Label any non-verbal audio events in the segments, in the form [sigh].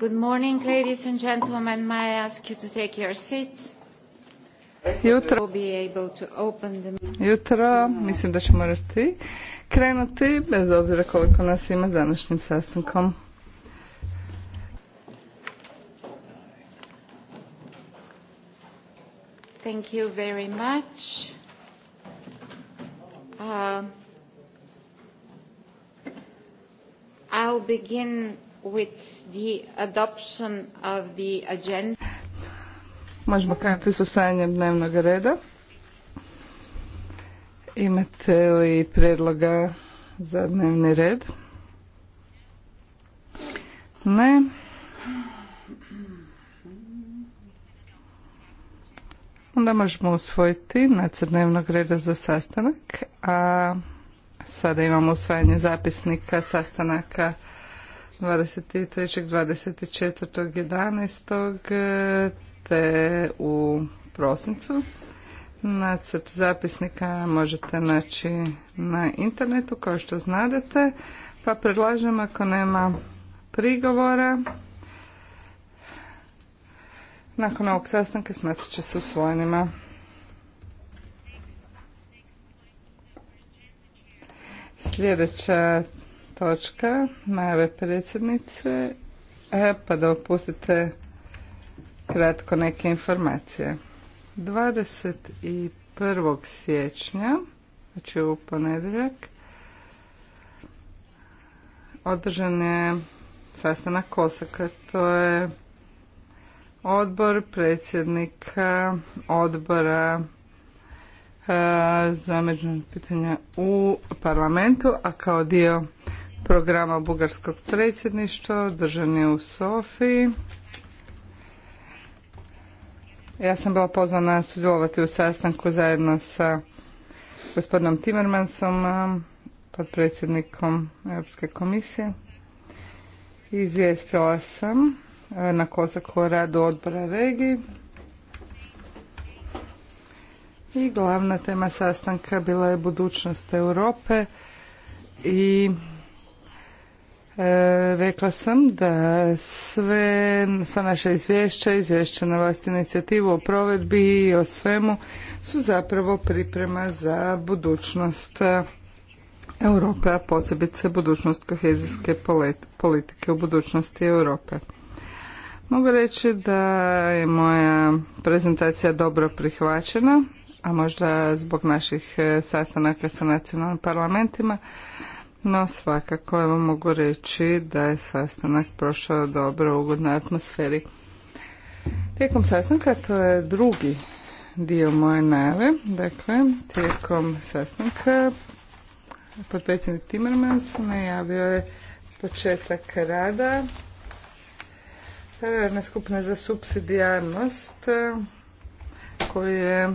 Good morning, ladies and gentlemen. May I ask you to take your seats? Jutro, able to open the. jutro mislim da ćemo morati krenuti, bez obzira koliko nas ima današnjim sastankom. Thank you very much. Uh, I'll begin adoption Možemo krenuti s usvajanjem dnevnog reda. Imate li predloga za dnevni red? Ne. Onda možemo usvojiti nacrt dnevnog reda za sastanak, a sada imamo usvajanje zapisnika sastanaka 23.24.11. te u prosincu. Nacrt zapisnika možete naći na internetu kao što znadete. Pa predlažem ako nema prigovora nakon ovog sastanka smatrat će se usvojenima. Sljedeća točka, najave predsjednice, e, pa da opustite kratko neke informacije. 21. siječnja, znači u ponedjeljak, održan je sastanak Kosaka. To je odbor predsjednika odbora e, za međunarodna pitanja u parlamentu, a kao dio programa bugarskog predsjedništva održan u Sofiji. Ja sam bila pozvana sudjelovati u sastanku zajedno sa gospodinom Timmermansom, potpredsjednikom Europske komisije. Izvijestila sam e, na kozaku o radu odbora regiji. I glavna tema sastanka bila je budućnost Europe i E, rekla sam da sve, sva naša izvješća, izvješća na vlasti inicijativu o provedbi i o svemu su zapravo priprema za budućnost Europe, a posebice budućnost kohezijske politike u budućnosti Europe. Mogu reći da je moja prezentacija dobro prihvaćena, a možda zbog naših e, sastanaka sa nacionalnim parlamentima no svakako vam mogu reći da je sastanak prošao dobro u ugodnoj atmosferi. Tijekom sastanka, to je drugi dio moje najave, dakle tijekom sastanka potpredsjednik Timmermans najavio je početak rada radne skupine za subsidijarnost koju je e,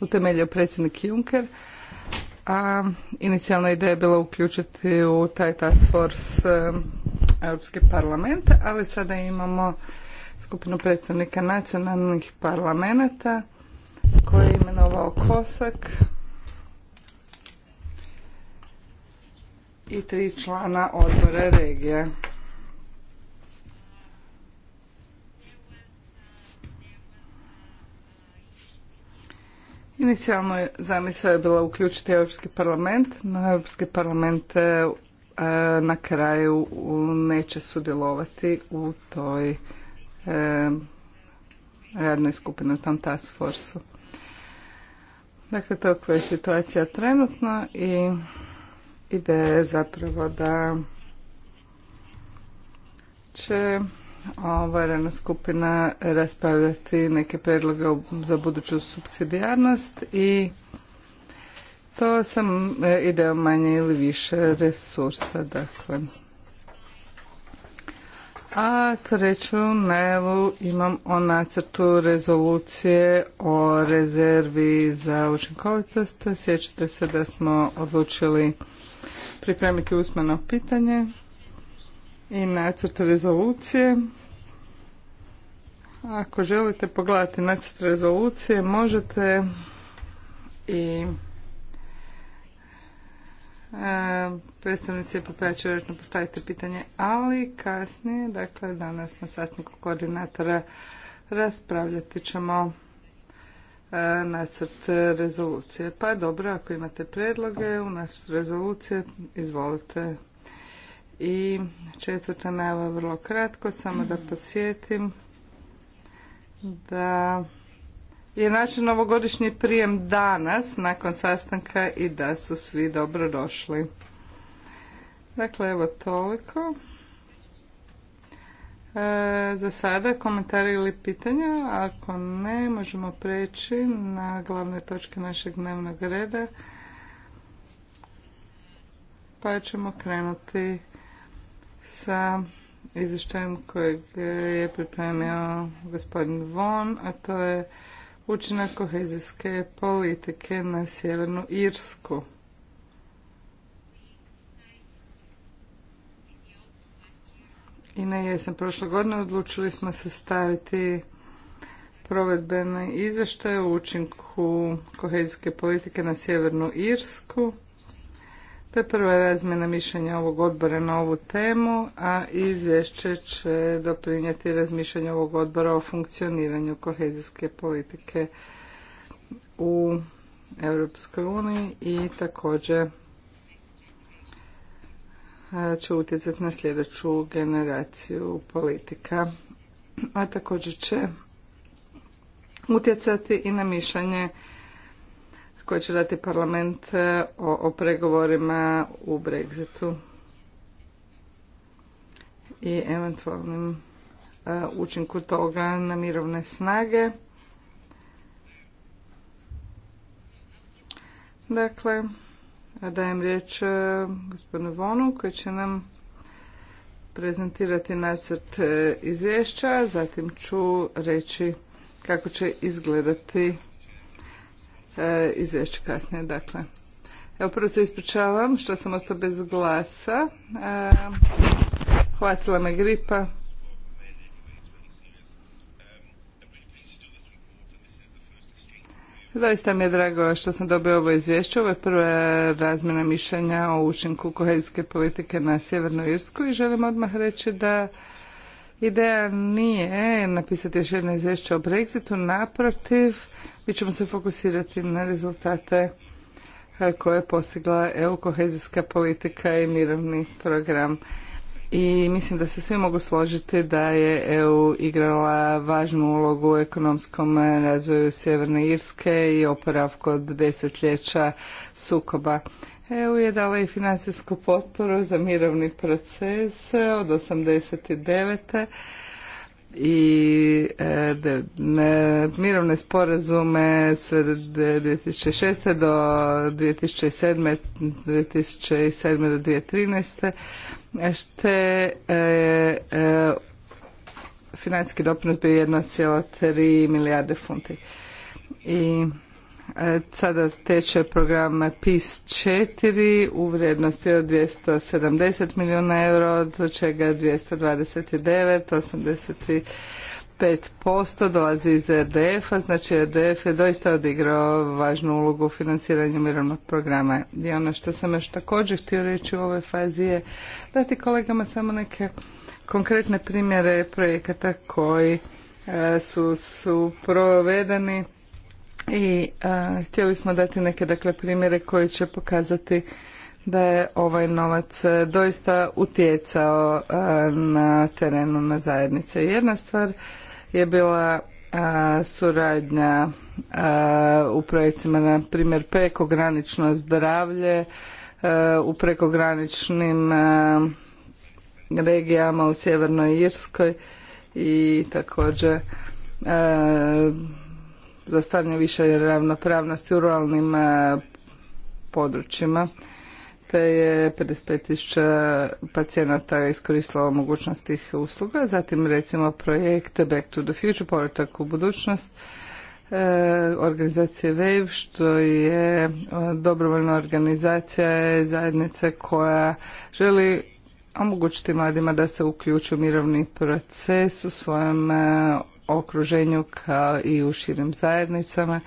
utemeljio predsjednik Juncker a inicijalna ideja je bila uključiti u taj task force um, Europske parlament, ali sada imamo skupinu predstavnika nacionalnih parlamenta koje je imenovao Kosak i tri člana odbora regije. Inicijalno je zamisao je bila uključiti Europski parlament, no Europski parlament e, e, na kraju neće sudjelovati u toj e, radnoj skupini, u tom task Dakle, to je situacija trenutno i ideja je zapravo da će ova radna skupina raspravljati neke predloge za buduću supsidijarnost i to sam e, ideo manje ili više resursa, dakle. A treću najavu imam o nacrtu rezolucije o rezervi za učinkovitost. Sjećate se da smo odlučili pripremiti usmeno pitanje i nacrt rezolucije. Ako želite pogledati nacrt rezolucije, možete i e, predstavnici EPP-a će vjerojatno postaviti pitanje, ali kasnije, dakle danas na sastanku koordinatora raspravljati ćemo e, nacrt rezolucije. Pa dobro, ako imate predloge u nacrt rezolucije, izvolite. I četvrta najava vrlo kratko, samo da podsjetim da je naš novogodišnji prijem danas nakon sastanka i da su svi dobro došli. Dakle, evo toliko. E, za sada komentari ili pitanja, ako ne, možemo preći na glavne točke našeg dnevnog reda. Pa ćemo krenuti sa izvještajem kojeg je pripremio gospodin Von, a to je učinak kohezijske politike na Sjevernu Irsku. I na jesen prošle godine odlučili smo se staviti provedbene izvještaje o učinku kohezijske politike na Sjevernu Irsku to je prva razmjena mišljenja ovog odbora na ovu temu, a izvješće će doprinijeti razmišljanje ovog odbora o funkcioniranju kohezijske politike u Europskoj uniji i također će utjecati na sljedeću generaciju politika, a također će utjecati i na mišljenje koje će dati parlament e, o, pregovorima u Brexitu i eventualnim e, učinku toga na mirovne snage. Dakle, dajem riječ e, gospodinu Vonu koji će nam prezentirati nacrt izvješća, zatim ću reći kako će izgledati E, izvješće kasnije. Dakle, evo prvo se ispričavam što sam ostao bez glasa. E, hvatila me gripa. Doista mi je drago što sam dobio ovo izvješće. Ovo je prva razmjena mišljenja o učinku kohezijske politike na Sjevernu Irsku i želim odmah reći da Ideja nije napisati još jedno izvješće o Brexitu, naprotiv, mi ćemo se fokusirati na rezultate e, koje je postigla EU kohezijska politika i mirovni program. I mislim da se svi mogu složiti da je EU igrala važnu ulogu u ekonomskom razvoju Sjeverne Irske i oporavku od desetljeća sukoba. EU je dala i financijsku potporu za mirovni proces od 89. i e, de, ne, mirovne sporazume sve do 2006. do 2007. 2007. do 2013. Šte e, e, financijski doprinut bio 1,3 milijarde funti. I E, sada teče program PIS 4 u vrijednosti od 270 milijuna eura, od čega 229, 85% dolazi iz RDF-a, znači RDF je doista odigrao važnu ulogu u financiranju mirovnog programa. I ono što sam još također htio reći u ovoj fazi je dati kolegama samo neke konkretne primjere projekata koji e, su, su provedeni i e, htjeli smo dati neke dakle primjere koji će pokazati da je ovaj novac e, doista utjecao e, na terenu na zajednice. Jedna stvar je bila suradnja u projektima na primjer prekogranično zdravlje u prekograničnim regijama u sjevernoj Irskoj i također za stvaranje više ravnopravnosti u ruralnim e, područjima te je 55.000 pacijenata iskoristilo mogućnost tih usluga. Zatim recimo projekt Back to the Future, povratak u budućnost, e, organizacije WAVE što je e, dobrovoljna organizacija zajednice koja želi omogućiti mladima da se uključu u mirovni proces u svojem okruženju kao i u širim zajednicama.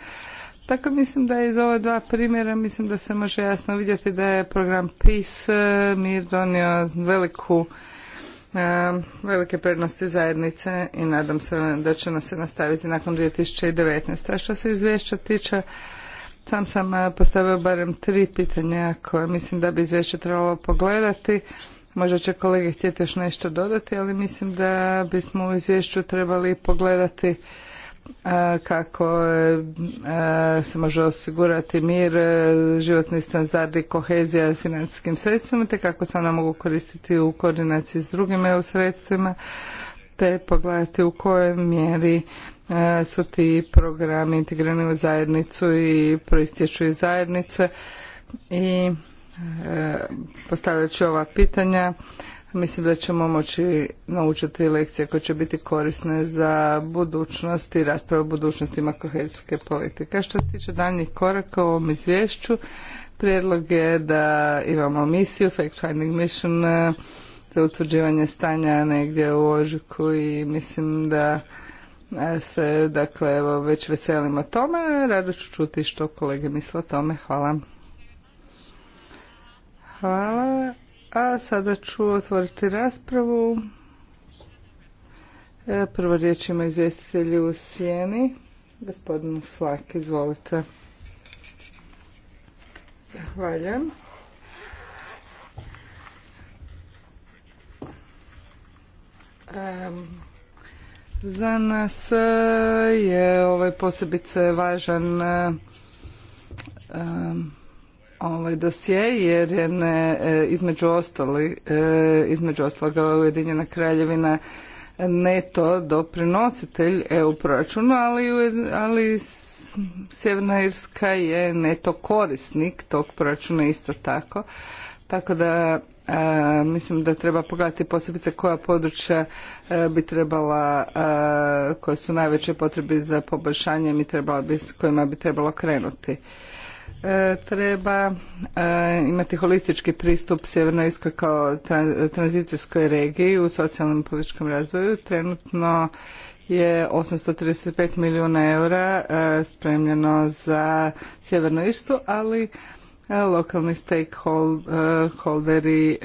Tako mislim da iz ova dva primjera mislim da se može jasno vidjeti da je program PIS e, mir donio veliku e, velike prednosti zajednice i nadam se da će nas se nastaviti nakon 2019. A što se izvješća tiče, sam sam e, postavio barem tri pitanja koje mislim da bi izvješće trebalo pogledati. Možda će kolege htjeti još nešto dodati, ali mislim da bismo u izvješću trebali pogledati e, kako e, se može osigurati mir, e, životni standardi, kohezija financijskim sredstvima, te kako se ona mogu koristiti u koordinaciji s drugim EU sredstvima, te pogledati u kojoj mjeri su ti programi integrirani u zajednicu i proistječu iz zajednice i E, postavljajući ova pitanja. Mislim da ćemo moći naučiti lekcije koje će biti korisne za budućnost i raspravu o budućnostima kohezijske politike. Što se tiče daljnjih koraka u ovom izvješću, prijedlog je da imamo misiju, fact finding mission, e, za utvrđivanje stanja negdje u ožujku i mislim da e, se, dakle, evo, već veselimo tome. Rado ću čuti što kolege misle o tome. Hvala. Hvala. A sada ću otvoriti raspravu. E, prvo riječ ima izvjestitelji u sjeni. Gospodin Flak, izvolite. Zahvaljujem. za nas e, je ovaj posebice važan e, ovaj dosje jer je ne, e, između, ostali, e, između ostaloga Ujedinjena kraljevina neto doprinositelj EU proračunu, ali, ali Sjeverna Irska je neto korisnik tog proračuna isto tako. Tako da e, mislim da treba pogledati posebice koja područja bi trebala, a, koje su najveće potrebe za poboljšanjem i trebala s kojima bi trebalo krenuti. E, treba e, imati holistički pristup Sjevernoj Iskoj kao tranzicijskoj regiji u socijalnom i političkom razvoju. Trenutno je 835 milijuna eura e, spremljeno za sjevernu Istu, ali Lokalni stakeholderi eh,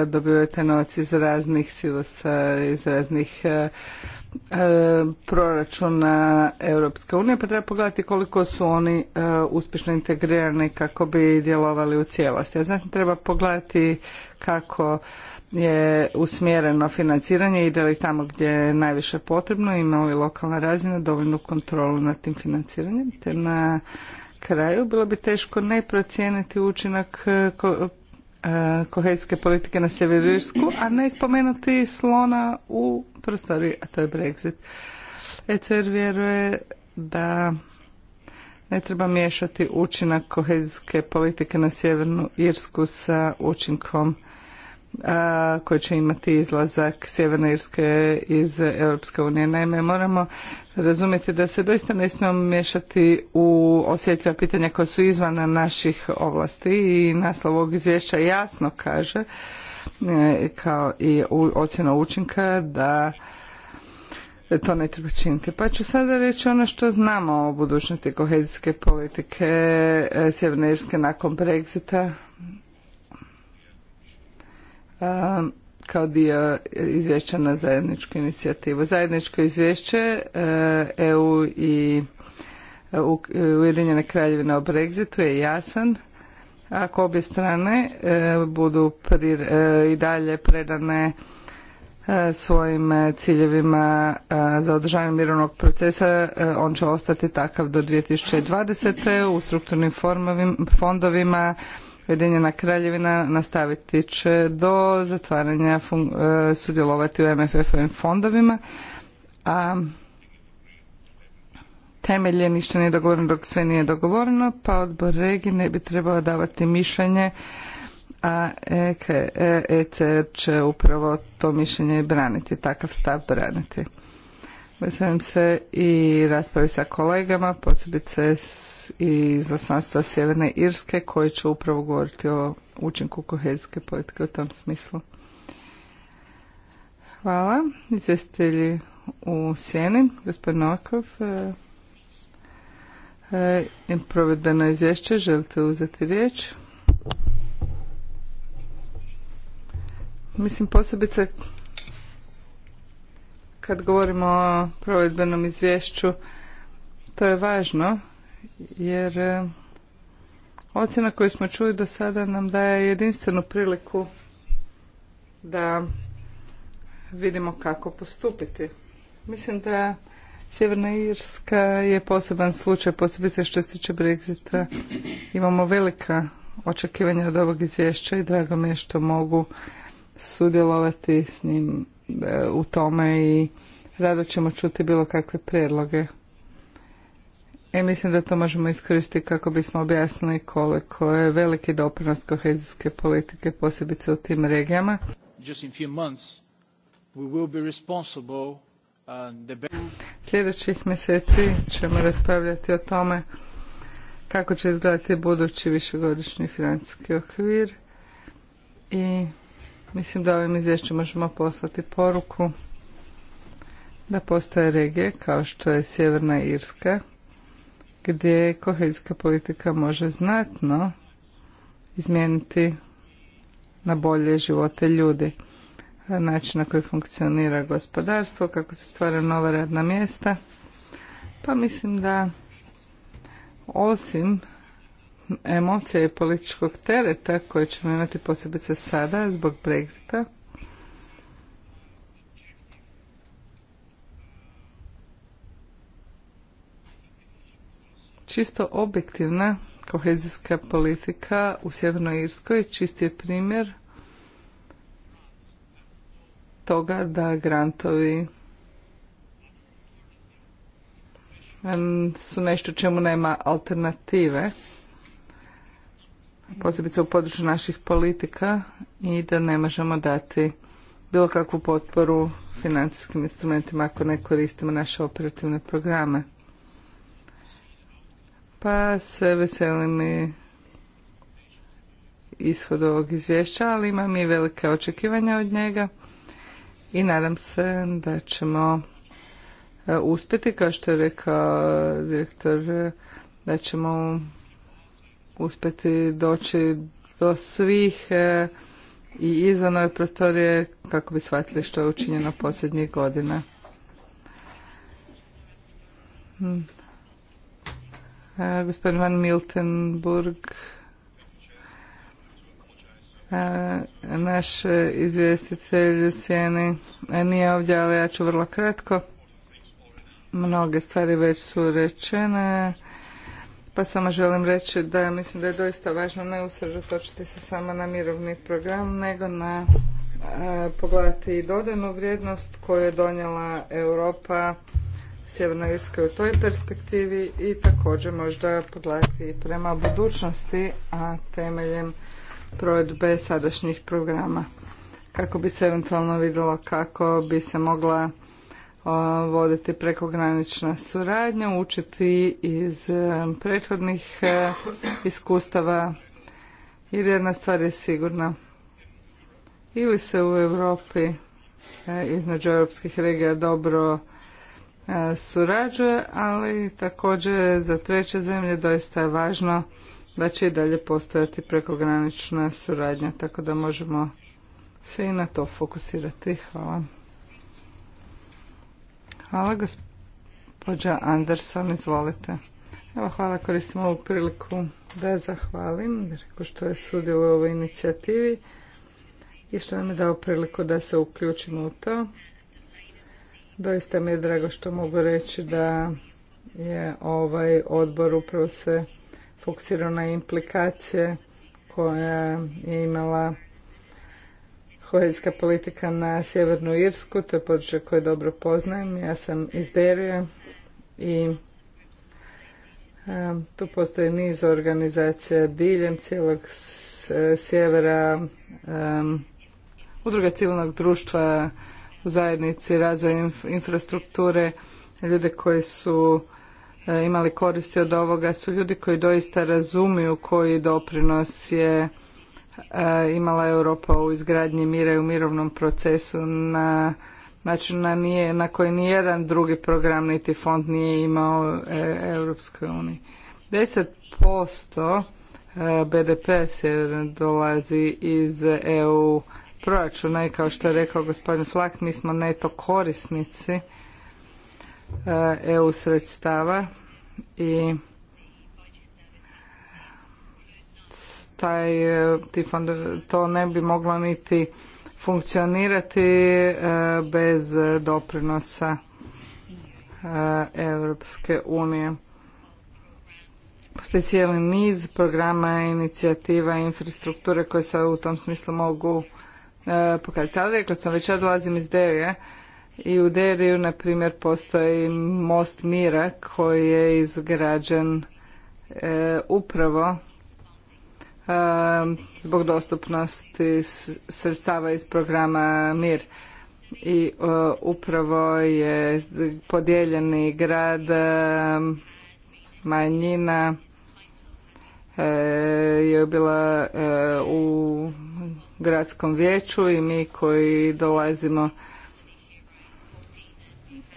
eh, dobivaju taj novac iz raznih silosa, iz raznih eh, proračuna Europske unije, pa treba pogledati koliko su oni uspješno integrirani kako bi djelovali u cijelosti. ja zatim treba pogledati kako je usmjereno financiranje, ide li tamo gdje je najviše potrebno, ima li lokalna razina dovoljnu kontrolu nad tim financiranjem, te na kraju bilo bi teško ne procijeniti učinak e, e, kohezijske politike na Sjeveru Irsku, a ne spomenuti slona u prostoriji, a to je Brexit. ECR vjeruje da ne treba miješati učinak kohezijske politike na Sjevernu Irsku sa učinkom koji će imati izlazak Sjeverne Irske iz Europske unije. Naime, moramo razumjeti da se doista ne smijemo miješati u osjetljiva pitanja koja su izvan naših ovlasti i naslov ovog izvješća jasno kaže e, kao i ocjena učinka da to ne treba činiti. Pa ću sada reći ono što znamo o budućnosti kohezijske politike e, Sjeverne Irske nakon Brexita Ehm, kao dio izvješća na zajedničku inicijativu. Zajedničko izvješće eh, EU i eh, Ujedinjene kraljevine o Brexitu je jasan. Ako obje strane eh, budu i dalje predane svojim ciljevima za održavanje mirovnog procesa, on će ostati takav do 2020. u strukturnim fondovima Ujedinjena kraljevina nastaviti će do zatvaranja e, sudjelovati u MFF-ovim fondovima, a temelj je ništa nije dogovoreno dok sve nije dogovoreno, pa odbor regi ne bi trebao davati mišljenje, a ECR e, e će upravo to mišljenje braniti, takav stav braniti. Veselim se i raspravi sa kolegama, posebice s i izaslanstva Sjeverne Irske koji će upravo govoriti o učinku kohezijske politike u tom smislu. Hvala. Izvjestitelji u Sjeni, gospodin Novakov, e, e, provedbeno izvješće, želite uzeti riječ? Mislim posebice kad govorimo o provedbenom izvješću, to je važno jer e, ocjena koju smo čuli do sada nam daje jedinstvenu priliku da vidimo kako postupiti. Mislim da Sjeverna Irska je poseban slučaj, posebice što se tiče Brexita. Imamo velika očekivanja od ovog izvješća i drago mi je što mogu sudjelovati s njim e, u tome i rado ćemo čuti bilo kakve prijedloge i e, mislim da to možemo iskoristiti kako bismo objasnili koliko je veliki doprinos kohezijske politike posebice u tim regijama. Uh, Sljedećih mjeseci ćemo raspravljati o tome kako će izgledati budući višegodišnji financijski okvir i mislim da ovim izvješćem možemo poslati poruku da postoje regije kao što je Sjeverna Irska gdje kohezijska politika može znatno izmijeniti na bolje živote ljudi način na koji funkcionira gospodarstvo, kako se stvara nova radna mjesta. Pa mislim da osim emocija i političkog tereta koje ćemo imati posebice sada zbog Brexita, Čisto objektivna kohezijska politika u Sjevernoj Irskoj čisti je primjer toga da grantovi su nešto čemu nema alternative posebice u području naših politika i da ne možemo dati bilo kakvu potporu financijskim instrumentima ako ne koristimo naše operativne programe. Pa se veseli mi ishod ovog izvješća, ali imam i velike očekivanja od njega i nadam se da ćemo e, uspjeti, kao što je rekao e, direktor, e, da ćemo uspjeti doći do svih i izvan ove prostorije kako bi shvatili što je učinjeno posljednjih godina gospodin Van Miltenburg, naš izvjestitelj Sjeni nije ovdje, ali ja ću vrlo kratko. Mnoge stvari već su rečene, pa samo želim reći da mislim da je doista važno ne usredotočiti se samo na mirovni program, nego na pogledati i dodanu vrijednost koju je donijela Europa Sjevernoj Irskoj u toj perspektivi i također možda pogledati prema budućnosti, a temeljem provedbe sadašnjih programa kako bi se eventualno vidjelo kako bi se mogla voditi prekogranična suradnja, učiti iz e, prethodnih e, iskustava jer jedna stvar je sigurna. Ili se u Europi e, između europskih regija dobro E, surađuje, ali također za treće zemlje doista je važno da će i dalje postojati prekogranična suradnja, tako da možemo se i na to fokusirati. Hvala. Hvala gospođa Anderson, izvolite. Evo, hvala, koristim ovu priliku da zahvalim, reko što je sudjelo u ovoj inicijativi i što nam je dao priliku da se uključimo u to. Doista mi je drago što mogu reći da je ovaj odbor upravo se fokusirao na implikacije koja je imala kohezijska politika na Sjevernu Irsku, to je područje koje dobro poznajem, ja sam iz Derije i e, tu postoji niz organizacija diljem cijelog e, sjevera, e, udruga civilnog društva, zajednici, razvoj infrastrukture, ljude koji su e, imali koristi od ovoga su ljudi koji doista razumiju koji doprinos je e, imala Europa u izgradnji mira i u mirovnom procesu na način na, nije, na koji nijedan drugi program niti fond nije imao e, Europskoj uniji. 10% BDP p-a se dolazi iz EU proračuna i kao što je rekao gospodin Flak, mi smo neto korisnici e, EU sredstava i taj, e, ti fond, to ne bi moglo niti funkcionirati e, bez doprinosa Europske unije. Postoji cijeli niz programa, inicijativa, infrastrukture koje se u tom smislu mogu E, Ali rekla sam, već ja dolazim iz Derija i u Deriju, na primjer, postoji most mira koji je izgrađen e, upravo e, zbog dostupnosti sredstava iz programa MIR i e, upravo je podijeljeni grad e, manjina je bila u gradskom vijeću i mi koji dolazimo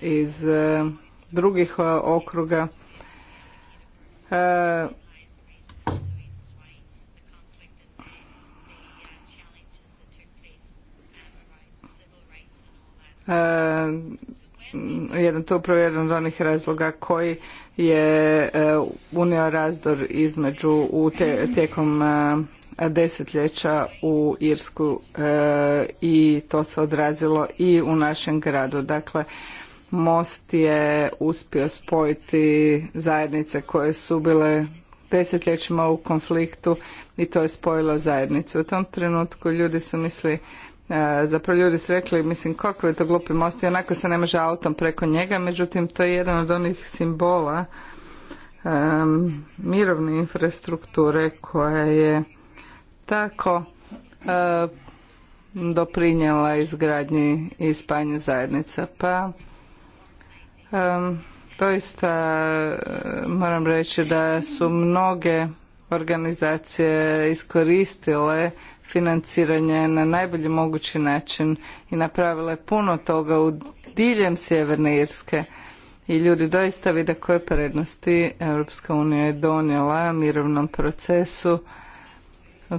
iz e, drugih e, okruga e, jedan, to je upravo jedan od onih razloga koji je e, unio razdor između u te, tijekom e, desetljeća u Irsku e, i to se odrazilo i u našem gradu. Dakle, Most je uspio spojiti zajednice koje su bile desetljećima u konfliktu i to je spojilo zajednicu. U tom trenutku ljudi su mislili E, zapravo ljudi su rekli, mislim, kako je to glupi most i onako se ne može autom preko njega, međutim, to je jedan od onih simbola um, mirovne infrastrukture koja je tako uh, doprinjela izgradnji i spanju zajednica. Pa um, doista e, moram reći da su mnoge organizacije iskoristile financiranje na najbolji mogući način i napravila je puno toga u diljem Sjeverne Irske i ljudi doista vide koje prednosti Europska unija je donijela mirovnom procesu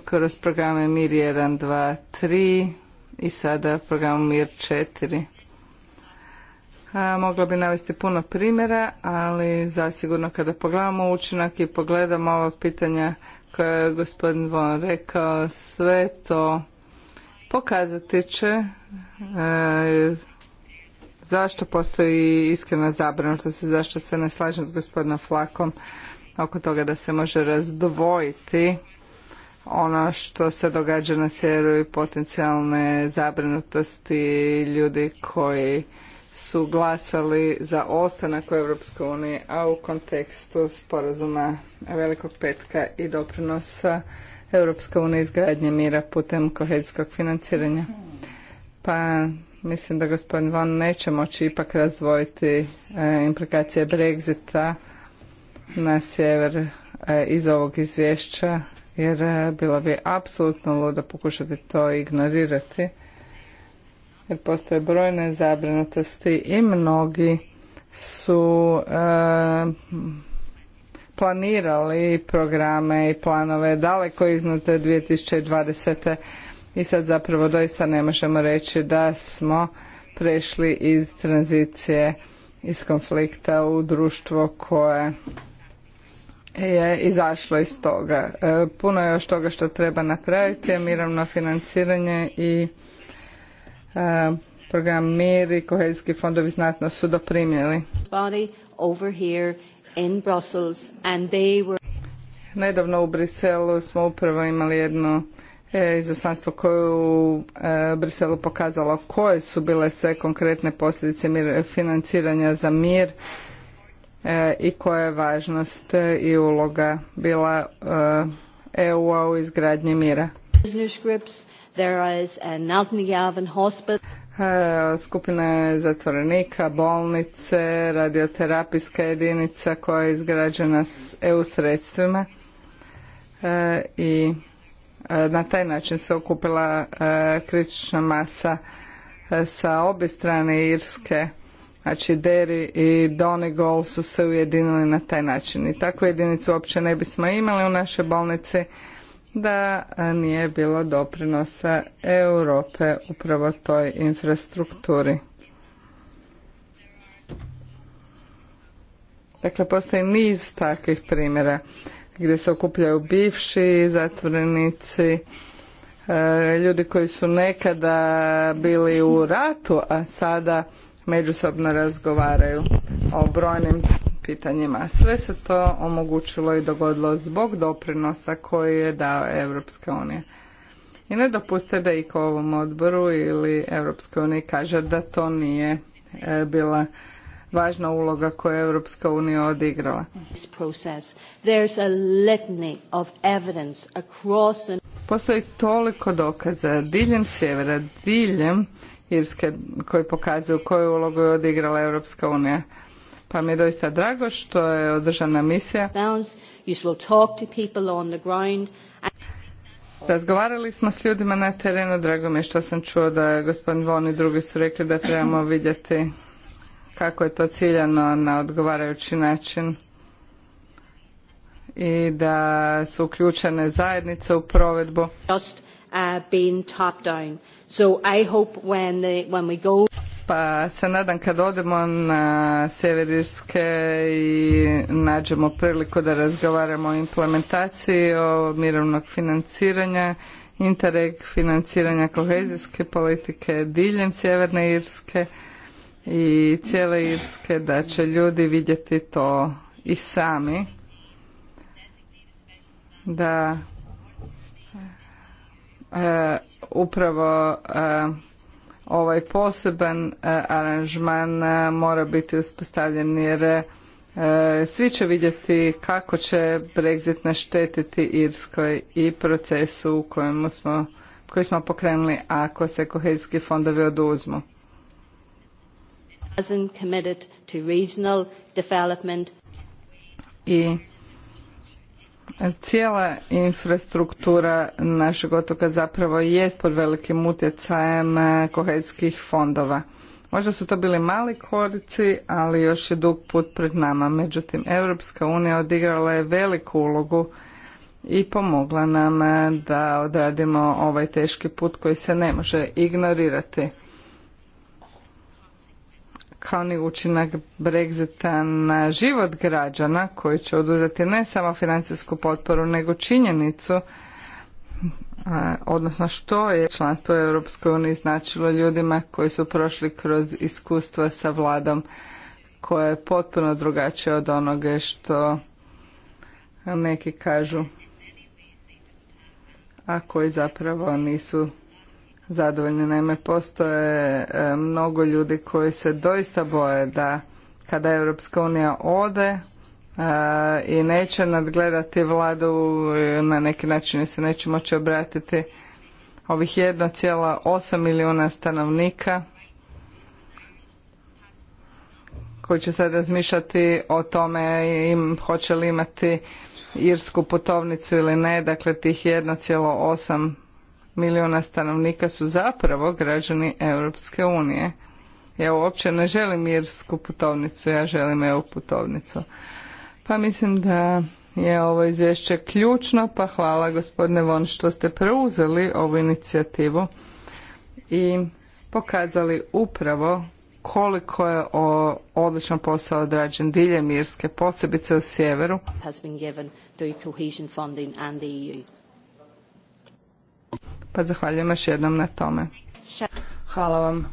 kroz programe MIR 1, 2, 3 i sada program MIR 4. mogla bi navesti puno primjera, ali zasigurno kada pogledamo učinak i pogledamo ova pitanja kako je gospodin Von rekao, sve to pokazati će e, zašto postoji iskrena zabrinutost i zašto se ne slažem s gospodinom Flakom oko toga da se može razdvojiti ono što se događa na sjeveru i potencijalne zabrinutosti ljudi koji su glasali za ostanak u Europskoj uniji, a u kontekstu sporazuma Velikog petka i doprinosa Europske unije izgradnje mira putem kohezijskog financiranja. Pa mislim da gospodin Van neće moći ipak razvojiti e, implikacije Brexita na sjever e, iz ovog izvješća jer e, bilo bi apsolutno ludo pokušati to ignorirati jer postoje brojne zabrinutosti i mnogi su eh, planirali programe i planove daleko iznad 2020. i sad zapravo doista ne možemo reći da smo prešli iz tranzicije iz konflikta u društvo koje je izašlo iz toga. Eh, puno je još toga što treba napraviti, je mirovno financiranje i E, program Mir i kohezijski fondovi znatno su doprinijeli. Nedavno u Briselu smo upravo imali jedno e, izaslanstvo koje u e, Briselu pokazalo koje su bile sve konkretne posljedice mir, financiranja za mir i koja je važnost i uloga bila EU-a u izgradnji mira. There is uh, e, Skupina zatvorenika, bolnice, radioterapijska jedinica koja je izgrađena s EU sredstvima e, i e, na taj način se okupila kritična masa sa obje strane Irske, znači Derry i Donegal su se ujedinili na taj način. I takvu jedinicu uopće ne bismo imali u našoj bolnici da nije bilo doprinosa Europe upravo toj infrastrukturi. Dakle, postoji niz takvih primjera gdje se okupljaju bivši zatvorenici, e, ljudi koji su nekada bili u ratu, a sada međusobno razgovaraju o brojnim pitanjima. Sve se to omogućilo i dogodilo zbog doprinosa koji je dao Europska unija. I ne dopuste da i ovom odboru ili Europskoj uniji kaže da to nije e, bila važna uloga koju je Europska unija odigrala. Postoji toliko dokaza diljem sjevera, diljem Irske koji pokazuju koju ulogu je odigrala Europska unija pa mi je doista drago što je održana misija. Razgovarali smo s ljudima na terenu, drago mi je što sam čuo da je gospodin Von i drugi su rekli da trebamo [laughs] vidjeti kako je to ciljano na odgovarajući način i da su uključene zajednice u provedbu. Just, uh, top down. Pa se nadam kad odemo na irske i nađemo priliku da razgovaramo o implementaciji, o mirovnog financiranja, interreg financiranja kohezijske politike diljem Sjeverne Irske i cijele Irske, da će ljudi vidjeti to i sami. Da e, upravo e, ovaj poseban e, aranžman e, mora biti uspostavljen jer e, svi će vidjeti kako će Brexit naštetiti Irskoj i procesu u kojemu smo, koji smo pokrenuli ako se kohezijski fondovi oduzmu. I cijela infrastruktura našeg otoka zapravo jest pod velikim utjecajem e, kohezijskih fondova. Možda su to bili mali korici, ali još je dug put pred nama. Međutim, Europska unija odigrala je veliku ulogu i pomogla nam e, da odradimo ovaj teški put koji se ne može ignorirati kao učinak Brexita na život građana koji će oduzeti ne samo financijsku potporu nego činjenicu odnosno što je članstvo u Europskoj uniji značilo ljudima koji su prošli kroz iskustva sa vladom koja je potpuno drugačija od onoga što neki kažu a koji zapravo nisu zadovoljni. Naime, postoje e, mnogo ljudi koji se doista boje da kada Europska unija ode e, i neće nadgledati vladu na neki način se neće moći obratiti ovih 1,8 milijuna stanovnika koji će sad razmišljati o tome im hoće li imati irsku putovnicu ili ne, dakle tih 1,8 milijuna stanovnika su zapravo građani Europske unije. Ja uopće ne želim irsku putovnicu, ja želim EU putovnicu. Pa mislim da je ovo izvješće ključno, pa hvala gospodine Von što ste preuzeli ovu inicijativu i pokazali upravo koliko je odličan posao odrađen diljem Irske, posebice u sjeveru. Pa zahvaljujem još jednom na tome. Hvala vam.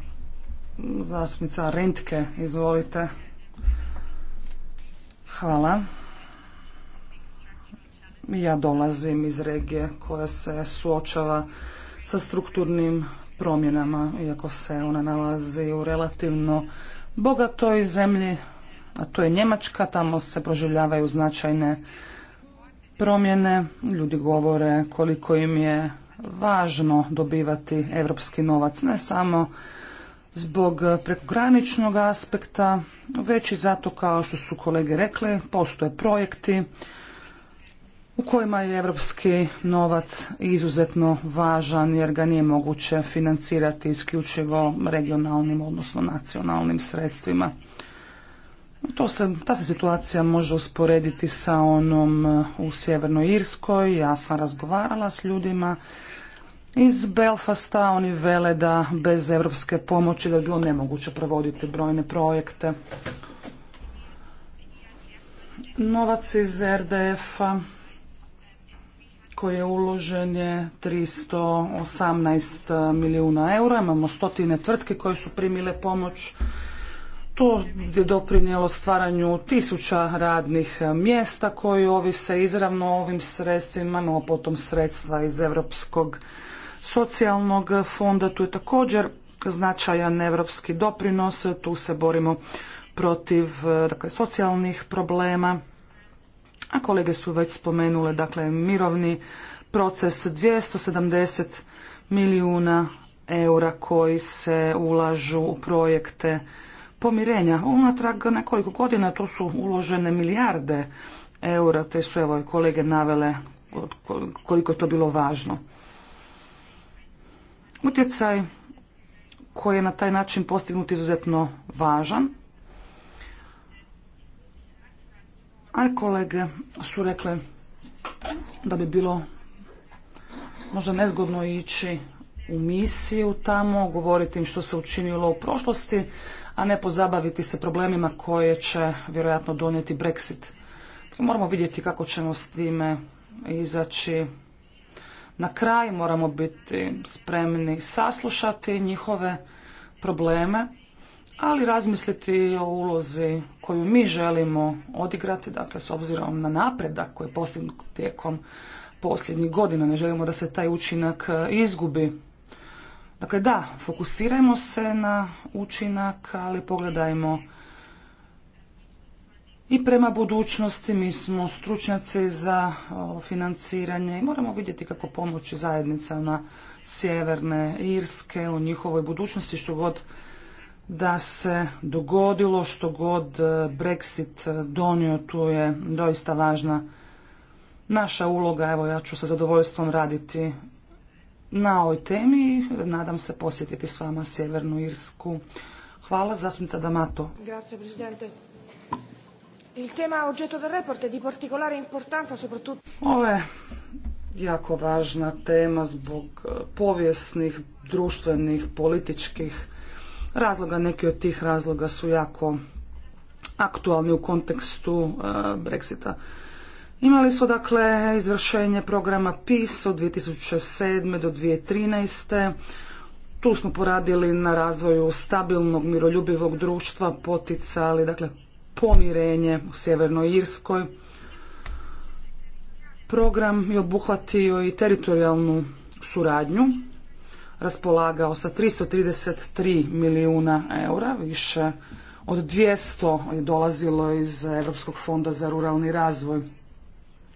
Zastupnica Rintke, izvolite. Hvala. Ja dolazim iz regije koja se suočava sa strukturnim promjenama, iako se ona nalazi u relativno bogatoj zemlji, a to je Njemačka, tamo se proživljavaju značajne promjene, ljudi govore koliko im je važno dobivati europski novac, ne samo zbog prekograničnog aspekta, već i zato kao što su kolege rekli, postoje projekti u kojima je europski novac izuzetno važan jer ga nije moguće financirati isključivo regionalnim odnosno nacionalnim sredstvima ta se situacija može usporediti sa onom e, u Sjevernoj Irskoj. Ja sam razgovarala s ljudima iz Belfasta. Oni vele da bez evropske pomoći da bi bilo nemoguće provoditi brojne projekte. Novac iz RDF-a koji je uložen je 318 milijuna eura. Imamo stotine tvrtke koje su primile pomoć to je doprinijelo stvaranju tisuća radnih mjesta koji ovise izravno o ovim sredstvima, no potom sredstva iz Europskog socijalnog fonda. Tu je također značajan europski doprinos, tu se borimo protiv dakle, socijalnih problema. A kolege su već spomenule, dakle, mirovni proces 270 milijuna eura koji se ulažu u projekte pomirenja. Unatrag nekoliko godina to su uložene milijarde eura, te su evo i kolege navele koliko je to bilo važno. Utjecaj koji je na taj način postignut izuzetno važan. A kolege su rekle da bi bilo možda nezgodno ići u misiju tamo, govoriti im što se učinilo u prošlosti, a ne pozabaviti se problemima koje će vjerojatno donijeti Brexit. Dakle, moramo vidjeti kako ćemo s time izaći. Na kraj moramo biti spremni saslušati njihove probleme, ali razmisliti o ulozi koju mi želimo odigrati, dakle s obzirom na napredak koji je postignut tijekom posljednjih godina. Ne želimo da se taj učinak izgubi. Dakle, da, fokusirajmo se na učinak, ali pogledajmo i prema budućnosti. Mi smo stručnjaci za financiranje i moramo vidjeti kako pomoći zajednicama Sjeverne Irske u njihovoj budućnosti, što god da se dogodilo, što god e, Brexit e, donio, tu je doista važna naša uloga. Evo, ja ću sa zadovoljstvom raditi na ovoj temi. Nadam se posjetiti s vama Sjevernu Irsku. Hvala, zastupnica D'Amato. Grazie, presidente. Il tema oggetto del report è di particolare importanza, soprattutto... Ovo je jako važna tema zbog eh, povijesnih, društvenih, političkih razloga. Neki od tih razloga su jako aktualni u kontekstu eh, Brexita. Imali su dakle izvršenje programa PIS od 2007. do 2013. Tu smo poradili na razvoju stabilnog miroljubivog društva, poticali dakle pomirenje u Sjevernoj Irskoj. Program je obuhvatio i teritorijalnu suradnju, raspolagao sa 333 milijuna eura, više od 200 je dolazilo iz Europskog fonda za ruralni razvoj.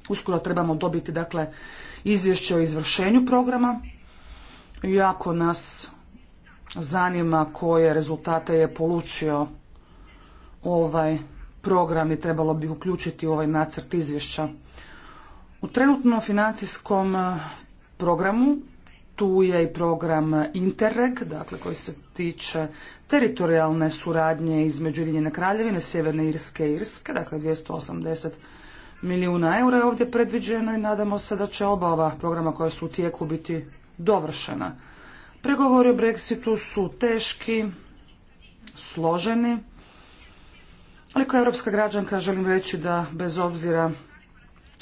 Uskoro trebamo dobiti dakle izvješće o izvršenju programa. Jako nas zanima koje rezultate je polučio ovaj program i trebalo bi uključiti u ovaj nacrt izvješća. U trenutnom financijskom eh, programu tu je i program Interreg, dakle koji se tiče teritorijalne suradnje između Ujedinjene kraljevine, Sjeverne Irske i Irske, dakle 280 milijuna eura je ovdje predviđeno i nadamo se da će oba ova programa koja su u tijeku biti dovršena. Pregovori o Brexitu su teški, složeni, ali kao europska građanka želim reći da bez obzira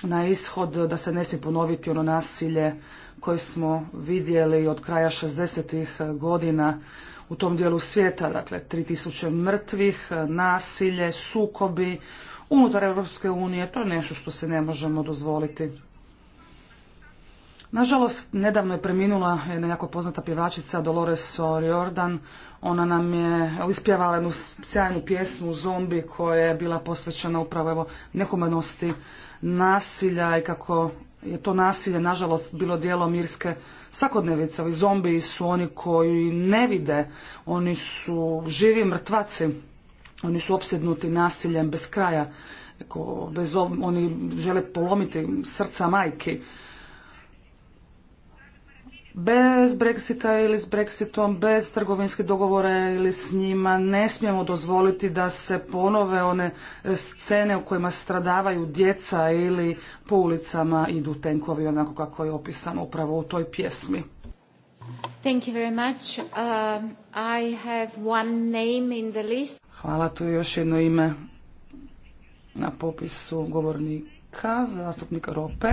na ishod da se ne smije ponoviti ono nasilje koje smo vidjeli od kraja 60. godina u tom dijelu svijeta, dakle 3000 mrtvih, nasilje, sukobi, unutar Europske unije. To je nešto što se ne možemo dozvoliti. Nažalost, nedavno je preminula jedna jako poznata pjevačica Dolores Riordan. Ona nam je ispjevala jednu sjajnu pjesmu Zombi koja je bila posvećena upravo evo, nehumanosti nasilja i kako je to nasilje nažalost bilo dijelo mirske svakodnevice. Ovi zombiji su oni koji ne vide, oni su živi mrtvaci. Oni su opsednuti nasiljem bez kraja, bez, oni žele polomiti srca majki. Bez Brexita ili s Brexitom, bez trgovinskih dogovora ili s njima ne smijemo dozvoliti da se ponove one scene u kojima stradavaju djeca ili po ulicama idu tenkovi onako kako je opisano upravo u toj pjesmi. Thank you very much. Um, I have one name in the list. Hvala, tu je još jedno ime na popisu govornika, zastupnika Rope.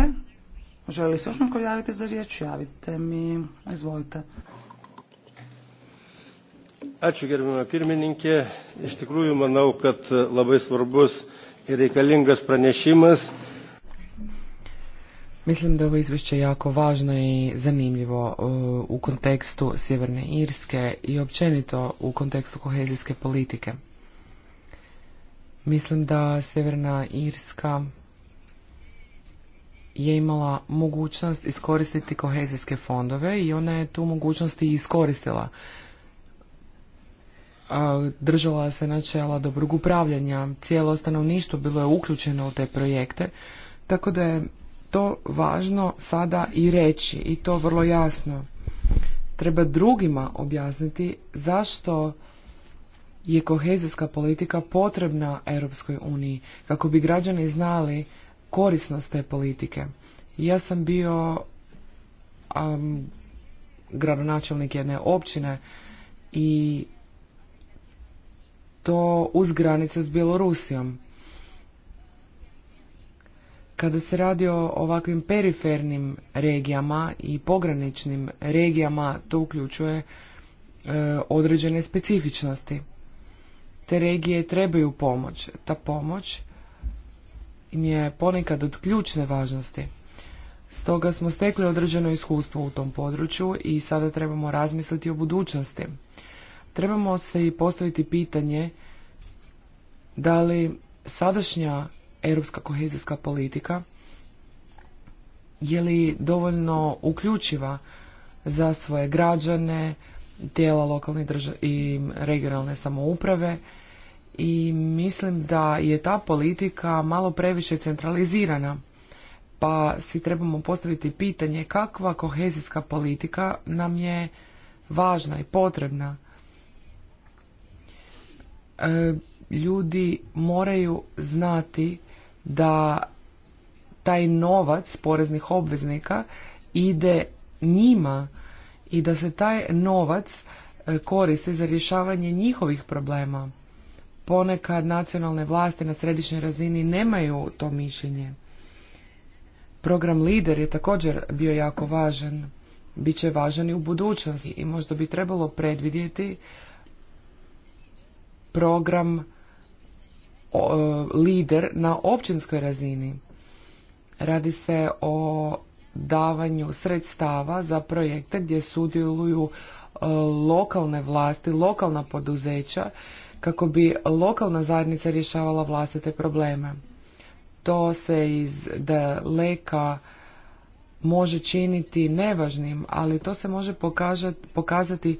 Želi se još neko javiti za riječ? Javite mi. Izvolite. Ačiū gerbimo pirmininkė. Iš tikrųjų manau, kad labai svarbus ir reikalingas pranešimas Mislim da je ovo izvješće jako važno i zanimljivo e, u kontekstu Sjeverne Irske i općenito u kontekstu kohezijske politike. Mislim da Sjeverna Irska je imala mogućnost iskoristiti kohezijske fondove i ona je tu mogućnost i iskoristila. Držala se načela dobrog upravljanja, cijelo stanovništvo bilo je uključeno u te projekte, tako da je to važno sada i reći i to vrlo jasno. Treba drugima objasniti zašto je kohezijska politika potrebna Europskoj uniji, kako bi građani znali korisnost te politike. Ja sam bio um, gradonačelnik jedne općine i to uz granicu s Bjelorusijom. Kada se radi o ovakvim perifernim regijama i pograničnim regijama, to uključuje e, određene specifičnosti. Te regije trebaju pomoć. Ta pomoć im je ponekad od ključne važnosti. Stoga smo stekli određeno iskustvo u tom području i sada trebamo razmisliti o budućnosti. Trebamo se i postaviti pitanje da li sadašnja europska kohezijska politika je li dovoljno uključiva za svoje građane, tijela lokalne i regionalne samouprave i mislim da je ta politika malo previše centralizirana. Pa si trebamo postaviti pitanje kakva kohezijska politika nam je važna i potrebna. E, ljudi moraju znati da taj novac poreznih obveznika ide njima i da se taj novac e, koristi za rješavanje njihovih problema. Ponekad nacionalne vlasti na središnjoj razini nemaju to mišljenje. Program Lider je također bio jako važan. Biće važan i u budućnosti i možda bi trebalo predvidjeti program E, lider na općinskoj razini. Radi se o davanju sredstava za projekte gdje sudjeluju e, lokalne vlasti, lokalna poduzeća kako bi lokalna zajednica rješavala vlastite probleme. To se iz daleka može činiti nevažnim, ali to se može pokazati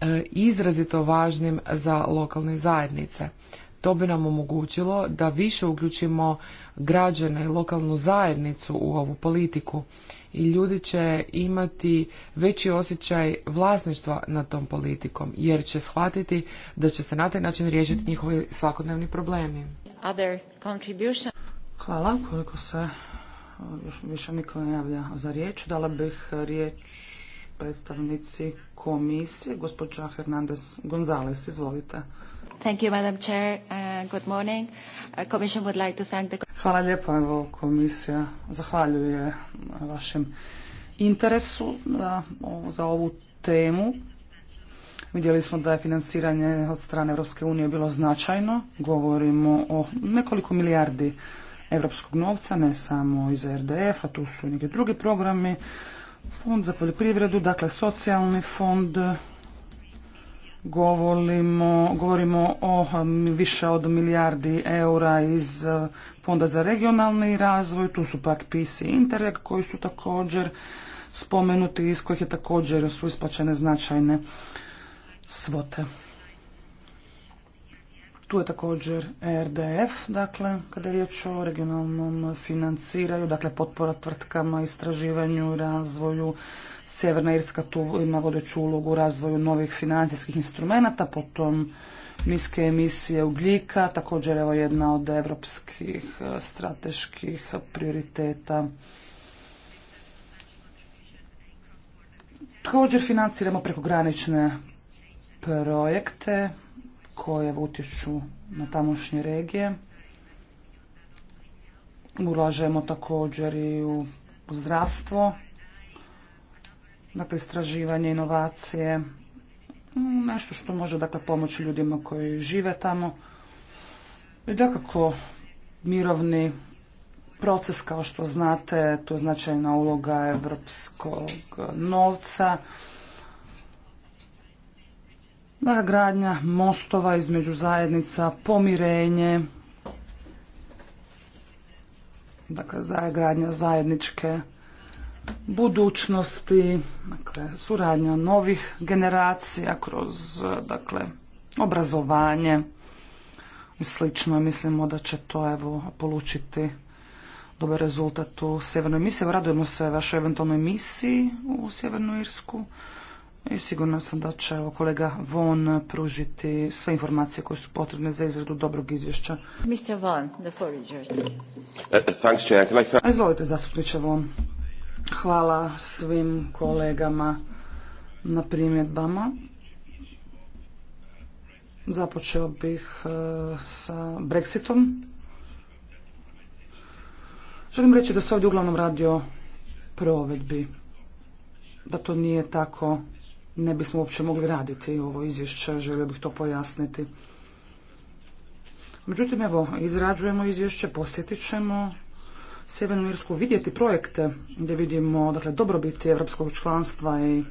e, izrazito važnim za lokalne zajednice. To bi nam omogućilo da više uključimo građane i lokalnu zajednicu u ovu politiku i ljudi će imati veći osjećaj vlasništva nad tom politikom jer će shvatiti da će se na taj način riješiti njihovi svakodnevni problemi. Hvala. Koliko se eh, još više niko ne javlja za riječ, dala bih eh, riječ predstavnici komisije, gospođa Hernandez Gonzales, izvolite. Thank you, Madam Chair. Uh, good morning. Uh, Commission would like to thank the... Hvala lijepo, evo komisija zahvaljuje vašem interesu uh, za, ovu temu. Vidjeli smo da je financiranje od strane Europske unije bilo značajno. Govorimo o nekoliko milijardi europskog novca, ne samo iz RDF, a tu su i neki drugi programi. Fond za poljoprivredu, dakle socijalni fond, govorimo, govorimo o više od milijardi eura iz e, Fonda za regionalni razvoj, tu su pak PIS i Interreg koji su također spomenuti, iz kojih je također su isplaćene značajne svote. Tu je također RDF, dakle, kada je riječ o regionalnom financiranju, dakle, potpora tvrtkama, istraživanju, razvoju. Sjeverna Irska tu ima vodeću ulogu u razvoju novih financijskih instrumenata, potom niske emisije ugljika, također evo jedna od evropskih e, strateških prioriteta. Također financiramo prekogranične projekte, koje utječu na tamošnje regije. Ulažemo također i u zdravstvo, dakle istraživanje, inovacije, nešto što može dakle pomoći ljudima koji žive tamo. I dakako mirovni proces kao što znate, to je značajna uloga evropskog novca. Nagradnja mostova između zajednica, pomirenje, dakle, gradnja zajedničke budućnosti, dakle, suradnja novih generacija kroz, dakle, obrazovanje i slično. Mislimo da će to, evo, polučiti dobar rezultat u Sjevernoj misiji. Radujemo se vašoj eventualnoj misiji u Sjevernu Irsku i sigurna sam da će evo, kolega Von pružiti sve informacije koje su potrebne za izradu dobrog izvješća. Mr. Von, the foragers. Uh, izvolite, zastupniče Von. Hvala svim kolegama na primjedbama. Započeo bih uh, sa Brexitom. Želim reći da se ovdje uglavnom radi o provedbi. Da to nije tako ne bismo uopće mogli raditi ovo izvješće, želio bih to pojasniti. Međutim, evo, izrađujemo izvješće, posjetit ćemo Sjevernu Irsku, vidjeti projekte gdje vidimo dakle, dobrobiti evropskog članstva i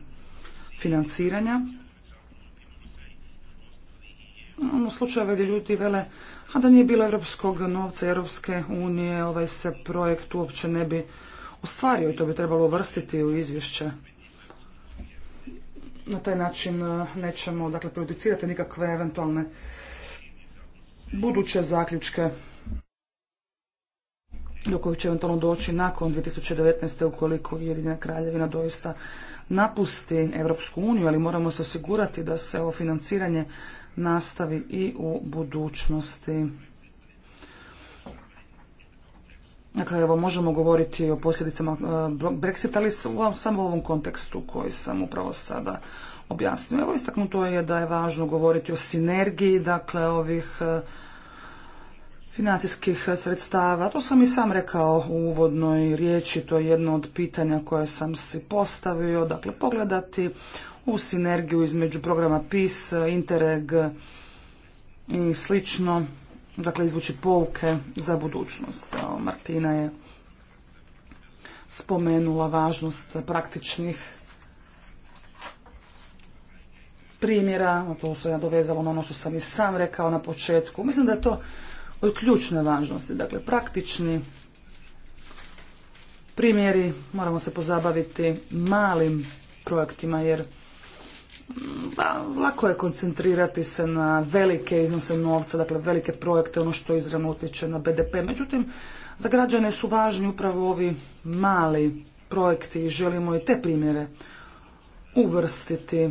financiranja. Imamo slučajeve gdje ljudi vele, a da nije bilo evropskog novca, Europske unije, ovaj se projekt uopće ne bi ostvario i to bi trebalo uvrstiti u izvješće na taj način e, nećemo dakle, prejudicirati nikakve eventualne buduće zaključke do kojih će eventualno doći nakon 2019. ukoliko Jedina kraljevina doista napusti Europsku uniju, ali moramo se osigurati da se ovo financiranje nastavi i u budućnosti. Dakle, evo, možemo govoriti o posljedicama e, Brexita, ali samo u ovom kontekstu koji sam upravo sada objasnio. Evo, istaknuto je da je važno govoriti o sinergiji, dakle, ovih e, financijskih sredstava. To sam i sam rekao u uvodnoj riječi, to je jedno od pitanja koje sam si postavio, dakle, pogledati u sinergiju između programa PIS, Interreg i slično dakle izvući pouke za budućnost. Martina je spomenula važnost praktičnih primjera, a to se dovezalo na ono što sam i sam rekao na početku. Mislim da je to od ključne važnosti, dakle praktični primjeri, moramo se pozabaviti malim projektima jer da, pa, lako je koncentrirati se na velike iznose novca, dakle velike projekte, ono što izravno utječe na BDP. Međutim, za građane su važni upravo ovi mali projekti i želimo i te primjere uvrstiti.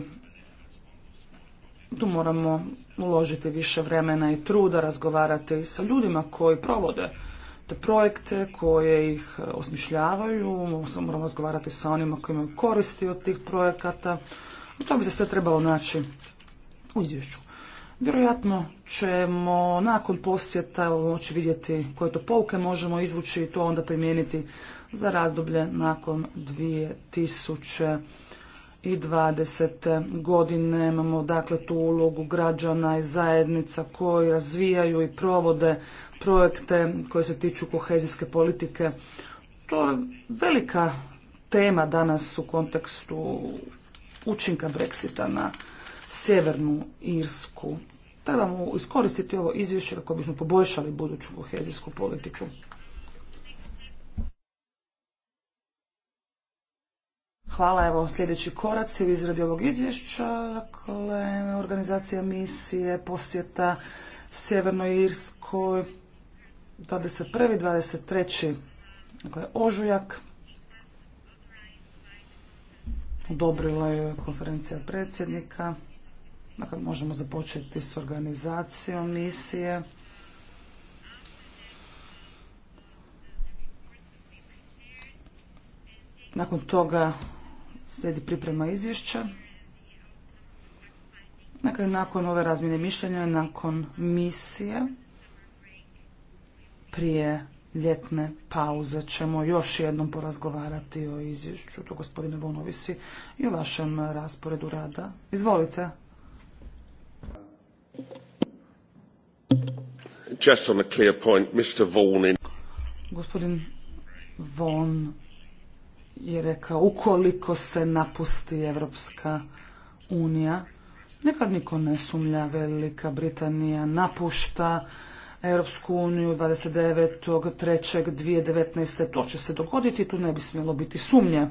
Tu moramo uložiti više vremena i truda, razgovarati i sa ljudima koji provode te projekte, koje ih e, osmišljavaju. Moramo razgovarati sa onima koji imaju koristi od tih projekata. To bi se sve trebalo naći u izvješću. Vjerojatno ćemo nakon posjeta moći vidjeti koje to pouke možemo izvući i to onda primijeniti za razdoblje nakon 2020. godine. Imamo dakle tu ulogu građana i zajednica koji razvijaju i provode projekte koje se tiču kohezijske politike. To je velika tema danas u kontekstu učinka Brexita na sjevernu Irsku. Trebamo iskoristiti ovo izvješće kako bismo poboljšali buduću kohezijsku politiku. Hvala, evo sljedeći koraci u izradi ovog izvješća, dakle, organizacija misije, posjeta Sjevernoj Irskoj, 21. 23. Dakle, ožujak odobrila je konferencija predsjednika. Dakle, možemo započeti s organizacijom misije. Nakon toga slijedi priprema izvješća. Dakle, nakon ove razmjene mišljenja, nakon misije, prije ljetne pauze ćemo još jednom porazgovarati o izvješću to gospodine Vonovisi i o vašem rasporedu rada. Izvolite. Just on a clear point, Mr. Gospodin Von je rekao ukoliko se napusti Evropska unija, nekad niko ne sumlja Velika Britanija napušta Europsku uniju 29.3.2019. To će se dogoditi, tu ne bi smjelo biti sumnje.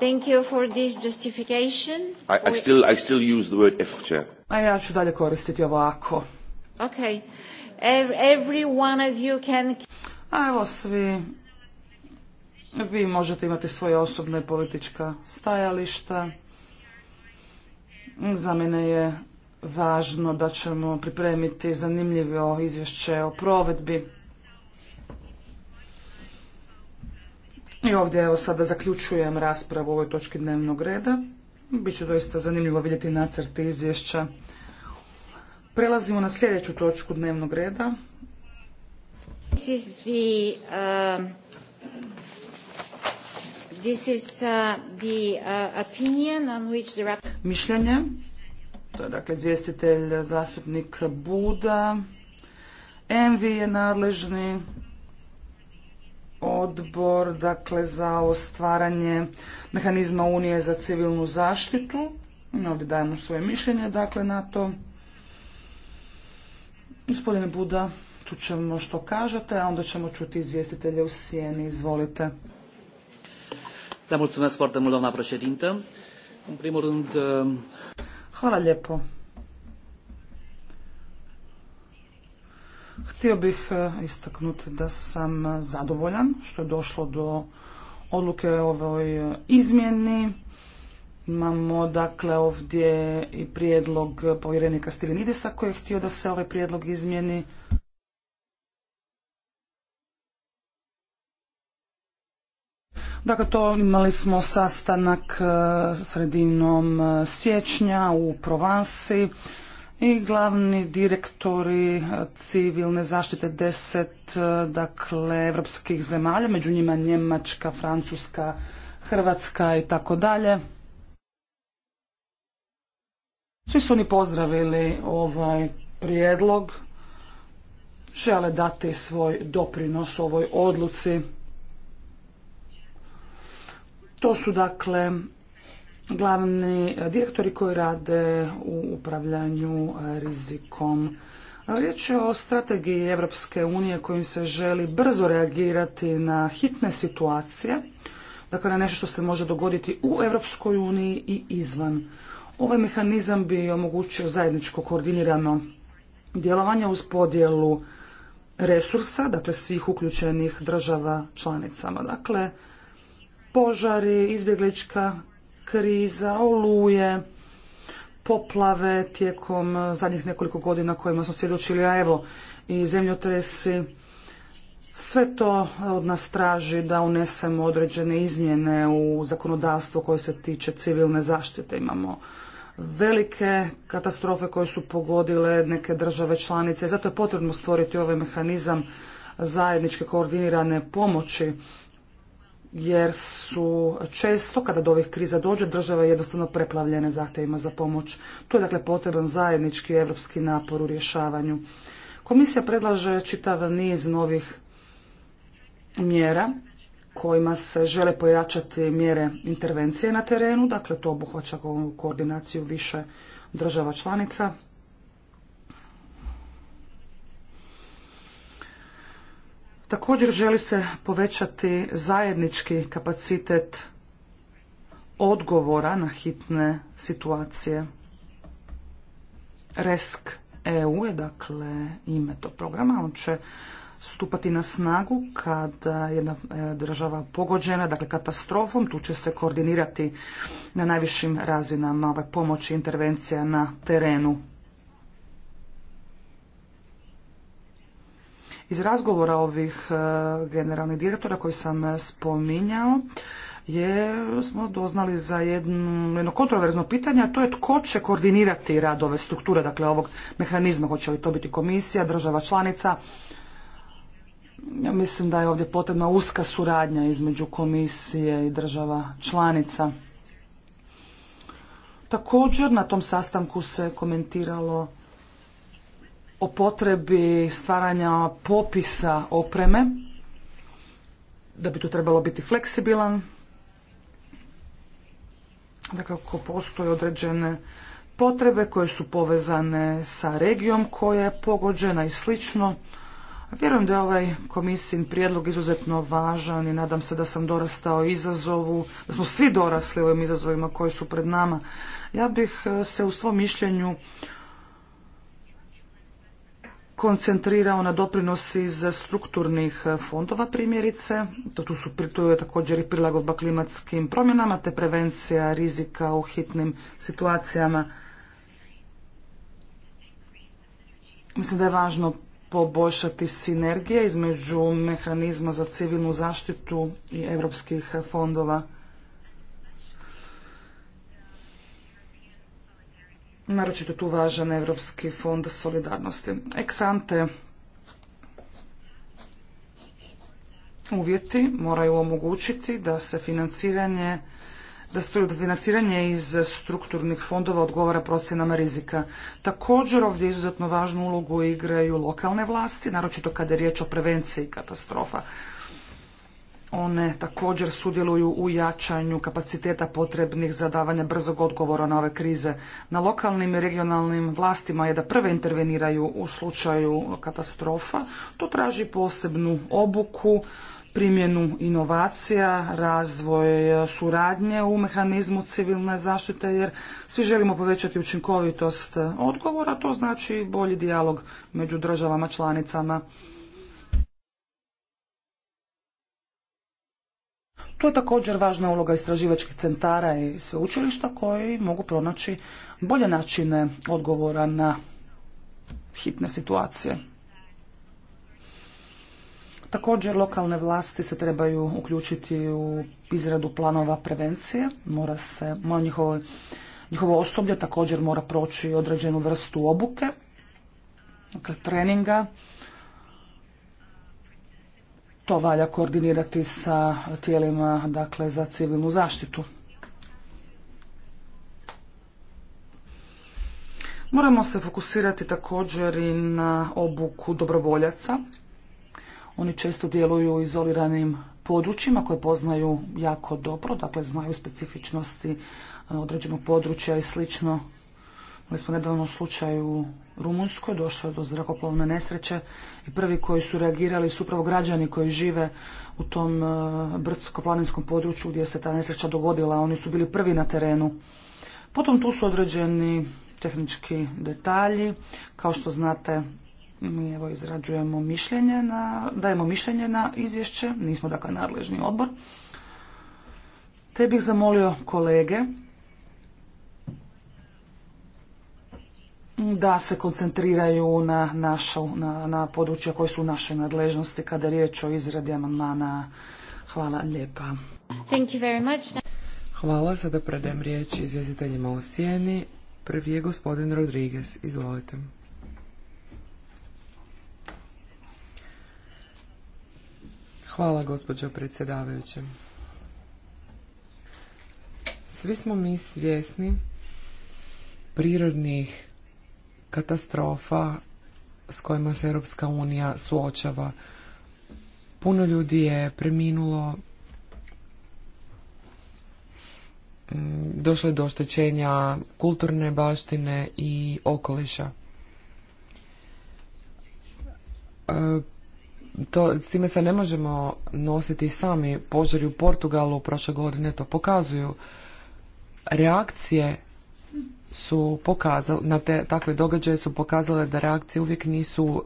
Thank you for this justification. I, still, I still use the word A ja ću dalje koristiti ovako. Okay. Every one of you can... A evo svi, vi možete imati svoje osobne politička stajališta. Za mene je važno da ćemo pripremiti zanimljivo izvješće o provedbi. I ovdje evo sada zaključujem raspravu o ovoj točki dnevnog reda. Biće doista zanimljivo vidjeti nacrt izvješća. Prelazimo na sljedeću točku dnevnog reda. This Mišljenje to je dakle izvjestitelj zastupnik Buda. MV je nadležni odbor dakle za ostvaranje mehanizma Unije za civilnu zaštitu. Ovdje dajemo svoje mišljenje dakle na to. Gospodine Buda, tu ćemo što kažete, a onda ćemo čuti izvjestitelje u sjeni. Izvolite. Da, mulțumesc foarte mult, În primul rând... Hvala lijepo. Htio bih e, istaknuti da sam zadovoljan što je došlo do odluke o ovoj izmjeni. Imamo dakle ovdje i prijedlog povjerenika Stilinidisa koji je htio da se ovaj prijedlog izmjeni. Dakle, to imali smo sastanak e, sredinom e, siječnja u Provansi i glavni direktori e, civilne zaštite deset dakle evropskih zemalja, među njima Njemačka, Francuska, Hrvatska i tako dalje. Svi su oni pozdravili ovaj prijedlog, žele dati svoj doprinos ovoj odluci. To su dakle glavni direktori koji rade u upravljanju e, rizikom. Riječ je o strategiji Europske unije kojim se želi brzo reagirati na hitne situacije, dakle na nešto što se može dogoditi u Europskoj uniji i izvan. Ovaj mehanizam bi omogućio zajedničko koordinirano djelovanje uz podjelu resursa, dakle svih uključenih država članicama. Dakle, požari, izbjeglička kriza, oluje, poplave tijekom zadnjih nekoliko godina kojima smo svjedočili, a evo i zemljotresi. Sve to od nas traži da unesemo određene izmjene u zakonodavstvo koje se tiče civilne zaštite. Imamo velike katastrofe koje su pogodile neke države članice. Zato je potrebno stvoriti ovaj mehanizam zajedničke koordinirane pomoći jer su često, kada do ovih kriza dođe, države jednostavno preplavljene zahtjevima za pomoć. Tu je dakle potreban zajednički evropski napor u rješavanju. Komisija predlaže čitav niz novih mjera kojima se žele pojačati mjere intervencije na terenu, dakle to obuhvaća koordinaciju više država članica. Također želi se povećati zajednički kapacitet odgovora na hitne situacije. RESK EU je dakle ime tog programa. On će stupati na snagu kada jedna e, država pogođena, dakle katastrofom, tu će se koordinirati na najvišim razinama pomoć pomoći intervencija na terenu. Iz razgovora ovih e, generalnih direktora koji sam spominjao, je, smo doznali za jedno, jedno kontroverzno pitanje, a to je tko će koordinirati rad ove strukture, dakle ovog mehanizma, hoće li to biti komisija, država članica. Ja mislim da je ovdje potrebna uska suradnja između komisije i država članica. Također na tom sastanku se komentiralo o potrebi stvaranja popisa opreme, da bi tu trebalo biti fleksibilan, da dakle, kako postoje određene potrebe koje su povezane sa regijom koja je pogođena i slično. Vjerujem da je ovaj komisijin prijedlog izuzetno važan i nadam se da sam dorastao izazovu, da smo svi dorasli ovim izazovima koji su pred nama. Ja bih eh, se u svom mišljenju koncentrirao na doprinos iz strukturnih e, fondova primjerice. To tu su tu je također i prilagodba klimatskim promjenama te prevencija rizika u hitnim situacijama. Mislim da je važno poboljšati sinergije između mehanizma za civilnu zaštitu i europskih fondova. naročito tu važan Europski fond solidarnosti. Eksante ante uvjeti moraju omogućiti da se financiranje da financiranje iz strukturnih fondova odgovara procjenama rizika. Također ovdje izuzetno važnu ulogu igraju lokalne vlasti, naročito kada je riječ o prevenciji katastrofa. One također sudjeluju u jačanju kapaciteta potrebnih za davanje brzog odgovora na ove krize. Na lokalnim i regionalnim vlastima je da prve interveniraju u slučaju katastrofa. To traži posebnu obuku, primjenu inovacija, razvoj e, suradnje u mehanizmu civilne zaštite, jer svi želimo povećati učinkovitost odgovora, to znači bolji dijalog među državama članicama. Tu je također važna uloga istraživačkih centara i sveučilišta koji mogu pronaći bolje načine odgovora na hitne situacije. Također lokalne vlasti se trebaju uključiti u izradu planova prevencije, mora se njihovo, njihovo osoblje također mora proći određenu vrstu obuke, dakle treninga to valja koordinirati sa tijelima dakle, za civilnu zaštitu. Moramo se fokusirati također i na obuku dobrovoljaca. Oni često djeluju u izoliranim područjima koje poznaju jako dobro, dakle znaju specifičnosti određenog područja i slično. Mi smo nedavno slučaj u Rumunjskoj, došlo je do zrakoplovne nesreće i prvi koji su reagirali su upravo građani koji žive u tom e, brdsko-planinskom području gdje se ta nesreća dogodila. Oni su bili prvi na terenu. Potom tu su određeni tehnički detalji. Kao što znate, mi evo izrađujemo mišljenje na, dajemo mišljenje na izvješće, nismo dakle nadležni odbor. Te bih zamolio kolege da se koncentriraju na, našu, na, na područja koje su u našoj nadležnosti kada je riječ o izradi amandmana. Hvala lijepa. Thank you very much. Hvala, sada predajem riječ izvjestiteljima u sjeni. Prvi je gospodin Rodriguez, izvolite. Hvala, gospođo predsjedavajuće. Svi smo mi svjesni prirodnih katastrofa s kojima se Europska unija suočava. Puno ljudi je preminulo, mm, došlo je do oštećenja kulturne baštine i okoliša. E, to, s time se ne možemo nositi sami. Požari u Portugalu prošle godine to pokazuju. Reakcije su pokazali, na te, takve događaje su pokazale da reakcije uvijek nisu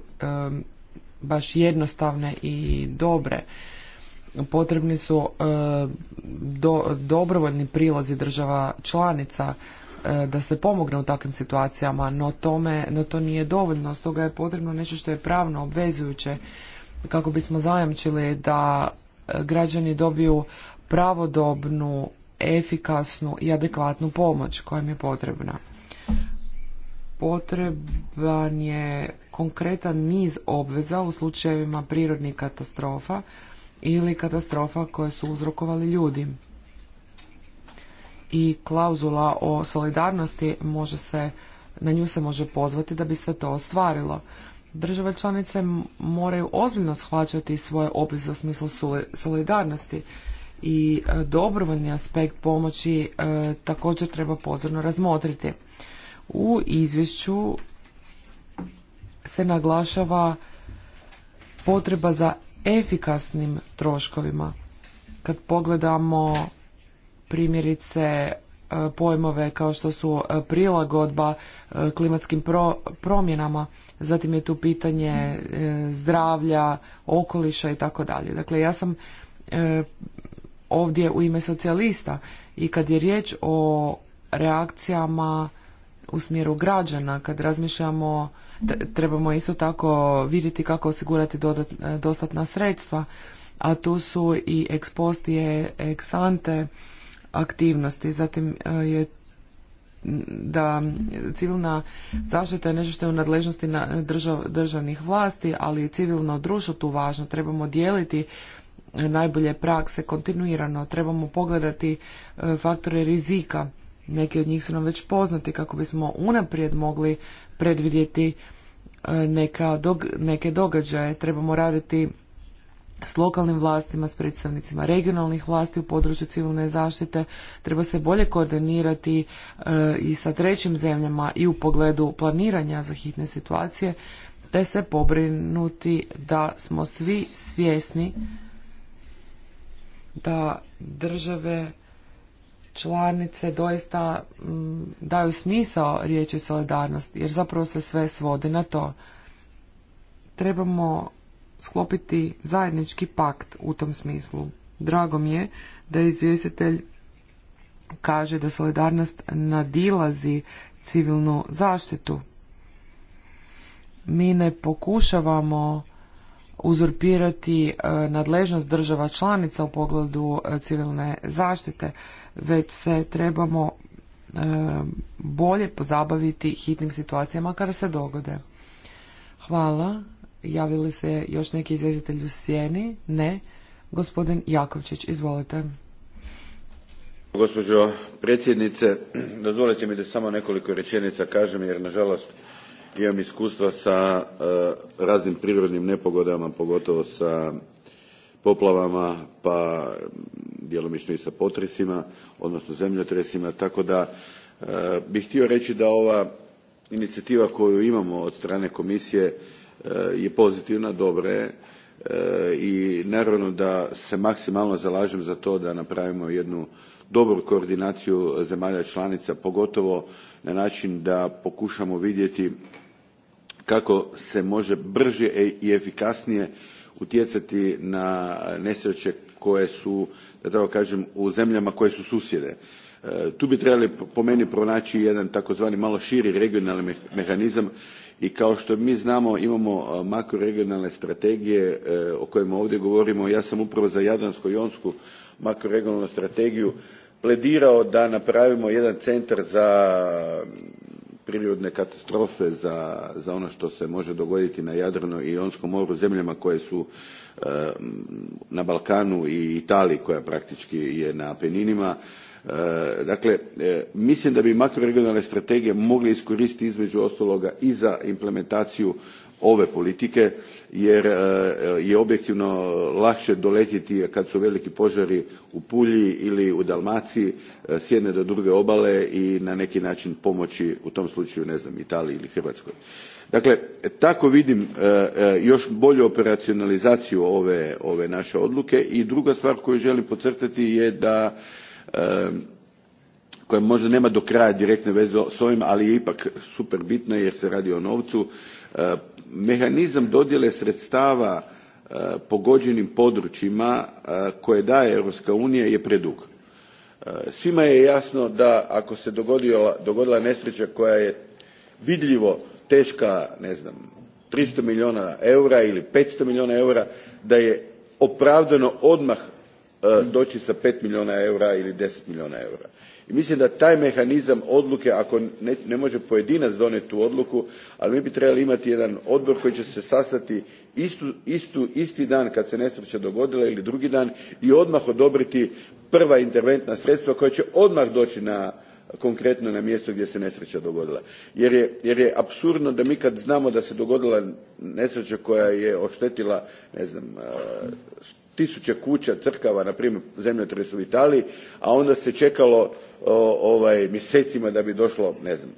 baš jednostavne i dobre. Potrebni su dobrovoljni prilazi država članica da se pomogne u takvim situacijama, no, tome, no to nije dovoljno, stoga je potrebno nešto što je pravno obvezujuće kako bismo zajamčili da građani dobiju pravodobnu efikasnu i adekvatnu pomoć koja im je potrebna. Potreban je konkretan niz obveza u slučajevima prirodnih katastrofa ili katastrofa koje su uzrokovali ljudi. I klauzula o solidarnosti može se, na nju se može pozvati da bi se to ostvarilo. Države članice moraju ozbiljno shvaćati svoje obveze u smislu solidarnosti i e, dobrovoljni aspekt pomoći e, također treba pozorno razmotriti. U izvješću se naglašava potreba za efikasnim troškovima. Kad pogledamo primjerice e, pojmove kao što su prilagodba klimatskim promjenama, zatim je tu pitanje zdravlja, okoliša i tako dalje. Dakle, ja sam ovdje u ime socijalista i kad je riječ o reakcijama u smjeru građana, kad razmišljamo trebamo isto tako vidjeti kako osigurati dodat, e, dostatna sredstva, a tu su i ekspostije, eksante aktivnosti. Zatim e, je da civilna zaštita je nešto što je u nadležnosti na državnih vlasti, ali i civilno društvo tu važno. Trebamo dijeliti najbolje prakse kontinuirano. Trebamo pogledati e, faktore rizika. Neki od njih su nam već poznati kako bismo unaprijed mogli predvidjeti e, neka dog, neke događaje. Trebamo raditi s lokalnim vlastima, s predstavnicima regionalnih vlasti u području civilne zaštite. Treba se bolje koordinirati e, i sa trećim zemljama i u pogledu planiranja za hitne situacije, te se pobrinuti da smo svi svjesni da države članice doista mm, daju smisao riječi solidarnost, jer zapravo se sve svodi na to. Trebamo sklopiti zajednički pakt u tom smislu. Drago mi je da izvjestitelj kaže da solidarnost nadilazi civilnu zaštitu. Mi ne pokušavamo uzurpirati e, nadležnost država članica u pogledu e, civilne zaštite, već se trebamo e, bolje pozabaviti hitnim situacijama kada se dogode. Hvala. Javili se još neki izvjestitelj u sjeni? Ne. Gospodin Jakovčić, izvolite. Gospođo predsjednice, dozvolite mi da samo nekoliko rečenica kažem jer nažalost imam iskustva sa e, raznim prirodnim nepogodama, pogotovo sa poplavama, pa djelomično i sa potresima, odnosno zemljotresima, tako da e, bih htio reći da ova inicijativa koju imamo od strane komisije e, je pozitivna, dobra je i naravno da se maksimalno zalažem za to da napravimo jednu dobru koordinaciju zemalja članica, pogotovo na način da pokušamo vidjeti kako se može brže i efikasnije utjecati na nesreće koje su da tako kažem u zemljama koje su susjede. E, tu bi trebali po meni pronaći jedan takozvani malo širi regionalni mehanizam i kao što mi znamo imamo e, makroregionalne strategije e, o kojima ovdje govorimo. Ja sam upravo za jadransko jonsku makroregionalnu strategiju pledirao da napravimo jedan centar za prirodne katastrofe za, za ono što se može dogoditi na Jadranu i Jonskom moru zemljama koje su eh, na Balkanu i Italiji koja praktički je na Apeninima. Eh, dakle, eh, mislim da bi makroregionalne strategije mogli iskoristiti između ostaloga i za implementaciju ove politike jer e, je objektivno lakše doletjeti kad su veliki požari u pulji ili u dalmaciji e, s jedne do druge obale i na neki način pomoći u tom slučaju ne znam italiji ili hrvatskoj dakle tako vidim e, još bolju operacionalizaciju ove, ove naše odluke i druga stvar koju želim podcrtati je da koja možda nema do kraja direktne veze s ovim ali je ipak super bitna jer se radi o novcu mehanizam dodjele sredstava e, pogođenim područjima e, koje daje europska unija je predug. E, svima je jasno da ako se dogodila, dogodila nesreća koja je vidljivo teška ne znam tristo milijuna eura ili petsto milijuna eura da je opravdano odmah doći sa pet milijuna eura ili deset milijuna eura i mislim da taj mehanizam odluke ako ne, može pojedinac donijeti tu odluku ali mi bi trebali imati jedan odbor koji će se sastati istu, isti dan kad se nesreća dogodila ili drugi dan i odmah odobriti prva interventna sredstva koja će odmah doći na konkretno na mjesto gdje se nesreća dogodila jer je, jer apsurdno da mi kad znamo da se dogodila nesreća koja je oštetila ne znam e, tisuće kuća crkava na primjer zemljotres u italiji a onda se čekalo ovaj, mjesecima da bi došlo ne znam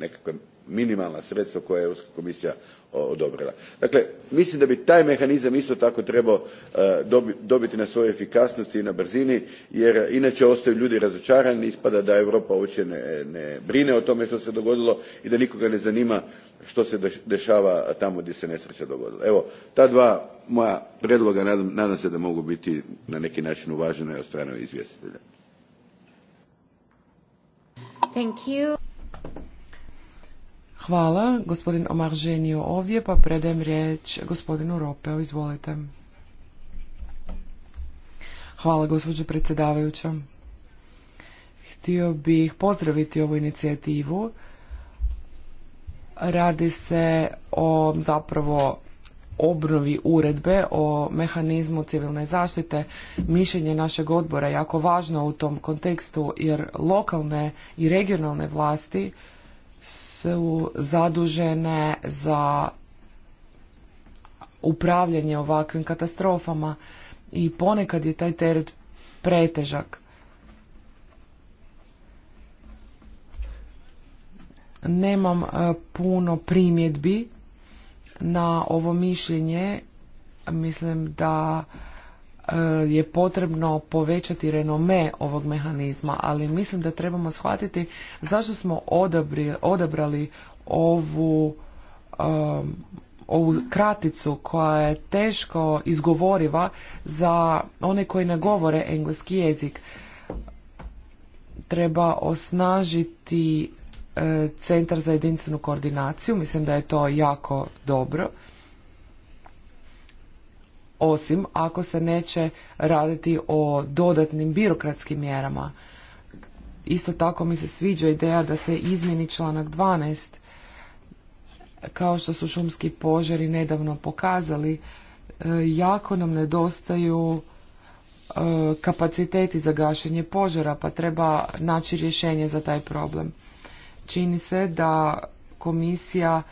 nekakva minimalna sredstva koja je europska komisija odobrila. dakle mislim da bi taj mehanizam isto tako trebao e, dobiti na svojoj efikasnosti i na brzini jer inače ostaju ljudi razočarani ispada da europa uopće ne, ne brine o tome što se dogodilo i da nikoga ne zanima što se dešava tamo gdje se nesreća dogodila. evo ta dva moja prijedloga nadam se da mogu biti na neki način uvažena i od strane izvjestitelja. Thank Hvala. Gospodin Omar Ženio ovdje, pa predajem riječ gospodinu Ropeo. Izvolite. Hvala, gospođo predsjedavajuća. Htio bih pozdraviti ovu inicijativu. Radi se o zapravo obnovi uredbe o mehanizmu civilne zaštite. Mišljenje našeg odbora je jako važno u tom kontekstu jer lokalne i regionalne vlasti su zadužene za upravljanje ovakvim katastrofama i ponekad je taj teret pretežak. Nemam e, puno primjedbi na ovo mišljenje. Mislim da e, je potrebno povećati renome ovog mehanizma, ali mislim da trebamo shvatiti zašto smo odabrali ovu ovu kraticu koja je teško izgovoriva za one koji ne govore engleski jezik. Treba osnažiti E, centar za jedinstvenu koordinaciju. Mislim da je to jako dobro. Osim ako se neće raditi o dodatnim birokratskim mjerama. Isto tako mi se sviđa ideja da se izmjeni članak 12. Kao što su šumski požari nedavno pokazali, e, jako nam nedostaju e, kapaciteti za gašenje požara, pa treba naći rješenje za taj problem čini se da komisija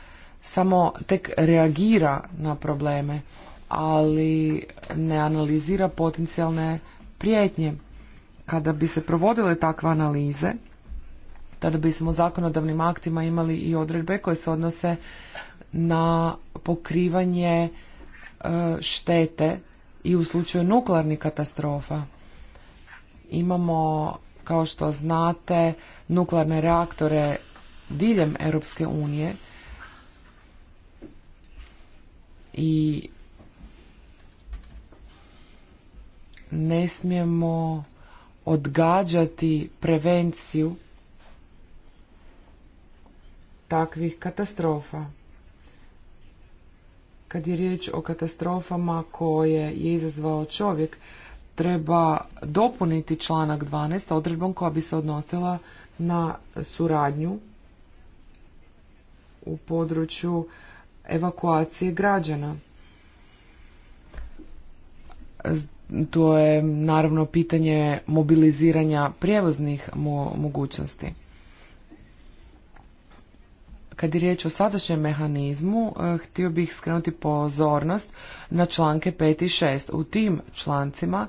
samo tek reagira na probleme, ali ne analizira potencijalne prijetnje. Kada bi se provodile takve analize, tada bismo zakonodavnim aktima imali i odredbe koje se odnose na pokrivanje e, štete i u slučaju nuklearnih katastrofa. Imamo, kao što znate, nuklearne reaktore diljem Europske unije i ne smijemo odgađati prevenciju takvih katastrofa. Kad je riječ o katastrofama koje je izazvao čovjek, treba dopuniti članak 12 odredbom koja bi se odnosila na suradnju u području evakuacije građana. To je naravno pitanje mobiliziranja prijevoznih mogućnosti. Kad je riječ o sadašnjem mehanizmu, eh, htio bih skrenuti pozornost na članke 5 i 6. U tim člancima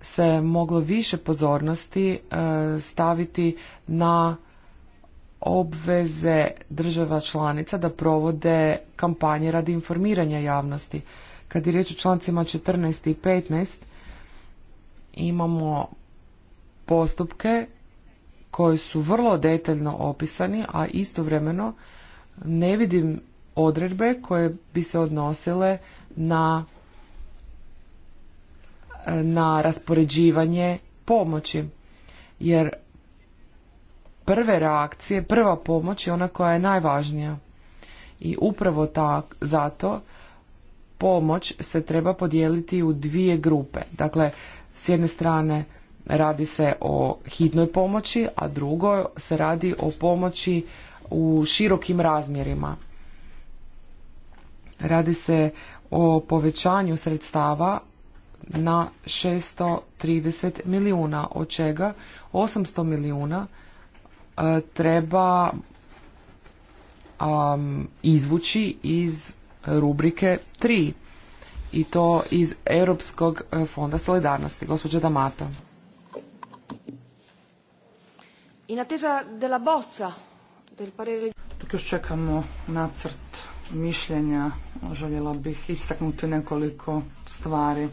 se moglo više pozornosti eh, staviti na obveze država članica da provode kampanje radi informiranja javnosti. Kad je riječ o člancima 14 i 15, imamo postupke koji su vrlo detaljno opisani, a istovremeno ne vidim odredbe koje bi se odnosile na na raspoređivanje pomoći jer prve reakcije, prva pomoć je ona koja je najvažnija. I upravo tak, zato pomoć se treba podijeliti u dvije grupe. Dakle, s jedne strane radi se o hitnoj pomoći, a drugo se radi o pomoći u širokim razmjerima. Radi se o povećanju sredstava na 630 milijuna, od čega 800 milijuna E, treba izvući iz rubrike 3 i to iz Europskog e, fonda solidarnosti. Gospođa Damata. In attesa della bozza del parere... Dok još čekamo nacrt mišljenja, željela bih istaknuti nekoliko stvari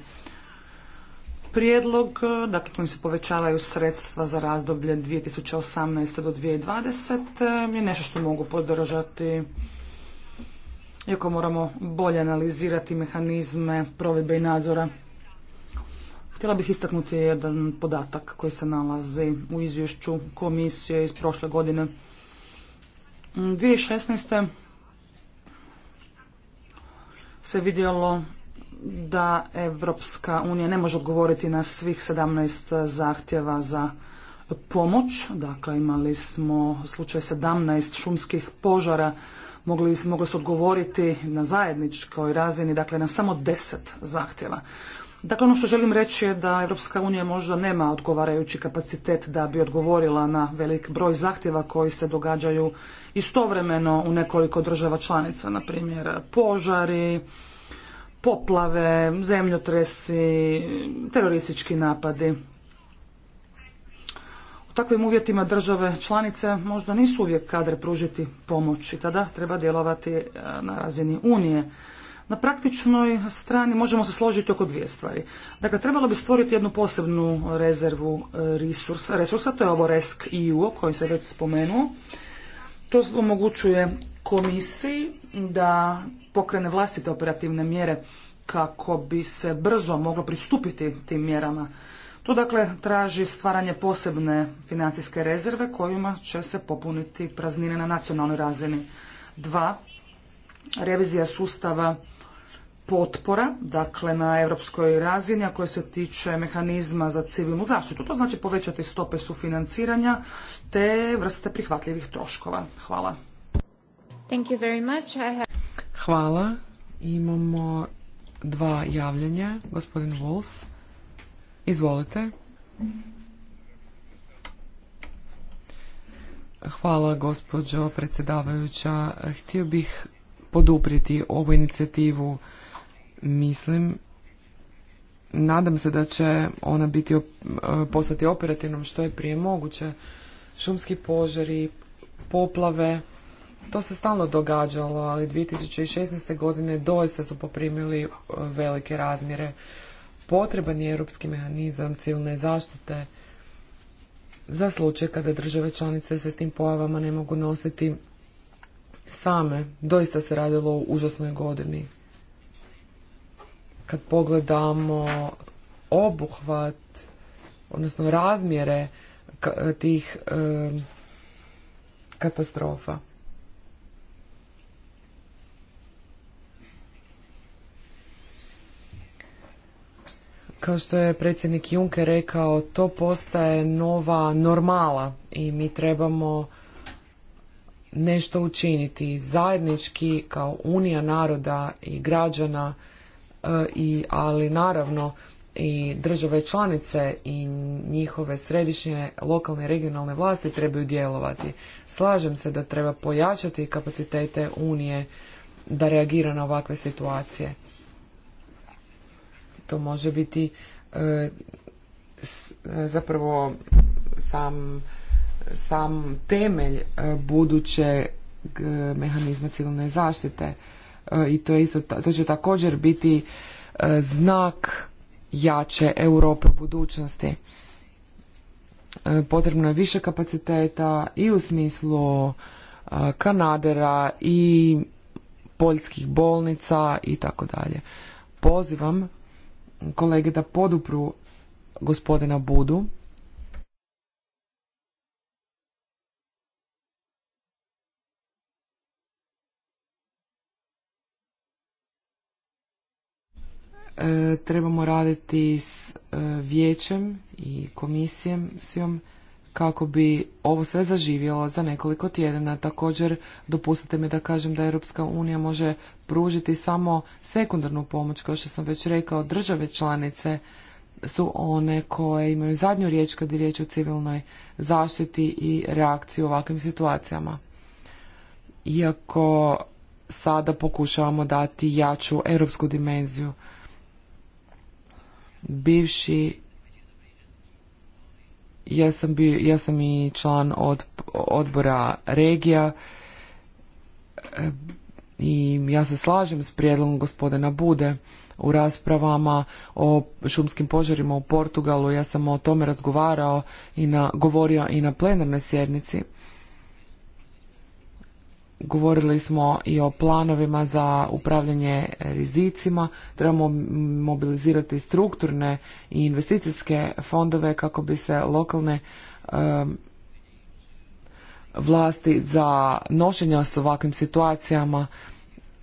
prijedlog e, dakle, kojim se povećavaju sredstva za razdoblje 2018. do 2020. E, je nešto što mogu podržati. Iako moramo bolje analizirati mehanizme provedbe i nadzora. Htjela bih istaknuti jedan podatak koji se nalazi u izvješću komisije iz prošle godine. 2016. se vidjelo da Evropska unija ne može odgovoriti na svih 17 zahtjeva za pomoć. Dakle, imali smo slučaj 17 šumskih požara. Mogli, moglo se odgovoriti na zajedničkoj razini, dakle na samo 10 zahtjeva. Dakle, ono što želim reći je da Evropska unija možda nema odgovarajući kapacitet da bi odgovorila na velik broj zahtjeva koji se događaju istovremeno u nekoliko država članica, na primjer požari, poplave, zemljotresi, teroristički napadi. U takvim uvjetima države članice možda nisu uvijek kadre pružiti pomoć i tada treba djelovati e, na razini Unije. Na praktičnoj strani možemo se složiti oko dvije stvari. Dakle, trebalo bi stvoriti jednu posebnu rezervu e, resursa, resursa to je ovo RESC EU o kojem se već spomenuo. To omogućuje komisiji da pokrene vlastite operativne mjere kako bi se brzo moglo pristupiti tim mjerama. Tu dakle traži stvaranje posebne financijske rezerve kojima će se popuniti praznine na nacionalnoj razini. Dva, revizija sustava potpora, dakle na europskoj razini, a koje se tiče mehanizma za civilnu zaštitu. To znači povećati stope sufinanciranja te vrste prihvatljivih troškova. Hvala. Hvala. Imamo dva javljanja. Gospodin Vols, izvolite. Hvala gospođo predsjedavajuća. Htio bih poduprijeti ovu inicijativu. Mislim, nadam se da će ona biti e, postati operativnom što je prije moguće. Šumski požari, poplave, to se stalno događalo, ali 2016. godine doista su poprimili e, velike razmjere. Potreban je europski mehanizam civilne zaštite za slučaj kada države članice se s tim pojavama ne mogu nositi same. Doista se radilo u užasnoj godini. Kad pogledamo obuhvat, odnosno razmjere tih e, katastrofa. Kao što je predsjednik Juncker rekao, to postaje nova normala i mi trebamo nešto učiniti zajednički kao unija naroda i građana e, i ali naravno i države članice i njihove središnje lokalne i regionalne vlasti trebaju djelovati. Slažem se da treba pojačati kapacitete unije da reagira na ovakve situacije. To može biti e, e, zapravo sam, sam temelj e, budućeg mehanizma civilne zaštite i to, je isto, to će također biti znak jače Europe u budućnosti. Potrebno je više kapaciteta i u smislu kanadera i poljskih bolnica i tako dalje. Pozivam kolege da podupru gospodina Budu. E, trebamo raditi s e, vijećem i komisijom kako bi ovo sve zaživjelo za nekoliko tjedana. Također, dopustite mi da kažem da Europska unija može pružiti samo sekundarnu pomoć, kao što sam već rekao, države članice su one koje imaju zadnju riječ kad je riječ o civilnoj zaštiti i reakciji u ovakvim situacijama. Iako sada pokušavamo dati jaču europsku dimenziju, bivši ja sam, bio, ja sam i član od, odbora regija e, i ja se slažem s prijedlogom gospodina Bude u raspravama o šumskim požarima u Portugalu. Ja sam o tome razgovarao i na, govorio i na plenarnoj sjednici. Govorili smo i o planovima za upravljanje rizicima. Trebamo mobilizirati strukturne i investicijske fondove kako bi se lokalne vlasti za nošenje s ovakvim situacijama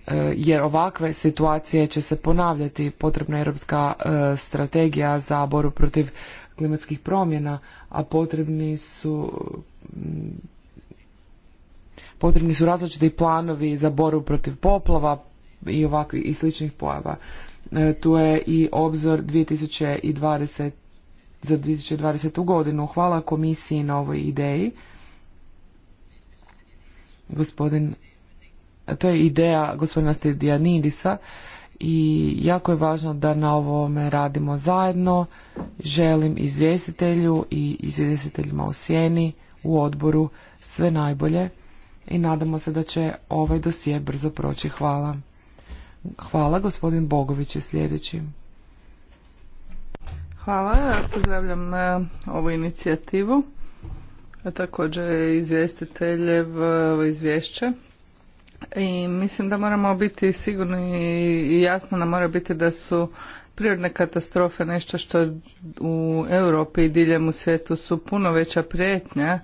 e, jer ovakve situacije će se ponavljati. Potrebna je europska e, strategija za boru protiv klimatskih promjena, a potrebni su potrebni su različiti planovi za borbu protiv poplava i ovakvih i sličnih pojava. E, tu je i obzor 2020 za 2020. godinu. Hvala komisiji na ovoj ideji. Gospodin, to je ideja gospodina stedijanidisa i jako je važno da na ovome radimo zajedno. Želim izvjestitelju i izvjestiteljima u sjeni u odboru sve najbolje i nadamo se da će ovaj dosije brzo proći. Hvala. Hvala, gospodin Bogović je sljedeći. Hvala, pozdravljam e, ovu inicijativu, a također izvjestiteljev e, izvješće. I mislim da moramo biti sigurni i jasno nam mora biti da su prirodne katastrofe nešto što u Europi i diljem u svijetu su puno veća prijetnja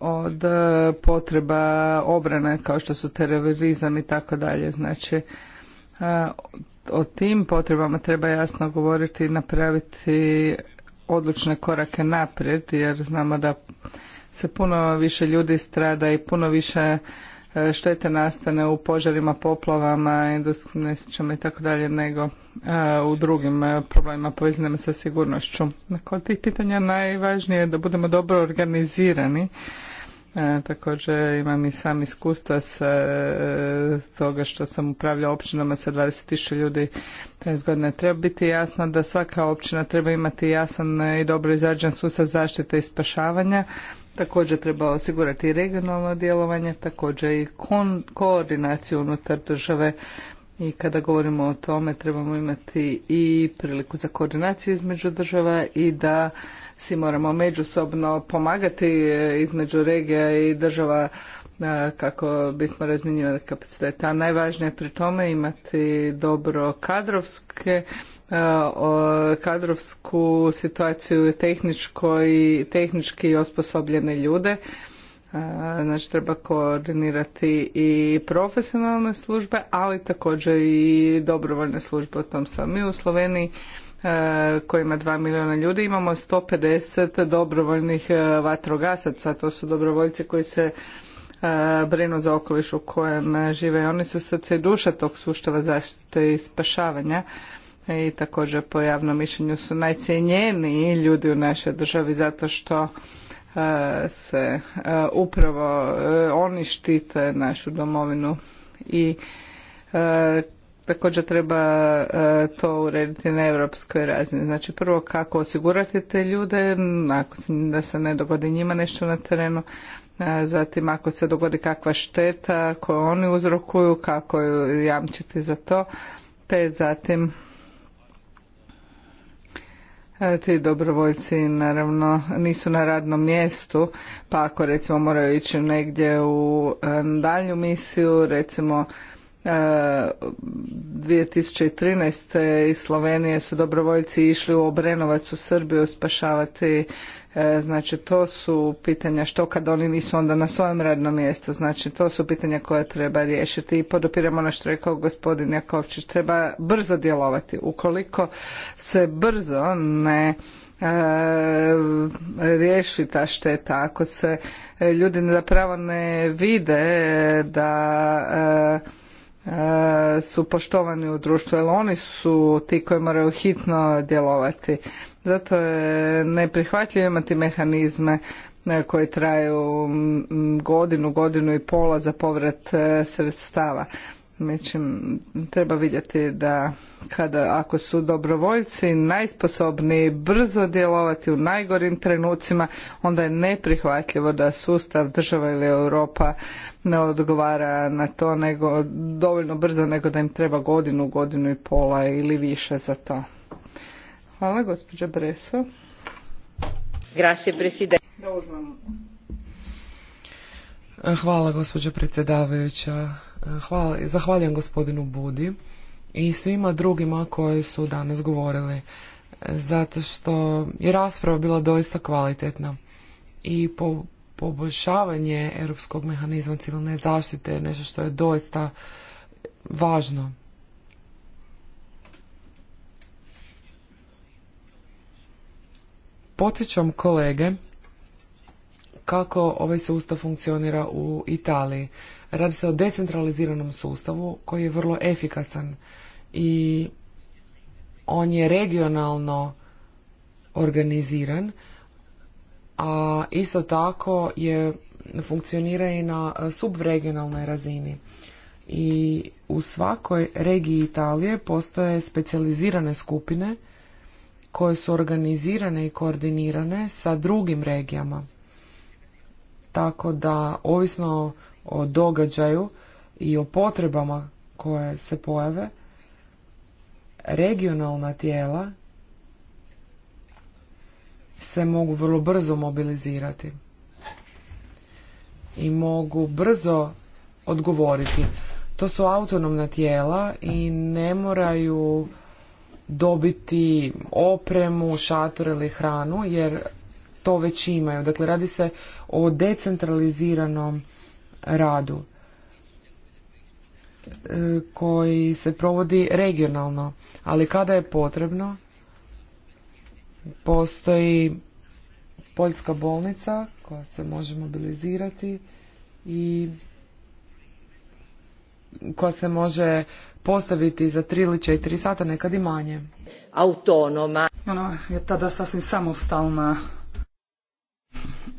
od e, potreba obrane kao što su terorizam i tako dalje. Znači, e, o tim potrebama treba jasno govoriti i napraviti odlučne korake naprijed jer znamo da se puno više ljudi strada i puno više E, štete nastane u požarima, poplavama, industrijskim nesrećama i tako dalje, nego e, u drugim e, problemima povezanima sa sigurnošću. Kod dakle, tih pitanja najvažnije je da budemo dobro organizirani E, također imam i sam iskustva s e, toga što sam upravljao općinama sa 20.000 ljudi 30 godina. Treba biti jasno da svaka općina treba imati jasan i dobro izrađen sustav zaštite i spašavanja. Također treba osigurati i regionalno djelovanje, također i koordinaciju unutar države i kada govorimo o tome trebamo imati i priliku za koordinaciju između država i da si moramo međusobno pomagati e, između regija i država e, kako bismo razminjivali kapacitete. A najvažnije je pri tome imati dobro kadrovske e, kadrovsku situaciju tehničko i tehnički osposobljene ljude. Znači treba koordinirati i profesionalne službe, ali također i dobrovoljne službe u tom smislu Mi u Sloveniji E, koji ima 2 milijuna ljudi, imamo 150 dobrovoljnih e, vatrogasaca, to su dobrovoljci koji se e, brinu za okoliš u kojem žive oni su srce i duša tog sustava zaštite i spašavanja i također po javnom mišljenju su najcijenjeniji ljudi u našoj državi zato što se upravo oni štite našu domovinu i također treba e, to urediti na europskoj razini. Znači prvo kako osigurati te ljude, ako da se ne dogodi njima nešto na terenu, e, zatim ako se dogodi kakva šteta koju oni uzrokuju, kako ju jamčiti za to, te zatim e, ti dobrovoljci naravno nisu na radnom mjestu, pa ako recimo moraju ići negdje u dalju misiju, recimo 2013. iz Slovenije su dobrovoljci išli u Obrenovac u Srbiju spašavati e, znači to su pitanja što kad oni nisu onda na svojem radnom mjestu znači to su pitanja koja treba riješiti i podopiramo na ono što je rekao gospodin Jakovčić treba brzo djelovati ukoliko se brzo ne e, riješi ta šteta ako se ljudi zapravo ne vide da e, E, su poštovani u društvu, jer oni su ti koji moraju hitno djelovati. Zato je neprihvatljivo imati mehanizme e, koji traju godinu, godinu i pola za povrat e, sredstava. Mislim, treba vidjeti da kada, ako su dobrovoljci najsposobniji brzo djelovati u najgorim trenucima, onda je neprihvatljivo da sustav država ili Europa ne odgovara na to nego dovoljno brzo nego da im treba godinu, godinu i pola ili više za to. Hvala, gospođa Breso. Grazie, presidente. Hvala, gospođa predsjedavajuća. Hvala, zahvaljujem gospodinu Budi i svima drugima koji su danas govorili, zato što je rasprava bila doista kvalitetna i po, poboljšavanje europskog mehanizma civilne zaštite je nešto što je doista važno. Podsjećam kolege kako ovaj sustav funkcionira u Italiji. Radi se o decentraliziranom sustavu koji je vrlo efikasan i on je regionalno organiziran a isto tako je funkcionira i na e, subregionalnoj razini. I u svakoj regiji Italije postoje specijalizirane skupine koje su organizirane i koordinirane sa drugim regijama. Tako da, ovisno o događaju i o potrebama koje se pojave, regionalna tijela se mogu vrlo brzo mobilizirati i mogu brzo odgovoriti. To su autonomna tijela i ne moraju dobiti opremu, šator ili hranu jer to već imaju. Dakle, radi se o decentraliziranom radu e, koji se provodi regionalno, ali kada je potrebno Postoji poljska bolnica koja se može mobilizirati i koja se može postaviti za tri ili četiri sata, nekad i manje. Autonoma. Ona je tada sasvim samostalna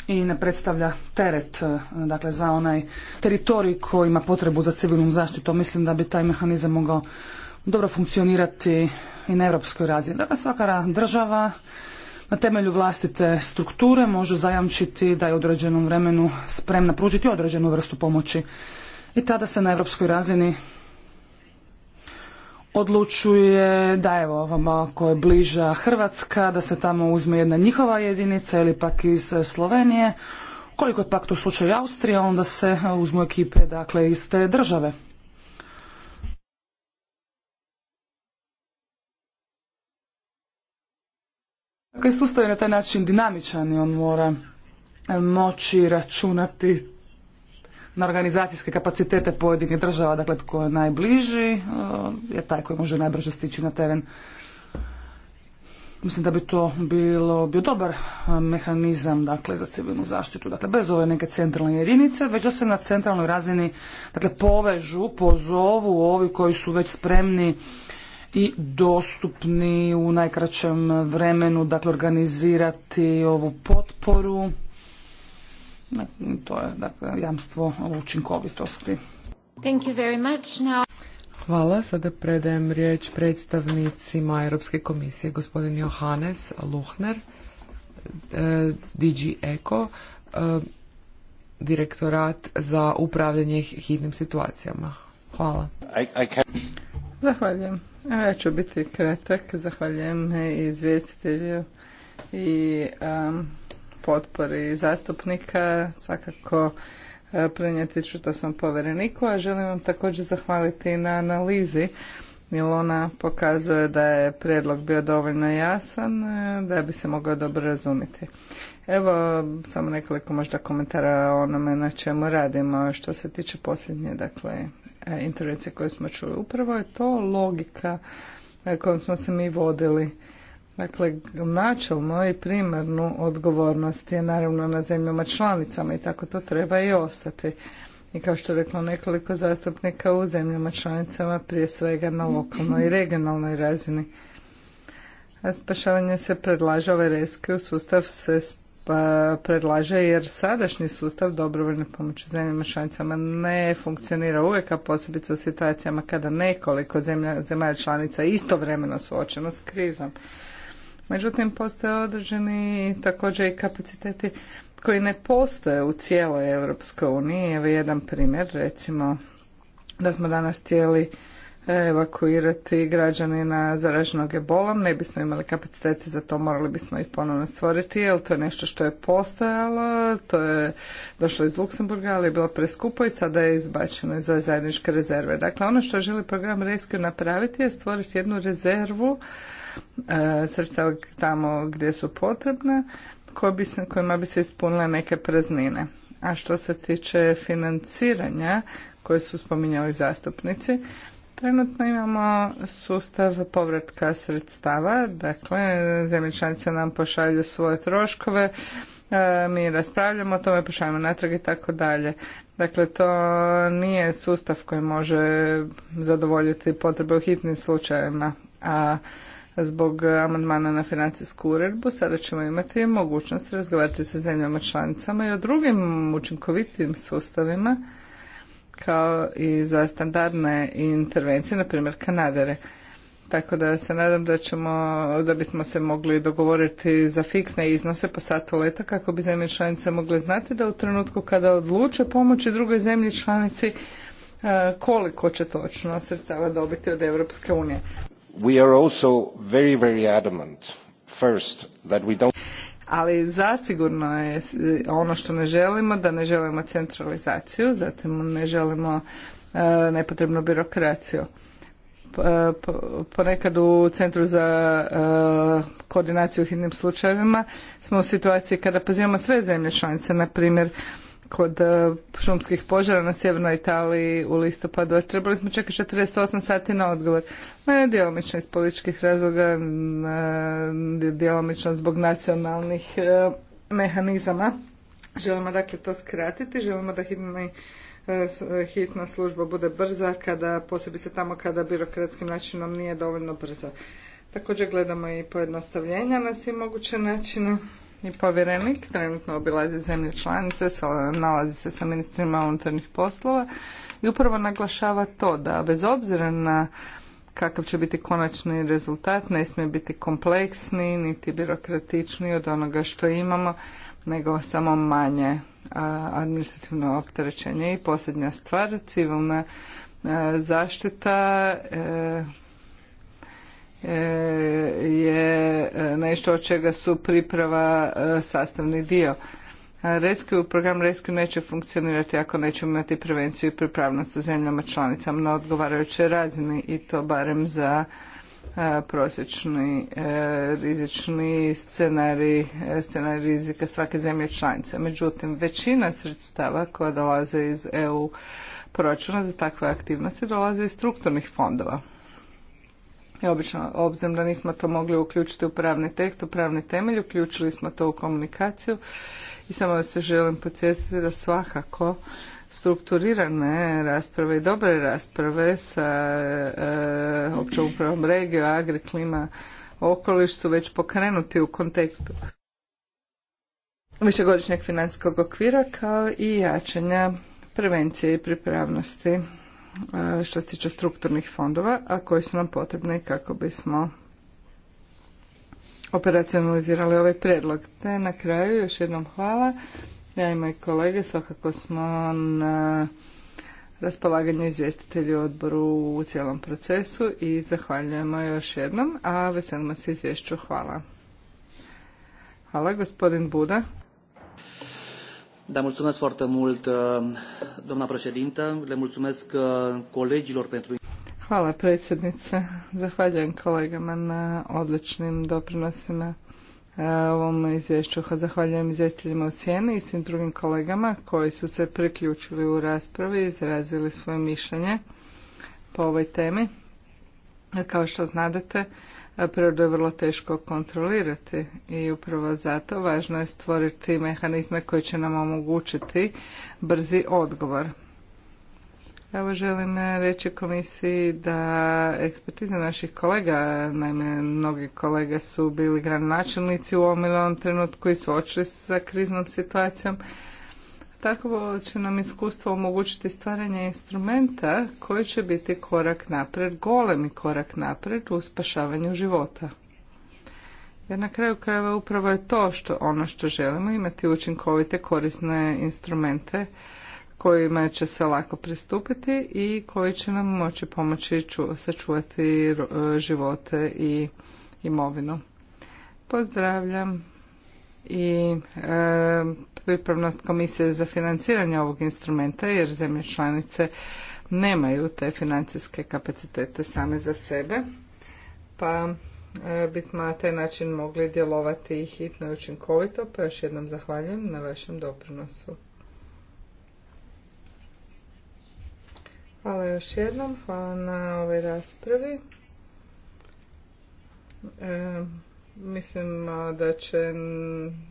i ne predstavlja teret dakle, za onaj teritorij koji ima potrebu za civilnom zaštitom. Mislim da bi taj mehanizam mogao dobro funkcionirati i na europskoj razini. Dakle, svaka država na temelju vlastite strukture može zajamčiti da je u određenom vremenu spremna pružiti određenu vrstu pomoći. I tada se na europskoj razini odlučuje da evo ako je bliža Hrvatska, da se tamo uzme jedna njihova jedinica ili pak iz Slovenije. Koliko je pak to slučaj Austrija, onda se uzmu ekipe dakle iz te države. Dakle, sustav je na taj način dinamičan i on mora e, moći računati na organizacijske kapacitete pojedinih država, dakle tko je najbliži e, je taj koji može najbrže stići na teren. Mislim da bi to bilo, bio dobar e, mehanizam dakle, za civilnu zaštitu. Dakle, bez ove neke centralne jedinice, već da se na centralnoj razini dakle, povežu, pozovu ovi koji su već spremni i dostupni u najkraćem vremenu, dakle organizirati ovu potporu. To je dakle, jamstvo učinkovitosti. Thank you very Hvala. Sada predajem riječ predstavnicima Europske komisije, gospodin Johannes Luhner, e, DG Eko, e, direktorat za upravljanje hitnim situacijama. Hvala. Zahvaljujem. Ja ću biti kratak. Zahvaljujem izvjestitelju i um, potpori zastupnika. Svakako uh, prenijeti ću to sam povereniku, a želim vam također zahvaliti na analizi jer ona pokazuje da je prijedlog bio dovoljno jasan uh, da bi se mogao dobro razumjeti. Evo samo nekoliko možda komentara o onome na čemu radimo što se tiče posljednje dakle E, intervencije koje smo čuli. Upravo je to logika e, kojom smo se mi vodili. Dakle, načelno i primarnu odgovornost je naravno na zemljama članicama i tako to treba i ostati. I kao što je reklo nekoliko zastupnika u zemljama članicama, prije svega na lokalnoj i regionalnoj razini. spašavanje se predlaže ovaj u sustav se pa predlaže jer sadašnji sustav dobrovoljne pomoći zemljama članicama ne funkcionira uvijek, a posebice u situacijama kada nekoliko zemlja, zemalja članica istovremeno suočena s krizom. Međutim, postoje određeni također i kapaciteti koji ne postoje u cijeloj Europskoj uniji. Evo jedan primjer, recimo da smo danas htjeli evakuirati građanina zaraženog ebolom, ne bismo imali kapacitete za to, morali bismo ih ponovno stvoriti, jer to je nešto što je postojalo, to je došlo iz Luksemburga, ali je bilo preskupo i sada je izbačeno iz ove zajedničke rezerve. Dakle, ono što želi program Rescue napraviti je stvoriti jednu rezervu e, sredstava tamo gdje su potrebne, kojima bi se ispunile neke praznine. A što se tiče financiranja koje su spominjali zastupnici, Trenutno imamo sustav povratka sredstava, dakle zemlje članice nam pošalju svoje troškove, e, mi raspravljamo o tome, pošaljamo natrag i tako dalje. Dakle, to nije sustav koji može zadovoljiti potrebe u hitnim slučajevima, a zbog amandmana na financijsku uredbu sada ćemo imati mogućnost razgovarati sa zemljama članicama i o drugim učinkovitim sustavima kao i za standardne intervencije, na primjer kanadere. Tako da se nadam da ćemo, da bismo se mogli dogovoriti za fiksne iznose po satu leta kako bi zemlje članice mogle znati da u trenutku kada odluče pomoći drugoj zemlji članici koliko će točno sredstava dobiti od Europske unije. We are also very, very adamant first that we don't ali zasigurno je ono što ne želimo, da ne želimo centralizaciju, zatim ne želimo e, nepotrebnu birokraciju e, ponekad u Centru za e, koordinaciju u hitnim slučajevima smo u situaciji kada pozivamo sve zemlje članice, na primjer kod e, šumskih požara na sjevernoj Italiji u listopadu, trebali smo čekati 48 sati na odgovor. Ne, djelomično iz političkih razloga, e, djelomično zbog nacionalnih e, mehanizama. Želimo dakle to skratiti, želimo da hitna služba bude brza, kada, se tamo kada birokratskim načinom nije dovoljno brza. Također gledamo i pojednostavljenja na svim moguće načine i povjerenik trenutno obilazi zemlje članice, nalazi se sa ministrima unutarnjih poslova i upravo naglašava to da bez obzira na kakav će biti konačni rezultat, ne smije biti kompleksni niti birokratični od onoga što imamo, nego samo manje administrativno opterećenje. I posljednja stvar, civilna zaštita e, E, je nešto od čega su priprava e, sastavni dio. Rescue, program Rescue neće funkcionirati ako nećemo imati prevenciju i pripravnost u zemljama članicama na odgovarajućoj razini i to barem za e, prosječni rizični scenarij, scenarij rizika svake zemlje članice. Međutim, većina sredstava koja dolaze iz EU proračuna za takve aktivnosti dolaze iz strukturnih fondova. I obično, obzirom da nismo to mogli uključiti u pravni tekst, u pravni temelj, uključili smo to u komunikaciju i samo vas se želim podsjetiti da svakako strukturirane rasprave i dobre rasprave sa e, općom upravom regio, agri, klima, okoliš su već pokrenuti u kontekstu višegodišnjeg financijskog okvira kao i jačanja prevencije i pripravnosti E, što se tiče strukturnih fondova, a koji su nam potrebni kako bismo operacionalizirali ovaj predlog. Te na kraju još jednom hvala. Ja i moji kolege svakako smo na raspolaganju izvjestitelju odboru u cijelom procesu i zahvaljujemo još jednom, a veselimo se izvješću. Hvala. Hvala, gospodin Buda. Da, uh, uh, Hvala predsjednice. Zahvaljujem kolegama na odličnim doprinosima uh, ovom izvješću. Zahvaljujem izvjestiteljima u sjeni i svim drugim kolegama koji su se priključili u raspravi i izrazili svoje mišljenje po ovoj temi. Kao što znadete, prirodu je vrlo teško kontrolirati i upravo zato važno je stvoriti mehanizme koji će nam omogućiti brzi odgovor. Evo želim reći komisiji da ekspertiza naših kolega, naime mnogi kolege su bili gradonačelnici u ovom ili ovom trenutku i suočili sa kriznom situacijom, Takvo će nam iskustvo omogućiti stvaranje instrumenta koji će biti korak napred, golemi korak napred u spašavanju života. Jer na kraju krajeva upravo je to što ono što želimo imati učinkovite korisne instrumente kojima će se lako pristupiti i koji će nam moći pomoći ču, sačuvati e, živote i imovinu. Pozdravljam i pripravnost komisije za financiranje ovog instrumenta jer zemlje članice nemaju te financijske kapacitete same za sebe pa eh, bismo na taj način mogli djelovati i hitno i učinkovito pa još jednom zahvaljujem na vašem doprinosu. Hvala još jednom, hvala na ovoj raspravi. E, Mislim da će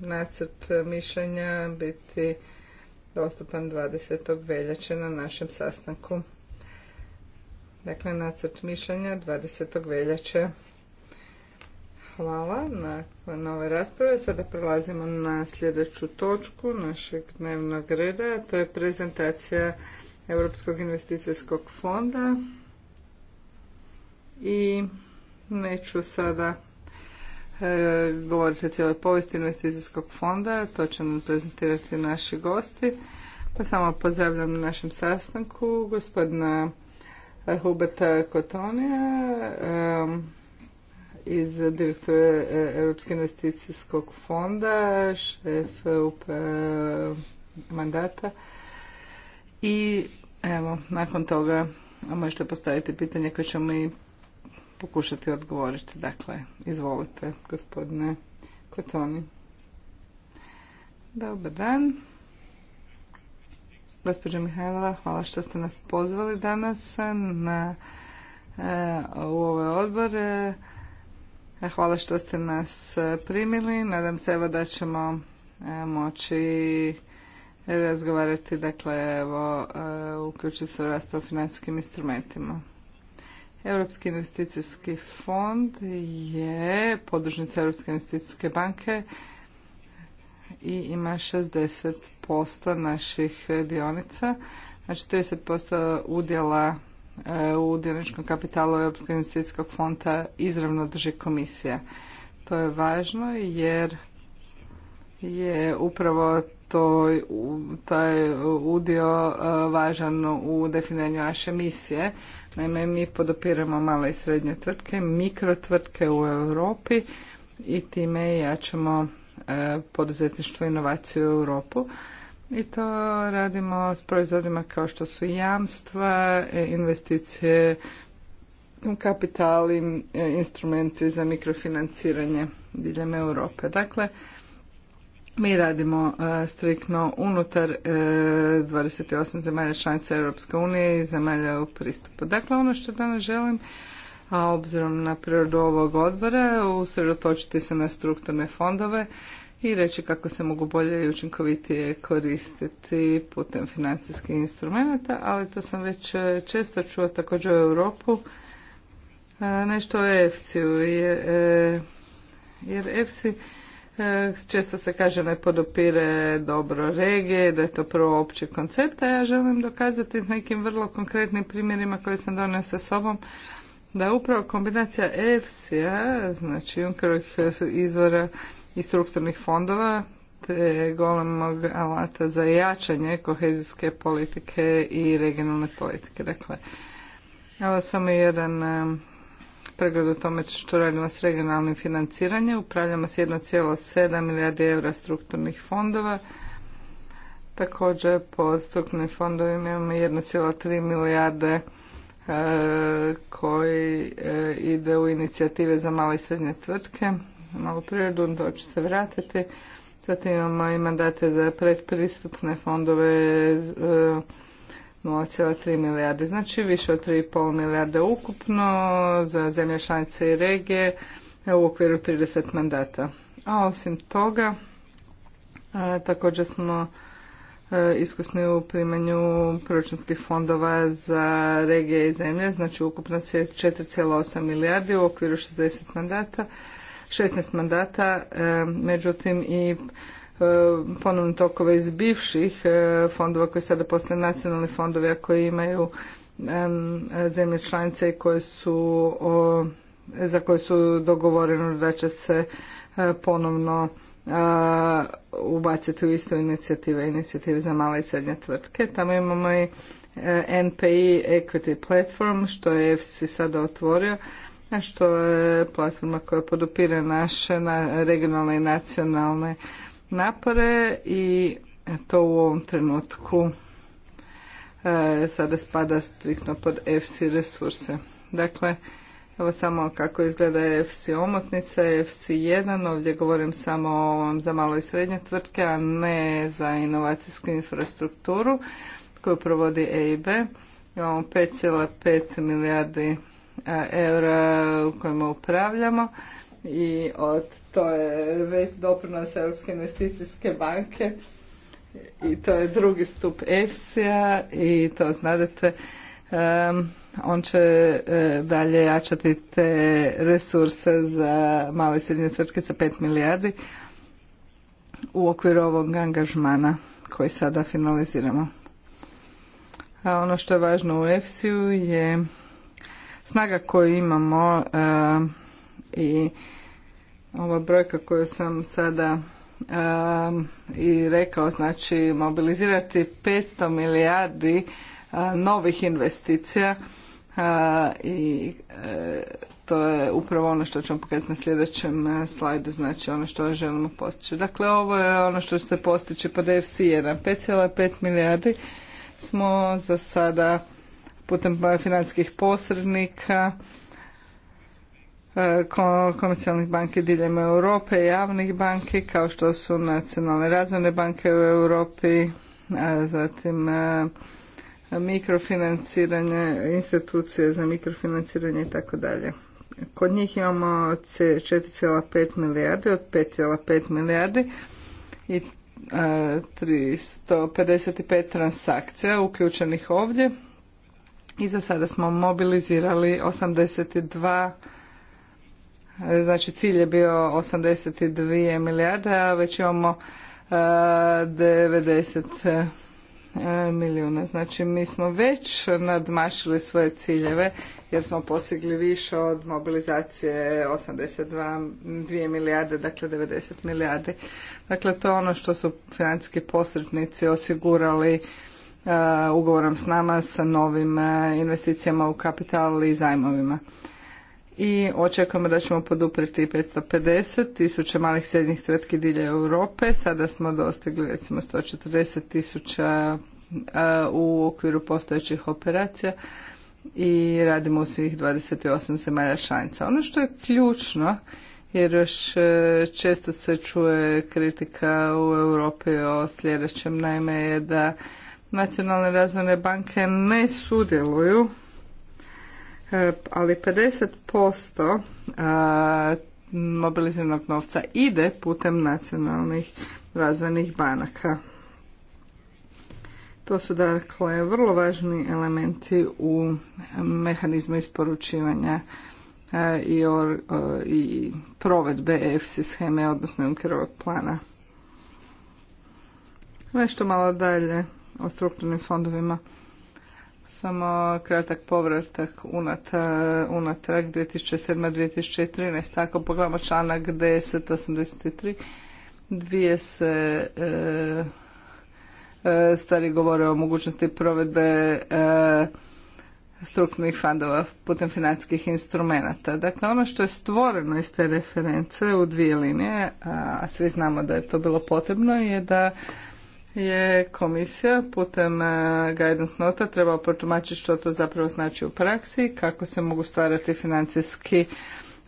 nacrt mišljenja biti dostupan 20. veljače na našem sastanku. Dakle, nacrt mišljenja 20. veljače. Hvala na ove rasprave. Sada prelazimo na sljedeću točku našeg dnevnog reda. To je prezentacija Europskog investicijskog fonda. I neću sada E, govoriti o cijeloj povijesti investicijskog fonda, to će nam prezentirati naši gosti. Pa samo pozdravljam na našem sastanku gospodina e, Huberta Kotonija e, iz direktora Europske investicijskog fonda, šef mandata. I evo, nakon toga možete postaviti pitanje koje ćemo mi pokušati odgovoriti. Dakle, izvolite, gospodine Kotoni. Dobar dan. Gospođo Mihajlova, hvala što ste nas pozvali danas na, e, u ove ovaj odbor. E, hvala što ste nas primili. Nadam se evo da ćemo e, moći razgovarati, dakle, evo, e, uključiti se u raspravu o financijskim instrumentima. Europski investicijski fond je podružnica Europske investicijske banke i ima 60% naših dionica, znači 30% udjela e, u dioničkom kapitalu Europskog investicijskog fonda izravno drži komisija. To je važno jer je upravo to, taj udio e, važan u definiranju naše misije. Naime, mi podopiramo male i srednje tvrtke, mikrotvrtke u Europi i time jačamo e, poduzetništvo i inovaciju u Europu. I to radimo s proizvodima kao što su jamstva, e, investicije, kapitali, instrumenti za mikrofinanciranje diljem Europe. Dakle, mi radimo e, striktno unutar 28 e, zemalja članica Europske unije i zemalja u pristupu. Dakle, ono što danas želim, a obzirom na prirodu ovog odbora, usredotočiti se na strukturne fondove i reći kako se mogu bolje i učinkovitije koristiti putem financijskih instrumenta, ali to sam već e, često čuo također u Europu. Nešto o efc u jer EFSI E, često se kaže ne podopire dobro regije, da je to prvo opći koncept, a ja želim dokazati s nekim vrlo konkretnim primjerima koje sam donio sa sobom da upravo kombinacija EFSI-a, znači Junkerovih izvora i strukturnih fondova, te golemog alata za jačanje kohezijske politike i regionalne politike. Dakle, evo samo jedan pregled o tome što radimo s regionalnim financiranjem. Upravljamo s 1,7 milijardi eura strukturnih fondova. Također po strukturnim fondovima imamo 1,3 milijarde e, koji e, ide u inicijative za male i srednje tvrtke, Malo prirodu, to ću se vratiti. Zatim imamo i mandate za predpristupne fondove e, 0,3 milijarde, znači više od 3,5 milijarde ukupno za zemlje članice i regije u okviru 30 mandata. A osim toga, e, također smo e, iskusni u primanju proračunskih fondova za regije i zemlje, znači ukupno se 4,8 milijardi u okviru 60 mandata, 16 mandata, e, međutim i E, ponovno tokove iz bivših e, fondova koji sada postaju nacionalni fondovi, a koji imaju zemlje članice koje su, za koje su dogovoreno da će se e, ponovno ubaciti u istu inicijative, inicijative za male i srednje tvrtke. Tamo imamo i NPI Equity Platform, što je EFSI sada otvorio, što je platforma koja podupire naše regionalne i nacionalne napore i to u ovom trenutku e, sada spada striktno pod EFSI resurse. Dakle, evo samo kako izgleda FC omotnica, EFSI 1, ovdje govorim samo za malo i srednje tvrtke, a ne za inovacijsku infrastrukturu koju provodi EIB. Imamo 5,5 milijardi e, eura u kojima upravljamo i od, to je već doprinos Europske investicijske banke i to je drugi stup EFSI-a i to znadete on će e, dalje jačati te resurse za male i srednje tvrtke sa 5 milijardi u okviru ovog angažmana koji sada finaliziramo. A ono što je važno u EFSI-u je snaga koju imamo i ova brojka koju sam sada um, i rekao, znači mobilizirati 500 milijardi uh, novih investicija uh, i uh, to je upravo ono što ćemo pokazati na sljedećem slajdu, znači ono što želimo postići. Dakle, ovo je ono što će se postići pod FC1. 5,5 milijardi smo za sada putem financijskih posrednika E, komercijalnih banki diljem Europe, javnih banki kao što su nacionalne razvojne banke u Europi, zatim e, mikrofinanciranje, institucije za mikrofinanciranje i tako dalje. Kod njih imamo 4,5 milijardi od 5,5 milijardi i 355 e, transakcija uključenih ovdje i za sada smo mobilizirali 82 Znači cilj je bio 82 milijarde, a već imamo 90 e, e, milijuna. Znači mi smo već nadmašili svoje ciljeve jer smo postigli više od mobilizacije 82 milijarde, dakle 90 milijardi. Dakle to je ono što su financijski posrednici osigurali e, ugovorom s nama sa novim investicijama u kapital i zajmovima i očekujemo da ćemo poduprijeti 550 tisuća malih srednjih tvrtki dilje Europe. Sada smo dostigli recimo 140 tisuća u okviru postojećih operacija i radimo u svih 28 zemalja članica. Ono što je ključno jer još e, često se čuje kritika u Europi o sljedećem, naime je da nacionalne razvojne banke ne sudjeluju E, ali 50% mobiliziranog novca ide putem nacionalnih razvojnih banaka. To su dakle vrlo važni elementi u mehanizmu isporučivanja e, i, e, i provedbe EFSI scheme, odnosno Junckerovog plana. Nešto malo dalje o strukturnim fondovima. Samo kratak povratak unatrag, 2007-2013. Ako pogledamo članak 1083, dvije se e, e, stvari govore o mogućnosti provedbe e, strukturnih fondova putem financijskih instrumenata. Dakle, ono što je stvoreno iz te reference u dvije linije, a, a svi znamo da je to bilo potrebno, je da je komisija putem e, guidance nota trebala protumačiti što to zapravo znači u praksi, kako se mogu stvarati financijski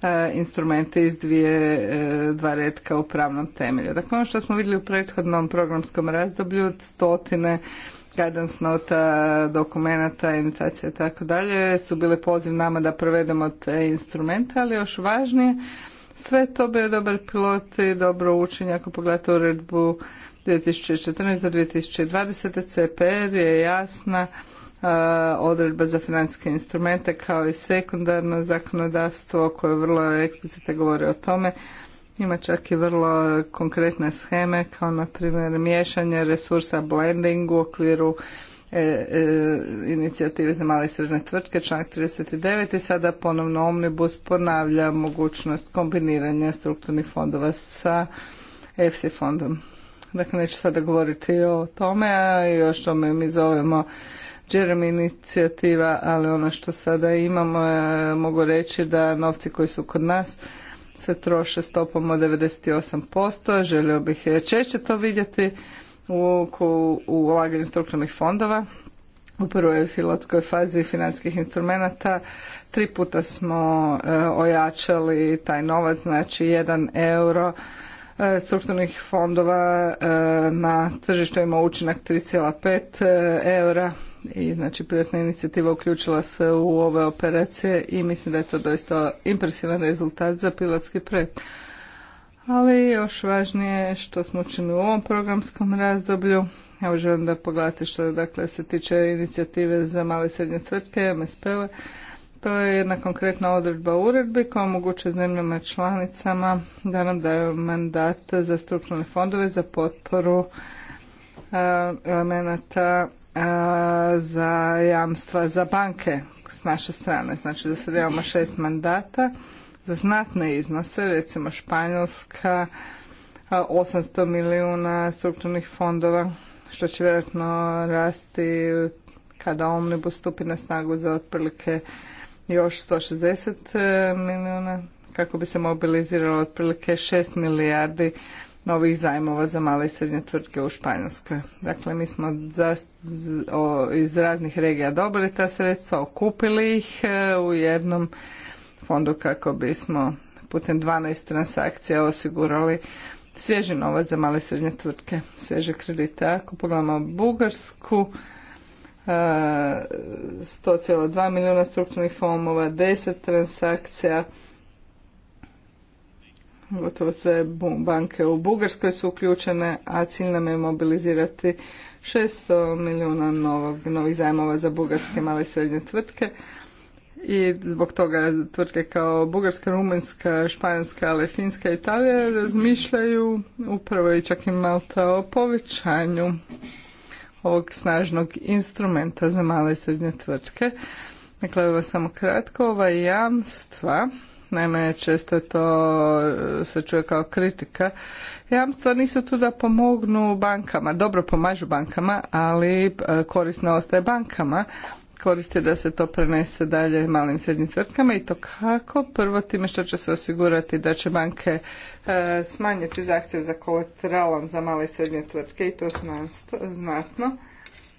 e, instrumente iz dvije, e, dva redka u pravnom temelju. Dakle, ono što smo vidjeli u prethodnom programskom razdoblju, stotine guidance nota, dokumenata, imitacija i tako dalje, su bili poziv nama da provedemo te instrumente, ali još važnije, sve to bio je dobar pilot i dobro učenje ako pogledate uredbu 2014 do 2020 CPR je jasna odredba za financijske instrumente kao i sekundarno zakonodavstvo koje vrlo eksplicite govori o tome. Ima čak i vrlo konkretne scheme kao na primjer miješanje resursa blending u okviru e, e, inicijative za male i srednje tvrtke, članak 39. I sada ponovno Omnibus ponavlja mogućnost kombiniranja strukturnih fondova sa EFSI fondom. Dakle, neću sada govoriti o tome, a i o što me mi zovemo Jeremy inicijativa, ali ono što sada imamo, e, mogu reći da novci koji su kod nas se troše stopom od 98%. Želio bih e, češće to vidjeti u, u, u ulaganju strukturnih fondova. U prvoj filotskoj fazi financijskih instrumenata tri puta smo e, ojačali taj novac, znači jedan euro E, strukturnih fondova e, na tržištu ima učinak 3,5 e, eura i znači privatna inicijativa uključila se u ove operacije i mislim da je to doista impresivan rezultat za pilotski projekt. Ali još važnije što smo učinili u ovom programskom razdoblju. ja želim da pogledate što dakle, se tiče inicijative za male i srednje tvrtke, MSP-ove. To je jedna konkretna odredba uredbi koja omogućuje zemljama članicama da nam daju mandat za strukturne fondove za potporu e, elemenata e, za jamstva za banke s naše strane. Znači da sad imamo šest mandata za znatne iznose, recimo Španjolska, 800 e, milijuna strukturnih fondova, što će vjerojatno rasti kada Omnibus stupi na snagu za otprilike još 160 e, milijuna kako bi se mobiliziralo otprilike 6 milijardi novih zajmova za male i srednje tvrtke u Španjolskoj. Dakle, mi smo iz raznih regija dobili ta sredstva, okupili ih e, u jednom fondu kako bismo putem 12 transakcija osigurali svježi novac za male i srednje tvrtke, svježe kredite. Ako pogledamo Bugarsku, 100,2 milijuna strukturnih fondova, 10 transakcija, gotovo sve banke u Bugarskoj su uključene, a cilj nam je mobilizirati 600 milijuna novih zajmova za bugarske male i srednje tvrtke i zbog toga tvrtke kao Bugarska, Rumunjska, Španjolska, ali Finska i Italija razmišljaju upravo i čak i Malta o povećanju ovog snažnog instrumenta za male i srednje tvrtke. Dakle, evo samo kratko, ova jamstva, naime često to e, se čuje kao kritika, jamstva nisu tu da pomognu bankama, dobro pomažu bankama, ali e, korisno ostaje bankama, koristi da se to prenese dalje malim srednjim tvrtkama i to kako? Prvo time što će se osigurati da će banke e, smanjiti zahtjev za kolateralom za male i srednje tvrtke i to znatno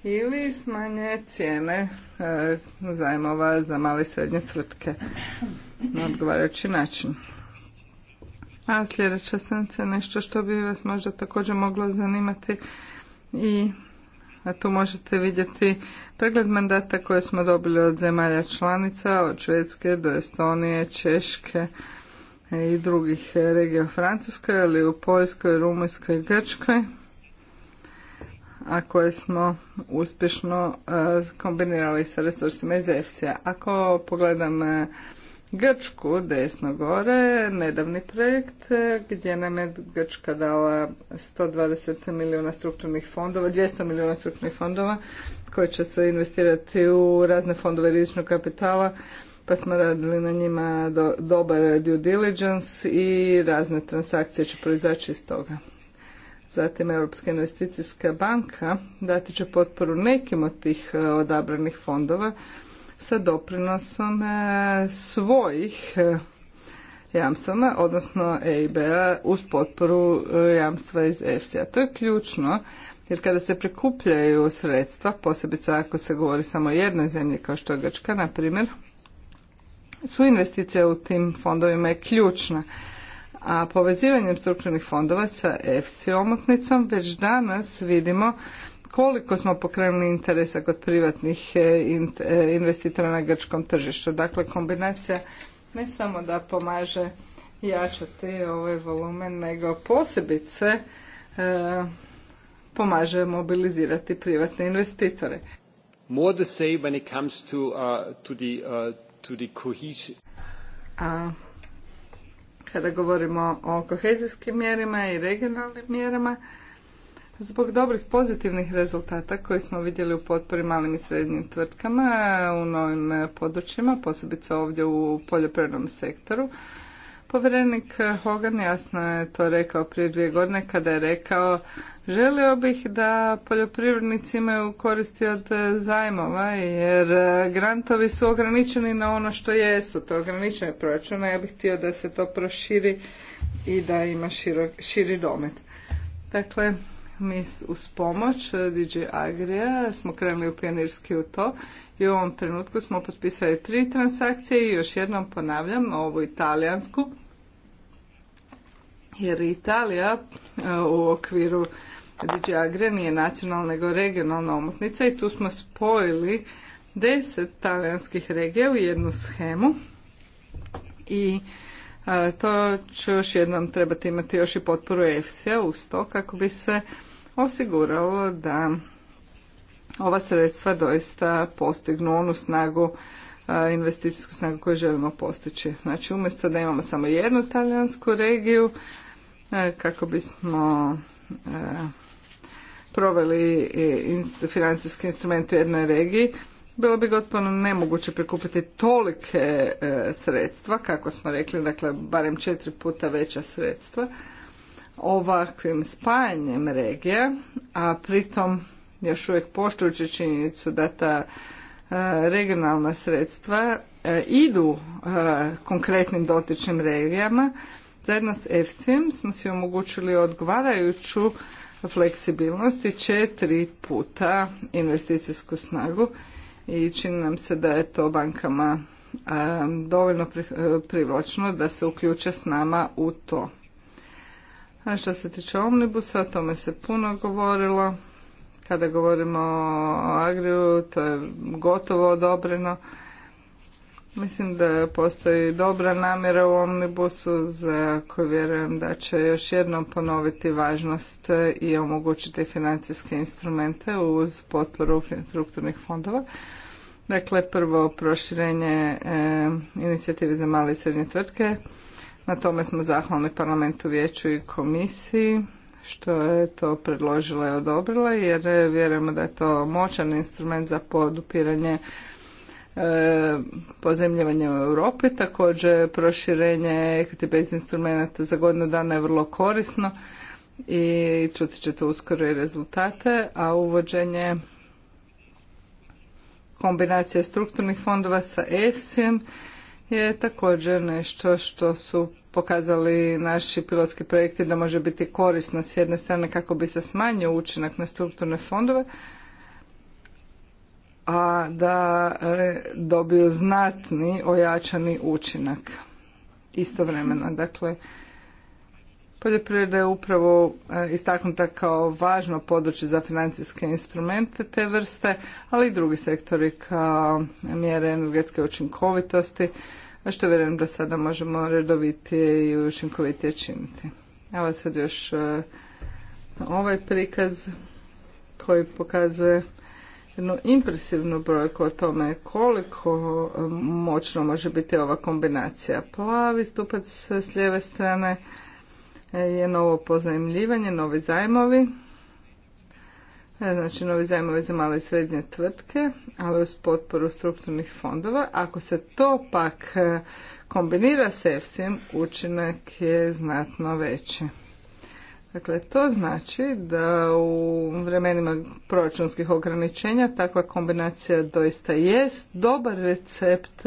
ili smanje cijene e, zajmova za male i srednje tvrtke na odgovarajući način. A sljedeća stranica je nešto što bi vas možda također moglo zanimati i a tu možete vidjeti Pregled mandata koje smo dobili od zemalja članica, od Švedske do Estonije, Češke i drugih regija u Francuskoj, ali u Poljskoj, Rumunjskoj i Grčkoj, a koje smo uspješno kombinirali sa resursima iz EFSI-a. Ako pogledam Grčku, desno gore, nedavni projekt e, gdje nam je Grčka dala 120 milijuna strukturnih fondova, 200 milijuna strukturnih fondova koji će se investirati u razne fondove rizičnog kapitala pa smo radili na njima do, dobar due diligence i razne transakcije će proizaći iz toga. Zatim Europska investicijska banka dati će potporu nekim od tih e, odabranih fondova sa doprinosom e, svojih e, jamstvama, odnosno EIB-a uz potporu e, jamstva iz EFSI-a. To je ključno jer kada se prikupljaju sredstva, posebice ako se govori samo o jednoj zemlji kao što je Grčka, na primjer, su investicije u tim fondovima je ključna. A povezivanjem strukturnih fondova sa EFSI omotnicom već danas vidimo koliko smo pokrenuli interesa kod privatnih e, e, investitora na grčkom tržištu. Dakle, kombinacija ne samo da pomaže jačati ovaj volumen, nego posebice e, pomaže mobilizirati privatne investitore. kada govorimo o kohezijskim mjerima i regionalnim mjerama, Zbog dobrih pozitivnih rezultata koji smo vidjeli u potpori malim i srednjim tvrtkama u novim e, područjima, posebice ovdje u poljoprivrednom sektoru, Povjerenik Hogan jasno je to rekao prije dvije godine kada je rekao želio bih da poljoprivrednici imaju koristi od e, zajmova jer e, grantovi su ograničeni na ono što jesu, to ograničenje proračuna. Ja bih htio da se to proširi i da ima širi domet. Dakle, mi uz pomoć eh, DJ Agrija smo krenuli u pionirski u to i u ovom trenutku smo potpisali tri transakcije i još jednom ponavljam ovu italijansku jer Italija eh, u okviru DJ Agrija nije nacionalna nego regionalna omotnica i tu smo spojili deset talijanskih regija u jednu schemu i eh, to će još jednom trebati imati još i potporu EFSI-a uz to kako bi se osiguralo da ova sredstva doista postignu onu snagu investicijsku snagu koju želimo postići. Znači umjesto da imamo samo jednu talijansku regiju kako bismo proveli financijski instrument u jednoj regiji, bilo bi gotovo nemoguće prikupiti tolike e, sredstva, kako smo rekli, dakle barem četiri puta veća sredstva ovakvim spajanjem regija, a pritom još uvijek poštujući činjenicu da ta e, regionalna sredstva e, idu e, konkretnim dotičnim regijama, zajedno s efcim smo si omogućili odgovarajuću fleksibilnost i četiri puta investicijsku snagu i čini nam se da je to bankama dovoljno privlačno da se uključe s nama u to. A što se tiče omnibusa, o tome se puno govorilo. Kada govorimo o Agriju, to je gotovo odobreno. Mislim da postoji dobra namjera u omnibusu za koju vjerujem da će još jednom ponoviti važnost i omogućiti financijske instrumente uz potporu strukturnih fondova. Dakle, prvo proširenje eh, inicijative za male i srednje tvrtke, na tome smo zahvalni parlamentu, vijeću i komisiji što je to predložila i odobrila jer vjerujemo da je to moćan instrument za podupiranje e, pozemljivanja u Europi. Također proširenje equity based instrumenta za godinu dana je vrlo korisno i čuti ćete uskoro i rezultate, a uvođenje kombinacije strukturnih fondova sa EFSI-em je također nešto što su pokazali naši pilotski projekti da može biti korisno s jedne strane kako bi se smanjio učinak na strukturne fondove, a da e, dobiju znatni ojačani učinak istovremeno. Dakle, Poljoprivreda je upravo e, istaknuta kao važno područje za financijske instrumente te vrste, ali i drugi sektori kao mjere energetske učinkovitosti, što vjerujem da sada možemo redovitije i učinkovitije činiti. Evo sad još e, ovaj prikaz koji pokazuje jednu impresivnu brojku o tome koliko e, moćno može biti ova kombinacija. Plavi stupac s lijeve strane E, je novo pozajmljivanje, novi zajmovi, e, znači novi zajmovi za male i srednje tvrtke, ali uz potporu strukturnih fondova. Ako se to pak e, kombinira s efsi učinak je znatno veći. Dakle, to znači da u vremenima proračunskih ograničenja takva kombinacija doista jest dobar recept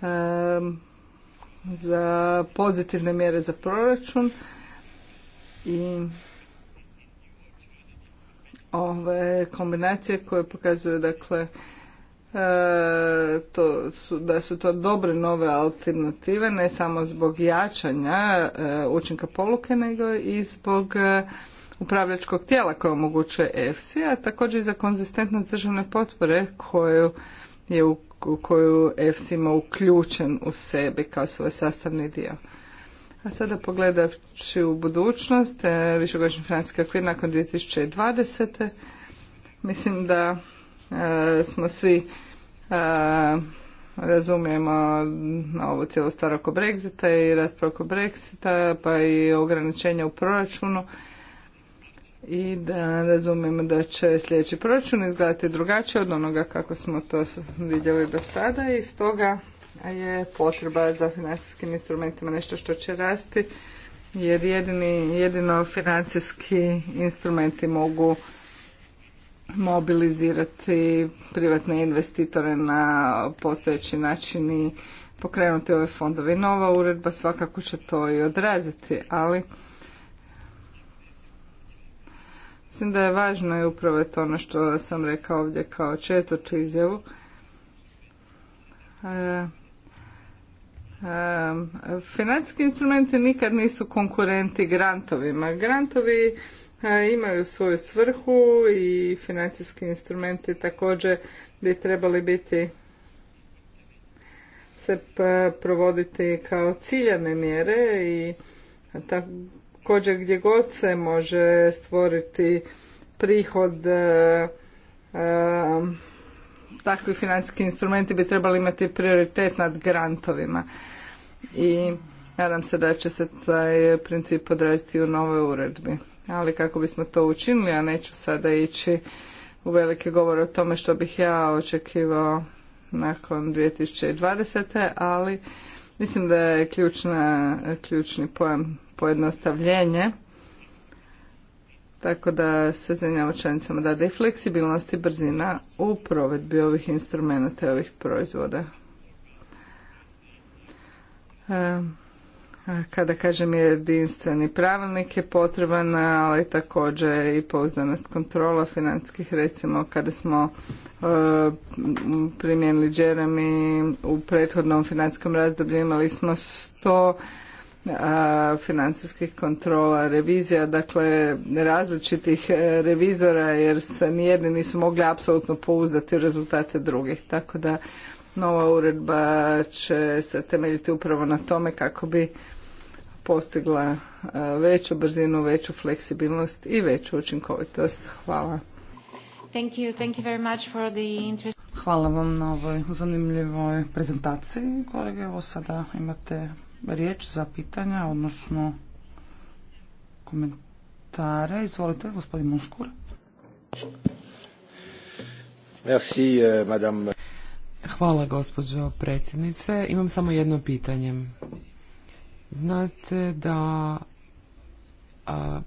um, za pozitivne mjere za proračun i ove kombinacije koje pokazuju dakle e, to da su to dobre nove alternative ne samo zbog jačanja e, učinka poluke nego i zbog e, upravljačkog tijela koje omogućuje EFSI, a također i za konzistentnost državne potpore koju je u u koju EFS ima uključen u sebi kao svoj sastavni dio. A sada pogledavši u budućnost, e, višegodišnji financijski okvir nakon 2020. Mislim da e, smo svi e, razumijemo ovu cijelu stvar oko Brexita i raspravu oko Brexita, pa i ograničenja u proračunu i da razumijemo da će sljedeći proračun izgledati drugačije od onoga kako smo to vidjeli do sada i stoga je potreba za financijskim instrumentima nešto što će rasti jer jedini, jedino financijski instrumenti mogu mobilizirati privatne investitore na postojeći način i pokrenuti ove fondove. Nova uredba svakako će to i odraziti, ali mislim da je važno i upravo to ono što sam rekao ovdje kao četvrtu izjavu. E, e, financijski instrumenti nikad nisu konkurenti grantovima. Grantovi e, imaju svoju svrhu i financijski instrumenti također bi trebali biti se provoditi kao ciljane mjere i također gdje god se može stvoriti prihod e, e, takvi financijski instrumenti bi trebali imati prioritet nad grantovima i nadam se da će se taj princip odraziti u novoj uredbi ali kako bismo to učinili a neću sada ići u velike govore o tome što bih ja očekivao nakon 2020. ali mislim da je ključna, ključni pojam pojednostavljenje tako da se zemljama članicama dade i fleksibilnost i brzina u provedbi ovih instrumenata i ovih proizvoda. E, kada kažem jedinstveni pravilnik je potreban, ali također i pouzdanost kontrola financijskih, recimo kada smo e, primijenili Jeremy u prethodnom financijskom razdoblju imali smo 100 financijskih kontrola, revizija, dakle različitih e, revizora jer se nijedni nisu mogli apsolutno pouzdati u rezultate drugih. Tako da nova uredba će se temeljiti upravo na tome kako bi postigla e, veću brzinu, veću fleksibilnost i veću učinkovitost. Hvala. Thank you. Thank you very much for the interest... Hvala vam na ovoj zanimljivoj prezentaciji. Kolege, evo sada imate riječ za pitanja, odnosno komentare. Izvolite, gospodin Muskur. Merci, eh, madame. Hvala, gospođo predsjednice. Imam samo jedno pitanje. Znate da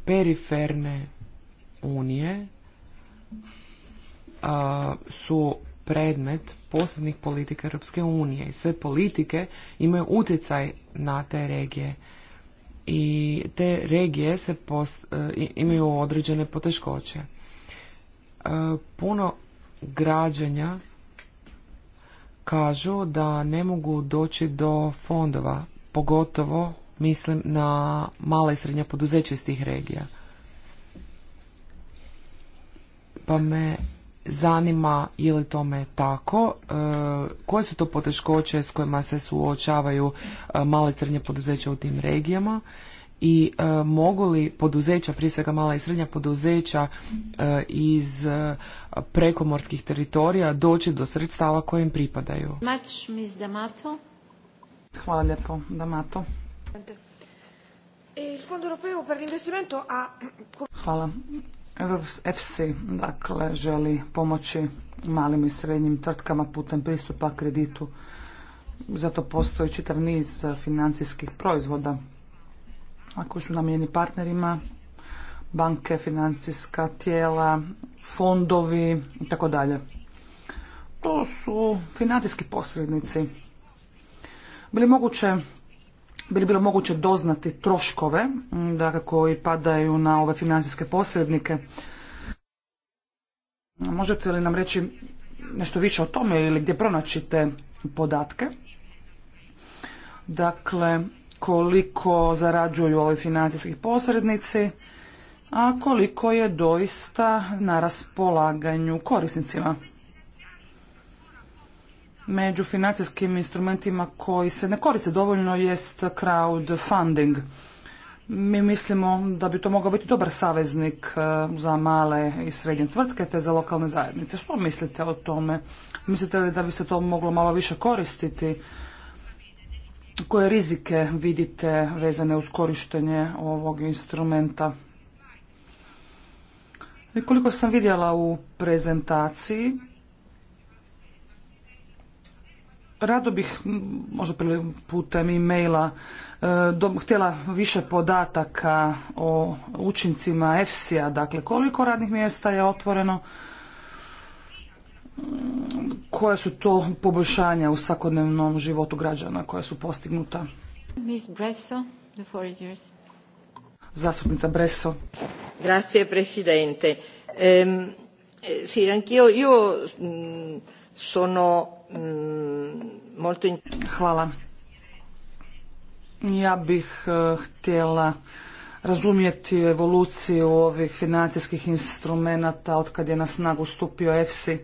periferne unije su predmet posebnih politika Europske unije i sve politike imaju utjecaj na te regije i te regije se e, imaju određene poteškoće. E, puno građanja kažu da ne mogu doći do fondova, pogotovo mislim na mala i srednja poduzeća iz tih regija. Pa me zanima je li tome tako, e, koje su to poteškoće s kojima se suočavaju e, male i srednje poduzeća u tim regijama i e, mogu li poduzeća, prije svega mala i srednja poduzeća iz prekomorskih teritorija doći do sredstava kojim im pripadaju. Hvala lijepo, Damato. Hvala. EFSI dakle, želi pomoći malim i srednjim tvrtkama putem pristupa kreditu. Zato postoji čitav niz e, financijskih proizvoda koji su namijenjeni partnerima, banke, financijska tijela, fondovi i tako dalje. To su financijski posrednici. Bili moguće bi li bilo moguće doznati troškove mm, dakle, koji padaju na ove financijske posrednike. Možete li nam reći nešto više o tome ili gdje pronaćite podatke? Dakle, koliko zarađuju ovi financijski posrednici, a koliko je doista na raspolaganju korisnicima među financijskim instrumentima koji se ne koriste dovoljno jest crowdfunding. Mi mislimo da bi to mogao biti dobar saveznik e, za male i srednje tvrtke te za lokalne zajednice. Što mislite o tome? Mislite li da bi se to moglo malo više koristiti? Koje rizike vidite vezane uz korištenje ovog instrumenta? I koliko sam vidjela u prezentaciji, Rado bih, možda putem e-maila, e, htjela više podataka o učincima EFSI-a, dakle koliko radnih mjesta je otvoreno, koja su to poboljšanja u svakodnevnom životu građana koja su postignuta. Ms. Bresso, the Zastupnica Bresso. Grazie, Presidente. Ehm, eh, sì, anch'io io mm, sono Mm, Hvala. Ja bih e, htjela razumjeti evoluciju ovih financijskih instrumenata kad je na snagu stupio EFSI.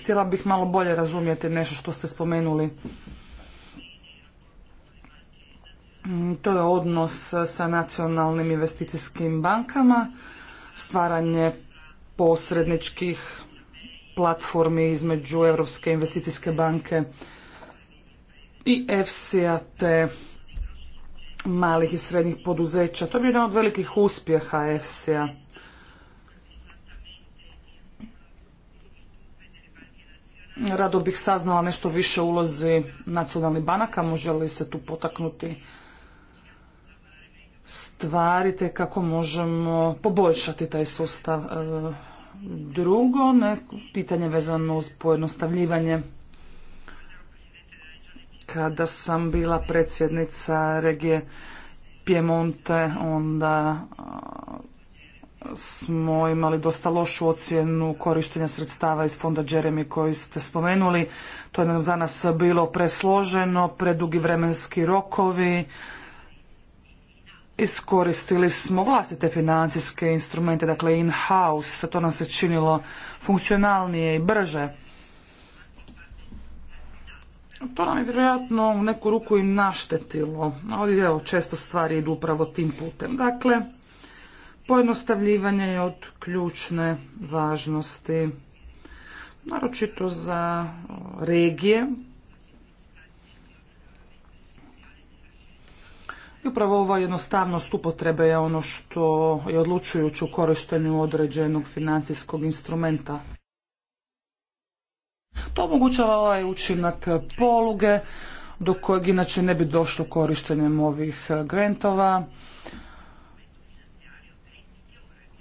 Htjela bih malo bolje razumjeti nešto što ste spomenuli. Mm, to je odnos sa nacionalnim investicijskim bankama stvaranje posredničkih platformi između Europske investicijske banke i EFSI-a te malih i srednjih poduzeća. To je bio jedan od velikih uspjeha EFSI-a. Rado bih saznala nešto više ulozi nacionalnih banaka, može li se tu potaknuti stvarite kako možemo poboljšati taj sustav. E, drugo, pitanje vezano uz pojednostavljivanje. Kada sam bila predsjednica regije Piemonte, onda smo imali dosta lošu ocjenu korištenja sredstava iz fonda Jeremy koji ste spomenuli. To je za nas bilo presloženo, predugi vremenski rokovi, iskoristili smo vlastite financijske instrumente, dakle in-house, to nam se činilo funkcionalnije i brže. To nam je vjerojatno u neku ruku i naštetilo, ali evo, često stvari idu upravo tim putem. Dakle, pojednostavljivanje je od ključne važnosti, naročito za regije I upravo ova jednostavnost upotrebe je ono što je odlučujuće u korištenju određenog financijskog instrumenta. To omogućava ovaj učinak poluge do kojeg inače ne bi došlo korištenjem ovih grantova.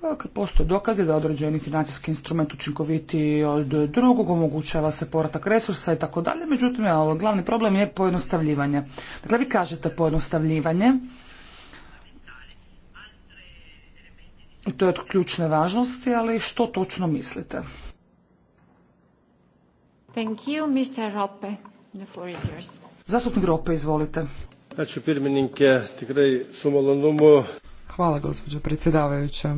Kad dakle, postoje dokazi da je određeni financijski instrument učinkovitiji od drugog, omogućava se povratak resursa i tako dalje, međutim, glavni problem je pojednostavljivanje. Dakle, vi kažete pojednostavljivanje, to je od ključne važnosti, ali što točno mislite? Thank you, Zastupnik Rope, izvolite. Znači, Hvala, gospođo predsjedavajuća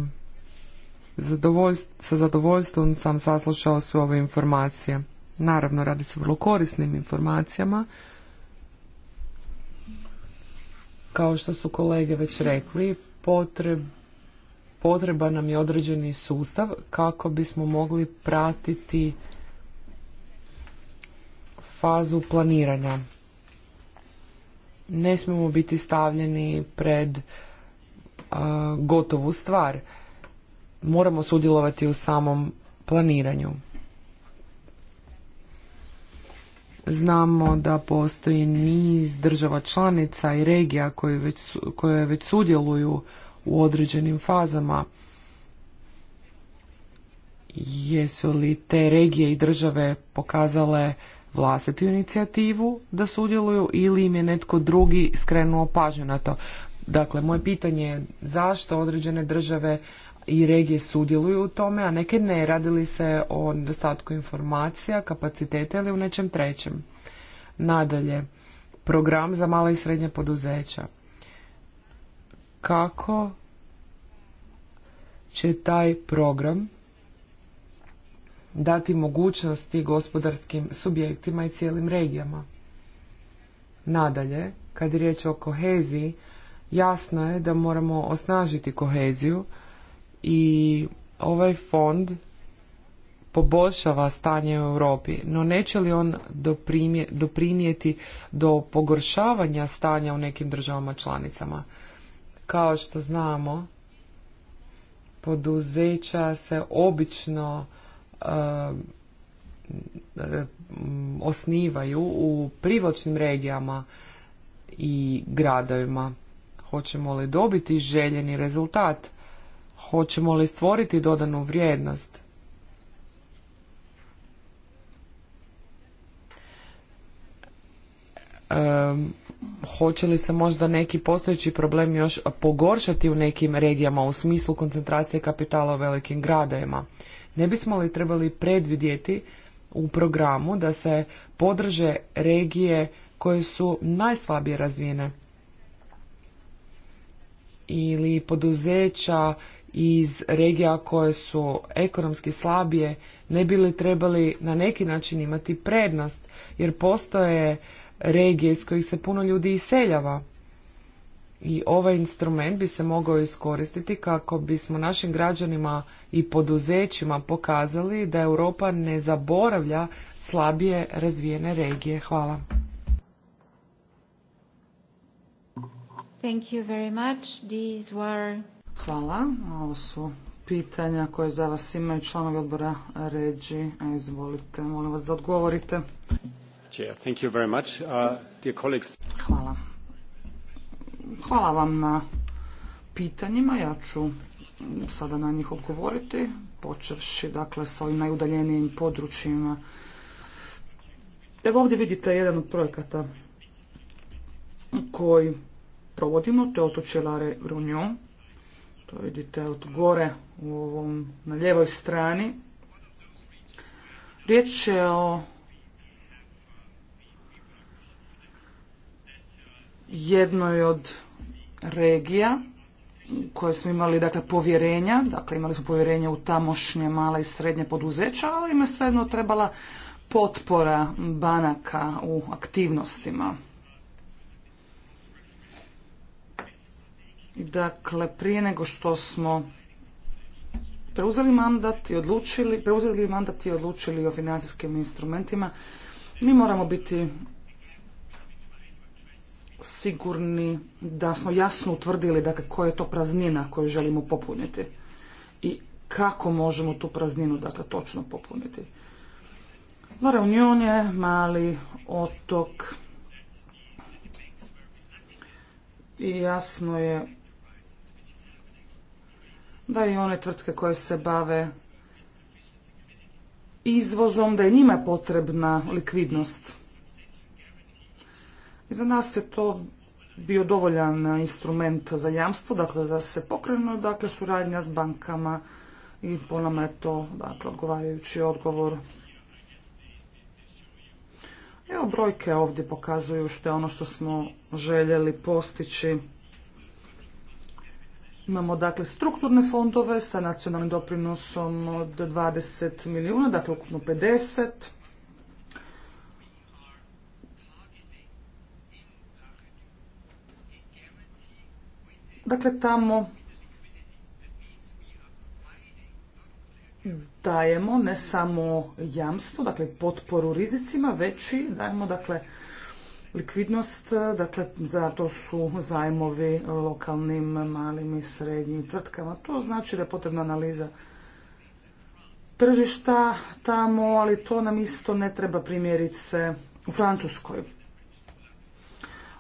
sa zadovoljstvom sam saslušao sve ove informacije. Naravno, radi se vrlo korisnim informacijama. Kao što su kolege već rekli, potreb, potreba nam je određeni sustav kako bismo mogli pratiti fazu planiranja. Ne smijemo biti stavljeni pred gotovu stvar moramo sudjelovati u samom planiranju. Znamo da postoji niz država članica i regija koje već, koje već sudjeluju u određenim fazama. Jesu li te regije i države pokazale vlastitu inicijativu da sudjeluju ili im je netko drugi skrenuo pažnju na to? Dakle, moje pitanje je zašto određene države i regije sudjeluju u tome, a neke ne. Radili se o nedostatku informacija, kapaciteta ili u nečem trećem. Nadalje, program za mala i srednja poduzeća. Kako će taj program dati mogućnosti gospodarskim subjektima i cijelim regijama? Nadalje, kad je riječ o koheziji, jasno je da moramo osnažiti koheziju, i ovaj fond poboljšava stanje u Europi, no neće li on doprinijeti do pogoršavanja stanja u nekim državama članicama? Kao što znamo, poduzeća se obično um, um, osnivaju u privlačnim regijama i gradovima. Hoćemo li dobiti željeni rezultat? Hoćemo li stvoriti dodanu vrijednost? hoće li se možda neki postojeći problem još pogoršati u nekim regijama u smislu koncentracije kapitala u velikim gradovima? Ne bismo li trebali predvidjeti u programu da se podrže regije koje su najslabije razvijene ili poduzeća iz regija koje su ekonomski slabije ne bi li trebali na neki način imati prednost jer postoje regije iz kojih se puno ljudi iseljava i ovaj instrument bi se mogao iskoristiti kako bismo našim građanima i poduzećima pokazali da Europa ne zaboravlja slabije razvijene regije. Hvala. Thank you very much. These were Hvala. Ovo su pitanja koje za vas imaju članovi odbora Ređi. E, izvolite, molim vas da odgovorite. Uh, Hvala. Hvala vam na pitanjima. Ja ću sada na njih odgovoriti, počevši dakle sa ovim najudaljenijim područjima. Evo ovdje vidite jedan od projekata koji provodimo, to je otočje to vidite od gore u ovom, na ljevoj strani. Riječ je o jednoj od regija koje smo imali dakle povjerenja, dakle imali smo povjerenje u tamošnje mala i srednje poduzeća, ali im je svejedno trebala potpora banaka u aktivnostima. Dakle, prije nego što smo preuzeli mandat i odlučili, preuzeli mandat i odlučili o financijskim instrumentima, mi moramo biti sigurni da smo jasno utvrdili dakle, koja je to praznina koju želimo popuniti i kako možemo tu prazninu dakle, točno popuniti. La Reunion je mali otok i jasno je da i one tvrtke koje se bave izvozom, da je njima potrebna likvidnost. I za nas je to bio dovoljan instrument za jamstvo, dakle da se pokrenu, dakle suradnja s bankama i po nama je to dakle, odgovarajući odgovor. Evo brojke ovdje pokazuju što je ono što smo željeli postići. Imamo dakle strukturne fondove sa nacionalnim doprinosom od 20 milijuna, dakle ukupno 50. Dakle, tamo dajemo ne samo jamstvo, dakle potporu rizicima, već i dajemo dakle likvidnost, e, dakle za to su zajmovi lokalnim, malim i srednjim tvrtkama. To znači da je potrebna analiza tržišta tamo, ali to nam isto ne treba primjerice u Francuskoj.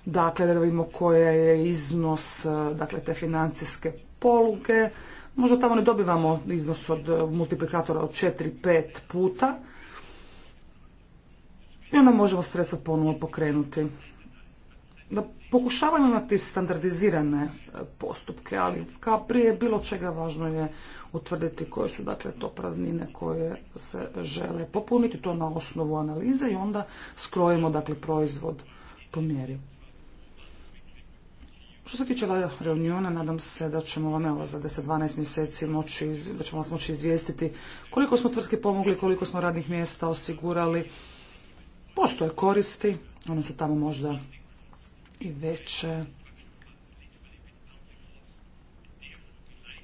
Dakle, da vidimo koja je iznos e, dakle, te financijske poluge. Možda tamo ne dobivamo iznos od multiplikatora od 4-5 puta, i onda možemo sredstva ponovno pokrenuti. Da pokušavamo imati standardizirane e, postupke, ali kao prije bilo čega važno je utvrditi koje su dakle to praznine koje se žele popuniti, to na osnovu analize i onda skrojimo dakle proizvod po mjeri. Što se tiče nadam se da ćemo vam evo za 10-12 mjeseci moći, da ćemo vas moći izvijestiti koliko smo tvrtke pomogli, koliko smo radnih mjesta osigurali, Postoje koristi, one su tamo možda i veće,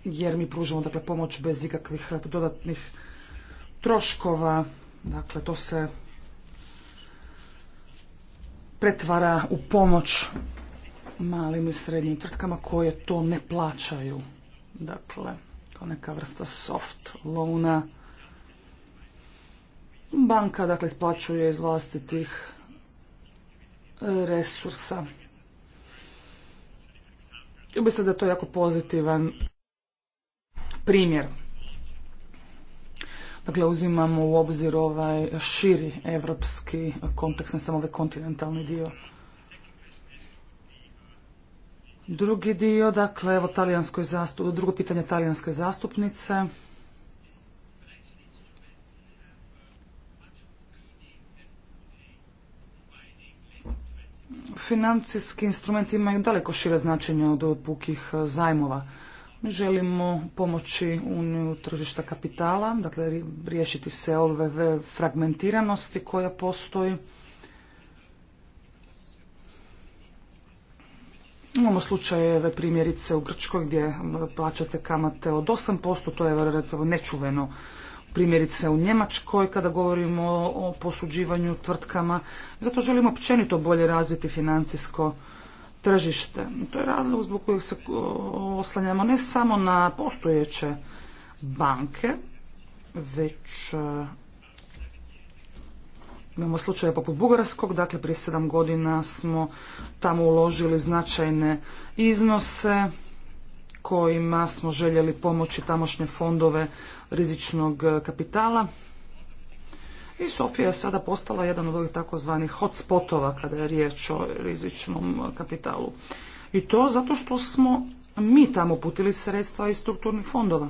jer mi pružamo dakle, pomoć bez ikakvih dodatnih troškova. Dakle, to se pretvara u pomoć malim i srednjim tvrtkama koje to ne plaćaju. Dakle, kao neka vrsta soft loana. Banka dakle isplaćuje iz vlastitih e, resursa. I da je to jako pozitivan primjer. Dakle, uzimamo u obzir ovaj širi evropski kontekst, ne samo ovaj kontinentalni dio. Drugi dio, dakle, evo, talijanskoj drugo pitanje talijanske zastupnice. financijski instrumenti imaju daleko šire značenje od pukih e, zajmova. Mi želimo pomoći uniju tržišta kapitala, dakle riješiti se ove fragmentiranosti koja postoji. Imamo slučajeve primjerice u Grčkoj gdje plaćate kamate od 8%, to je recimo nečuveno primjerice u Njemačkoj kada govorimo o posuđivanju tvrtkama. Zato želimo općenito bolje razviti financijsko tržište. To je razlog zbog kojeg se oslanjamo ne samo na postojeće banke, već e, imamo slučaje poput Bugarskog, dakle prije sedam godina smo tamo uložili značajne iznose, kojima smo željeli pomoći tamošnje fondove rizičnog e, kapitala. I Sofija je sada postala jedan od ovih takozvanih hotspotova kada je riječ o rizičnom kapitalu. I to zato što smo mi tamo putili sredstva iz strukturnih fondova.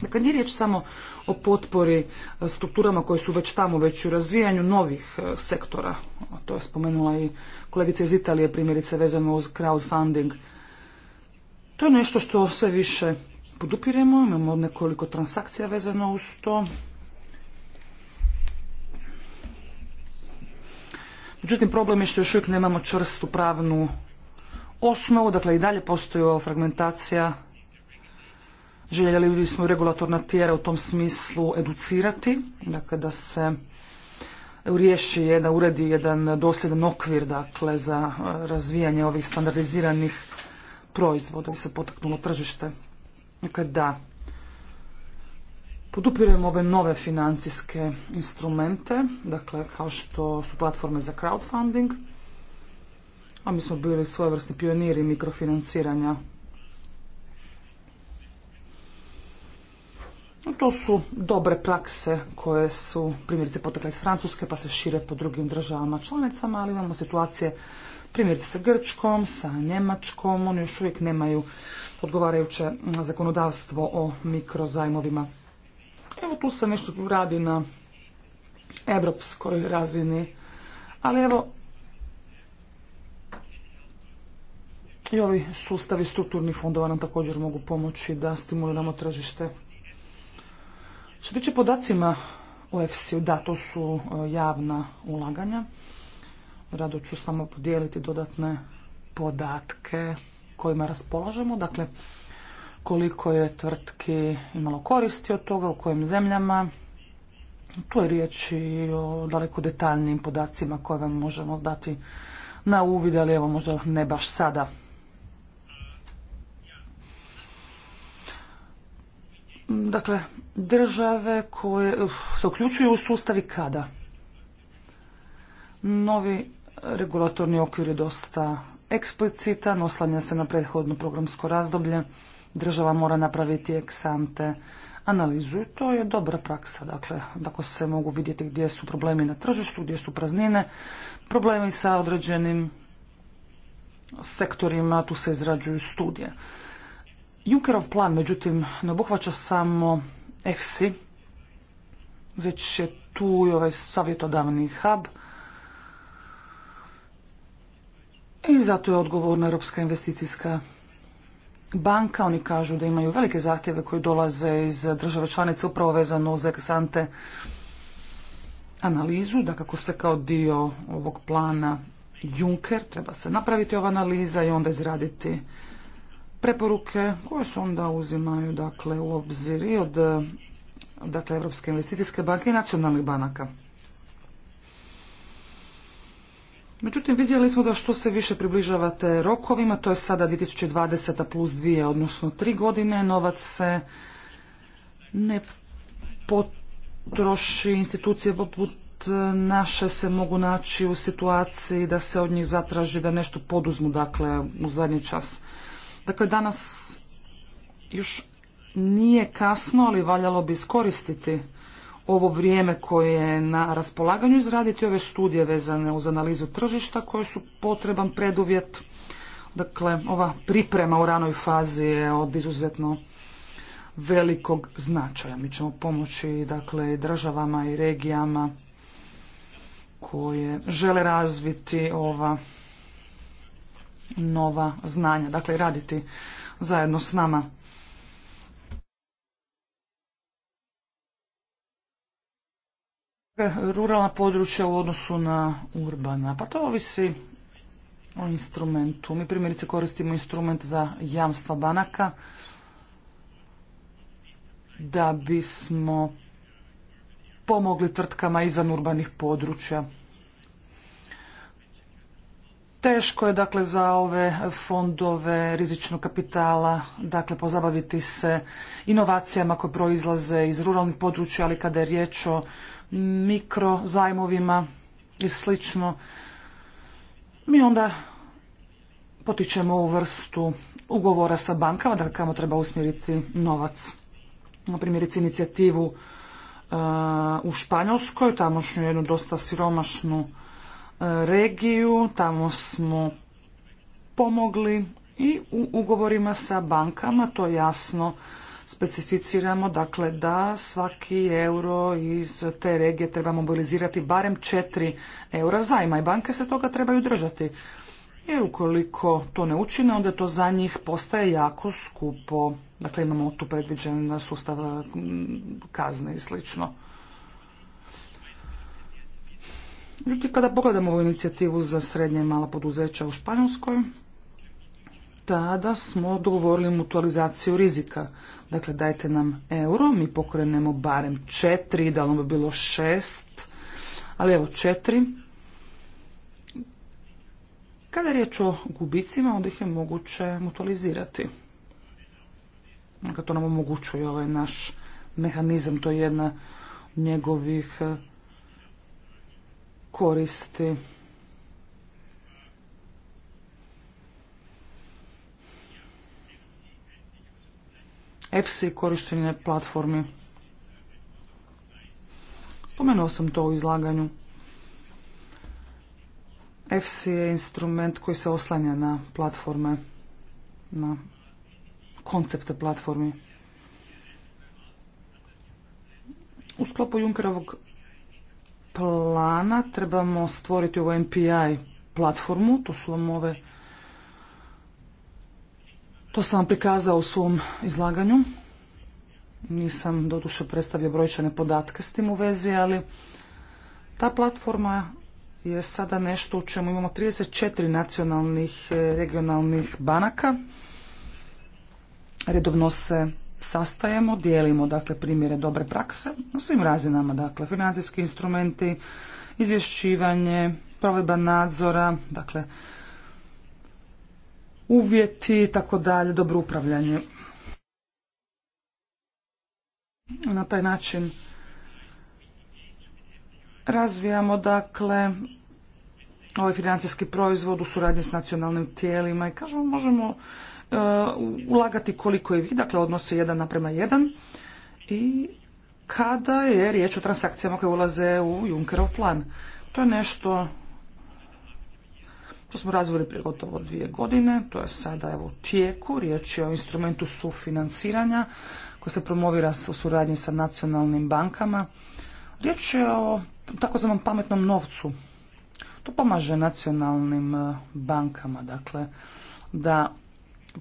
Dakle, nije riječ samo o potpori e, strukturama koje su već tamo, već u razvijanju novih e, sektora. To je spomenula i kolegica iz Italije, primjerice vezano uz crowdfunding. To je nešto što sve više podupiremo, imamo nekoliko transakcija vezano uz to. Međutim, problem je što još uvijek nemamo čvrstu pravnu osnovu, dakle i dalje postoji ova fragmentacija. Željeli bismo regulatorna tijera u tom smislu educirati, dakle da se riješi da uredi jedan dosljedan okvir dakle, za eh, razvijanje ovih standardiziranih proizvodi se potaknulo tržište. Dakle, da, podupirujemo ove nove financijske instrumente, dakle, kao što su platforme za crowdfunding, a mi smo bili svojevrsni pioniri mikrofinanciranja. To su dobre prakse koje su primjerice potekle iz Francuske pa se šire po drugim državama članicama, ali imamo situacije Primjerice sa Grčkom, sa Njemačkom, oni još uvijek nemaju odgovarajuće zakonodavstvo o mikrozajmovima. Evo tu se nešto radi na evropskoj razini, ali evo i ovi sustavi strukturnih fondova nam također mogu pomoći da stimuliramo tržište. Što tiče podacima o EFSI-u, da, to su e, javna ulaganja. Rado ću samo podijeliti dodatne podatke kojima raspolažemo. Dakle, koliko je tvrtki imalo koristi od toga, u kojim zemljama. Tu je riječ i o daleko detaljnim podacima koje vam možemo dati na uvid, ali evo možda ne baš sada. Dakle, države koje se uključuju u sustavi kada? Novi regulatorni okvir je dosta eksplicitan, oslanja se na prethodno programsko razdoblje. Država mora napraviti eksante analizu i to je dobra praksa. Dakle, ako se mogu vidjeti gdje su problemi na tržištu, gdje su praznine, problemi sa određenim sektorima, tu se izrađuju studije. Junkerov plan, međutim, ne obuhvaća samo EFSI, već je tu i ovaj savjetodavni hub, I zato je odgovorna Europska investicijska banka. Oni kažu da imaju velike zahtjeve koji dolaze iz države članice upravo vezano uz eksante analizu, da kako se kao dio ovog plana Juncker treba se napraviti ova analiza i onda izraditi preporuke koje se onda uzimaju dakle, u obzir i od dakle Europske investicijske banke i nacionalnih banaka. Međutim, vidjeli smo da što se više približavate rokovima, to je sada 2020. plus dvije, odnosno tri godine, novac se ne potroši, institucije poput naše se mogu naći u situaciji da se od njih zatraži da nešto poduzmu, dakle, u zadnji čas. Dakle, danas još nije kasno, ali valjalo bi iskoristiti ovo vrijeme koje je na raspolaganju izraditi ove studije vezane uz analizu tržišta koje su potreban preduvjet. Dakle, ova priprema u ranoj fazi je od izuzetno velikog značaja. Mi ćemo pomoći dakle, državama i regijama koje žele razviti ova nova znanja, dakle raditi zajedno s nama. ruralna područja u odnosu na urbana? Pa to ovisi o instrumentu. Mi primjerice koristimo instrument za jamstva banaka da bismo pomogli tvrtkama izvan urbanih područja. Teško je dakle za ove fondove rizičnog kapitala dakle pozabaviti se inovacijama koje proizlaze iz ruralnih područja, ali kada je riječ o mikrozajmovima i slično, mi onda potičemo ovu vrstu ugovora sa bankama, dakle kamo treba usmjeriti novac. Na primjerice inicijativu uh, u Španjolskoj, tamošnju jednu dosta siromašnu regiju, tamo smo pomogli i u ugovorima sa bankama to jasno specificiramo, dakle da svaki euro iz te regije treba mobilizirati barem 4 eura zajma i banke se toga trebaju držati. Jer ukoliko to ne učine, onda to za njih postaje jako skupo. Dakle, imamo tu predviđen sustav mm, kazne i slično. Međutim, kada pogledamo ovu inicijativu za srednje i mala poduzeća u Španjolskoj, tada smo dogovorili mutualizaciju rizika. Dakle, dajte nam euro, mi pokrenemo barem četiri, li bi bilo šest, ali evo četiri. Kada je riječ o gubicima, onda ih je moguće mutualizirati. Dakle, to nam omogućuje ovaj naš mehanizam, to je jedna njegovih koristi. FC korištenje platformi. Spomenuo sam to u izlaganju. FC je instrument koji se oslanja na platforme, na koncepte platformi. U sklopu Junkerovog plana trebamo stvoriti ovu MPI platformu, to su vam ove to sam vam prikazao u svom izlaganju. Nisam doduše predstavio brojčane podatke s tim u vezi, ali ta platforma je sada nešto u čemu imamo 34 nacionalnih eh, regionalnih banaka. Redovno se sastajemo, dijelimo dakle primjere dobre prakse na svim razinama, dakle financijski instrumenti, izvješćivanje, provedba nadzora, dakle uvjeti tako dalje, dobro upravljanje. Na taj način razvijamo dakle ovaj financijski proizvod u suradnji s nacionalnim tijelima i kažemo možemo E, ulagati koliko je vi, dakle odnose je 1 naprema 1 i kada je riječ o transakcijama koje ulaze u Junkerov plan. To je nešto što smo razvili prije gotovo dvije godine, to je sada evo, u tijeku, riječ je o instrumentu sufinanciranja koji se promovira u suradnji sa nacionalnim bankama. Riječ je o takozvanom pametnom novcu. To pomaže nacionalnim e, bankama, dakle, da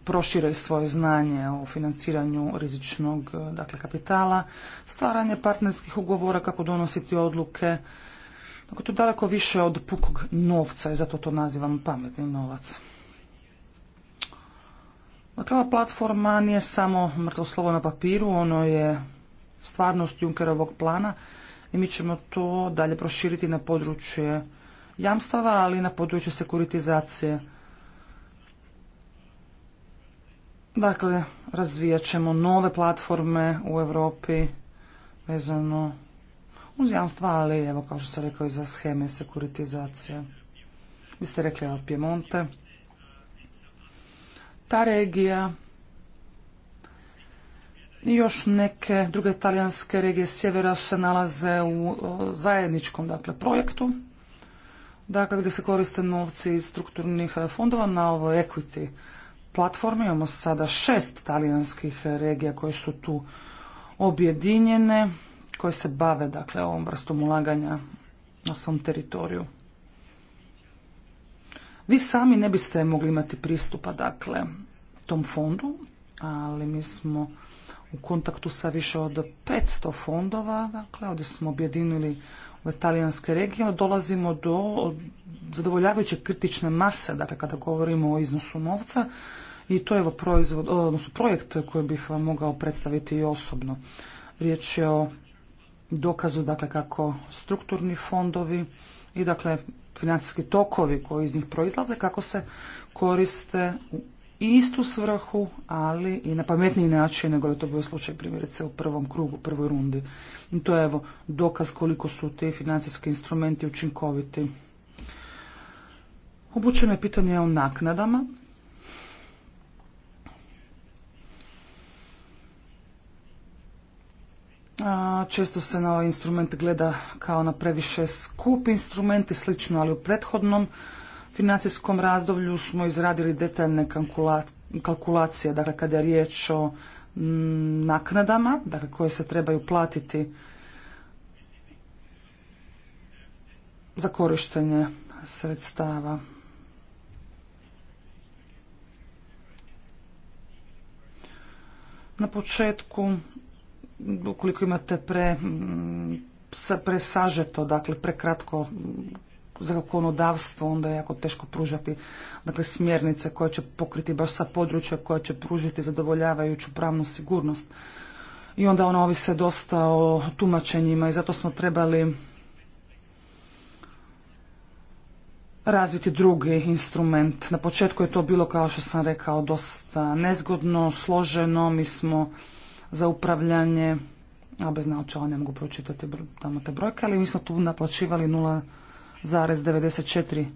prošire svoje znanje o financiranju rizičnog e, dakle, kapitala, stvaranje partnerskih ugovora, kako donositi odluke. Dakle, to je daleko više od pukog novca i zato to nazivamo pametni novac. Dakle, ova platforma nije samo mrtvo slovo na papiru, ono je stvarnost Junkerovog plana i mi ćemo to dalje proširiti na područje jamstava, ali i na područje sekuritizacije. Dakle, razvijat ćemo nove platforme u Europi vezano uz jamstva, ali evo kao što sam rekao i za scheme sekuritizacije. Vi ste rekli o Piemonte. Ta regija i još neke druge talijanske regije sjevera se nalaze u zajedničkom dakle, projektu dakle, gdje se koriste novci iz strukturnih e, fondova na ovo equity platformi Imamo sada šest talijanskih regija koje su tu objedinjene, koje se bave dakle ovom vrstom ulaganja na svom teritoriju. Vi sami ne biste mogli imati pristupa dakle tom fondu, ali mi smo u kontaktu sa više od 500 fondova, dakle ovdje smo objedinili u talijanske regije, dolazimo do zadovoljavajuće kritične mase, dakle kada govorimo o iznosu novca, i to je evo proizvod, odnosno projekt koji bih vam mogao predstaviti i osobno. Riječ je o dokazu dakle kako strukturni fondovi i dakle financijski tokovi koji iz njih proizlaze kako se koriste u istu svrhu, ali i na pametniji način nego je to bio slučaj primjerice u prvom krugu, prvoj rundi. I to je evo dokaz koliko su ti financijski instrumenti učinkoviti. Obučeno je pitanje o naknadama Često se na ovaj instrument gleda kao na previše skup instrument i slično, ali u prethodnom financijskom razdoblju smo izradili detaljne kalkulacije, dakle kada je riječ o naknadama, dakle koje se trebaju platiti za korištenje sredstava. Na početku ukoliko imate pre, mm, presažeto, dakle prekratko mm, zakonodavstvo, onda je jako teško pružati dakle, smjernice koje će pokriti baš sa područja koje će pružiti zadovoljavajuću pravnu sigurnost. I onda ona ovise dosta o tumačenjima i zato smo trebali razviti drugi instrument. Na početku je to bilo, kao što sam rekao, dosta nezgodno, složeno. Mi smo za upravljanje, a bez naočala ne mogu pročitati tamo te brojke, ali mi smo tu naplaćivali 0,94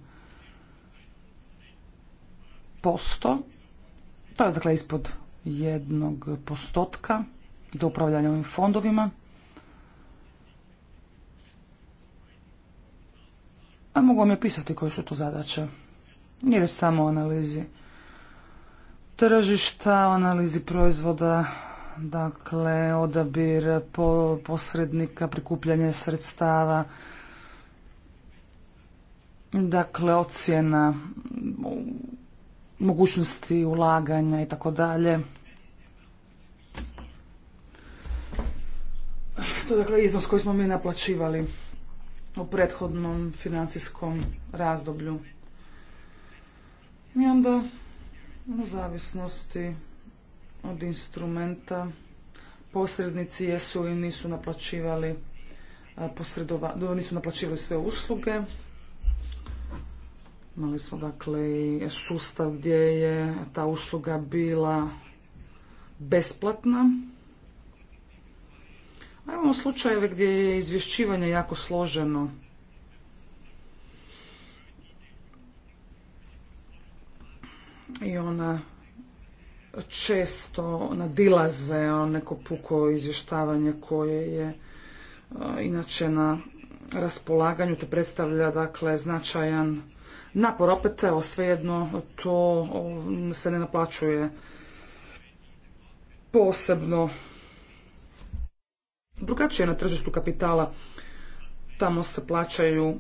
posto. To je dakle ispod jednog postotka za upravljanje ovim fondovima. A mogu vam je pisati koje su to zadaće. Nije samo o analizi tržišta, o analizi proizvoda, dakle odabir posrednika, prikupljanje sredstava, dakle ocjena mogućnosti ulaganja i tako dalje. To je dakle iznos koji smo mi naplaćivali u prethodnom financijskom razdoblju. I onda u zavisnosti od instrumenta posrednici jesu i nisu naplaćivali posredova, nisu naplaćivali sve usluge. Imali smo dakle i sustav gdje je ta usluga bila besplatna. A imamo slučajeve gdje je izvješćivanje jako složeno. I ona često nadilaze neko puko izvještavanje koje je e, inače na raspolaganju te predstavlja dakle značajan napor. Opet evo svejedno to se ne naplaćuje posebno drugačije na tržištu kapitala. Tamo se plaćaju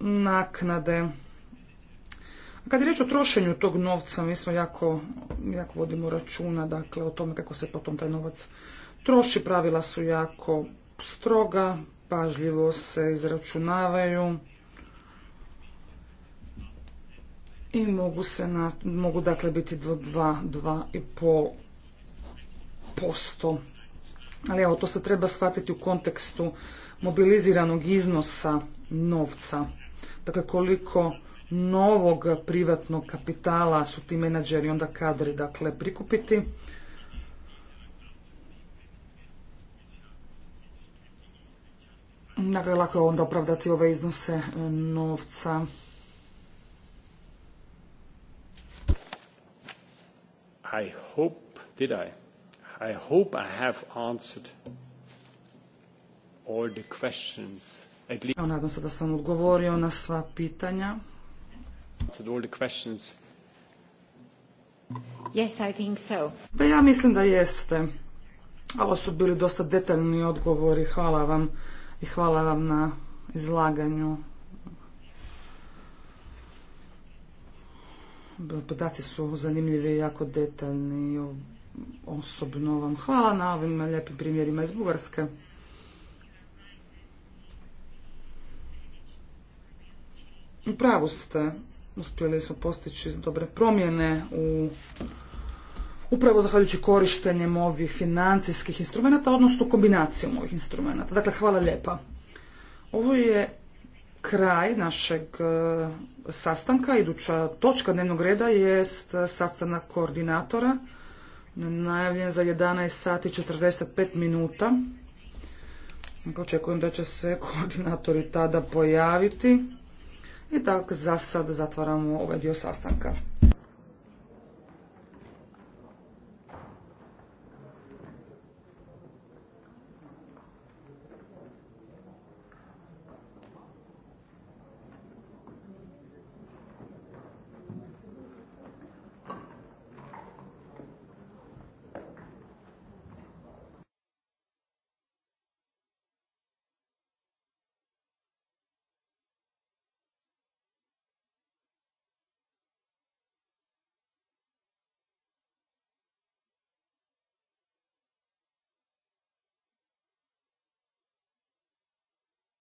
naknade kad je riječ o trošenju tog novca, mi smo jako, jako vodimo računa dakle, o tome kako se potom taj novac troši. Pravila su jako stroga, pažljivo se izračunavaju i mogu, se mogu dakle biti do 2 po posto. Ali evo, to se treba shvatiti u kontekstu mobiliziranog iznosa novca. Dakle, koliko novog privatnog kapitala su ti menadžeri onda kadri dakle prikupiti. Dakle, lako je onda opravdati ove iznose e, novca. I hope, did I? I hope I have answered all the questions. Nadam se da sam odgovorio na sva pitanja. Yes, I think so. Pa ja mislim da jeste. Ovo su bili dosta detaljni odgovori. Hvala vam i hvala vam na izlaganju. Podaci su zanimljivi i jako detaljni. Osobno vam hvala na ovim lijepim primjerima iz Bugarske. U pravu ste uspjeli smo postići dobre promjene u upravo zahvaljujući korištenjem ovih financijskih instrumenata, odnosno kombinacijom ovih instrumenata. Dakle, hvala lijepa. Ovo je kraj našeg e, sastanka. Iduća točka dnevnog reda jest sastanak koordinatora. Najavljen za 11 sati 45 minuta. Očekujem da će se koordinatori tada pojaviti. I tako za sad zatvaramo ovaj dio sastanka.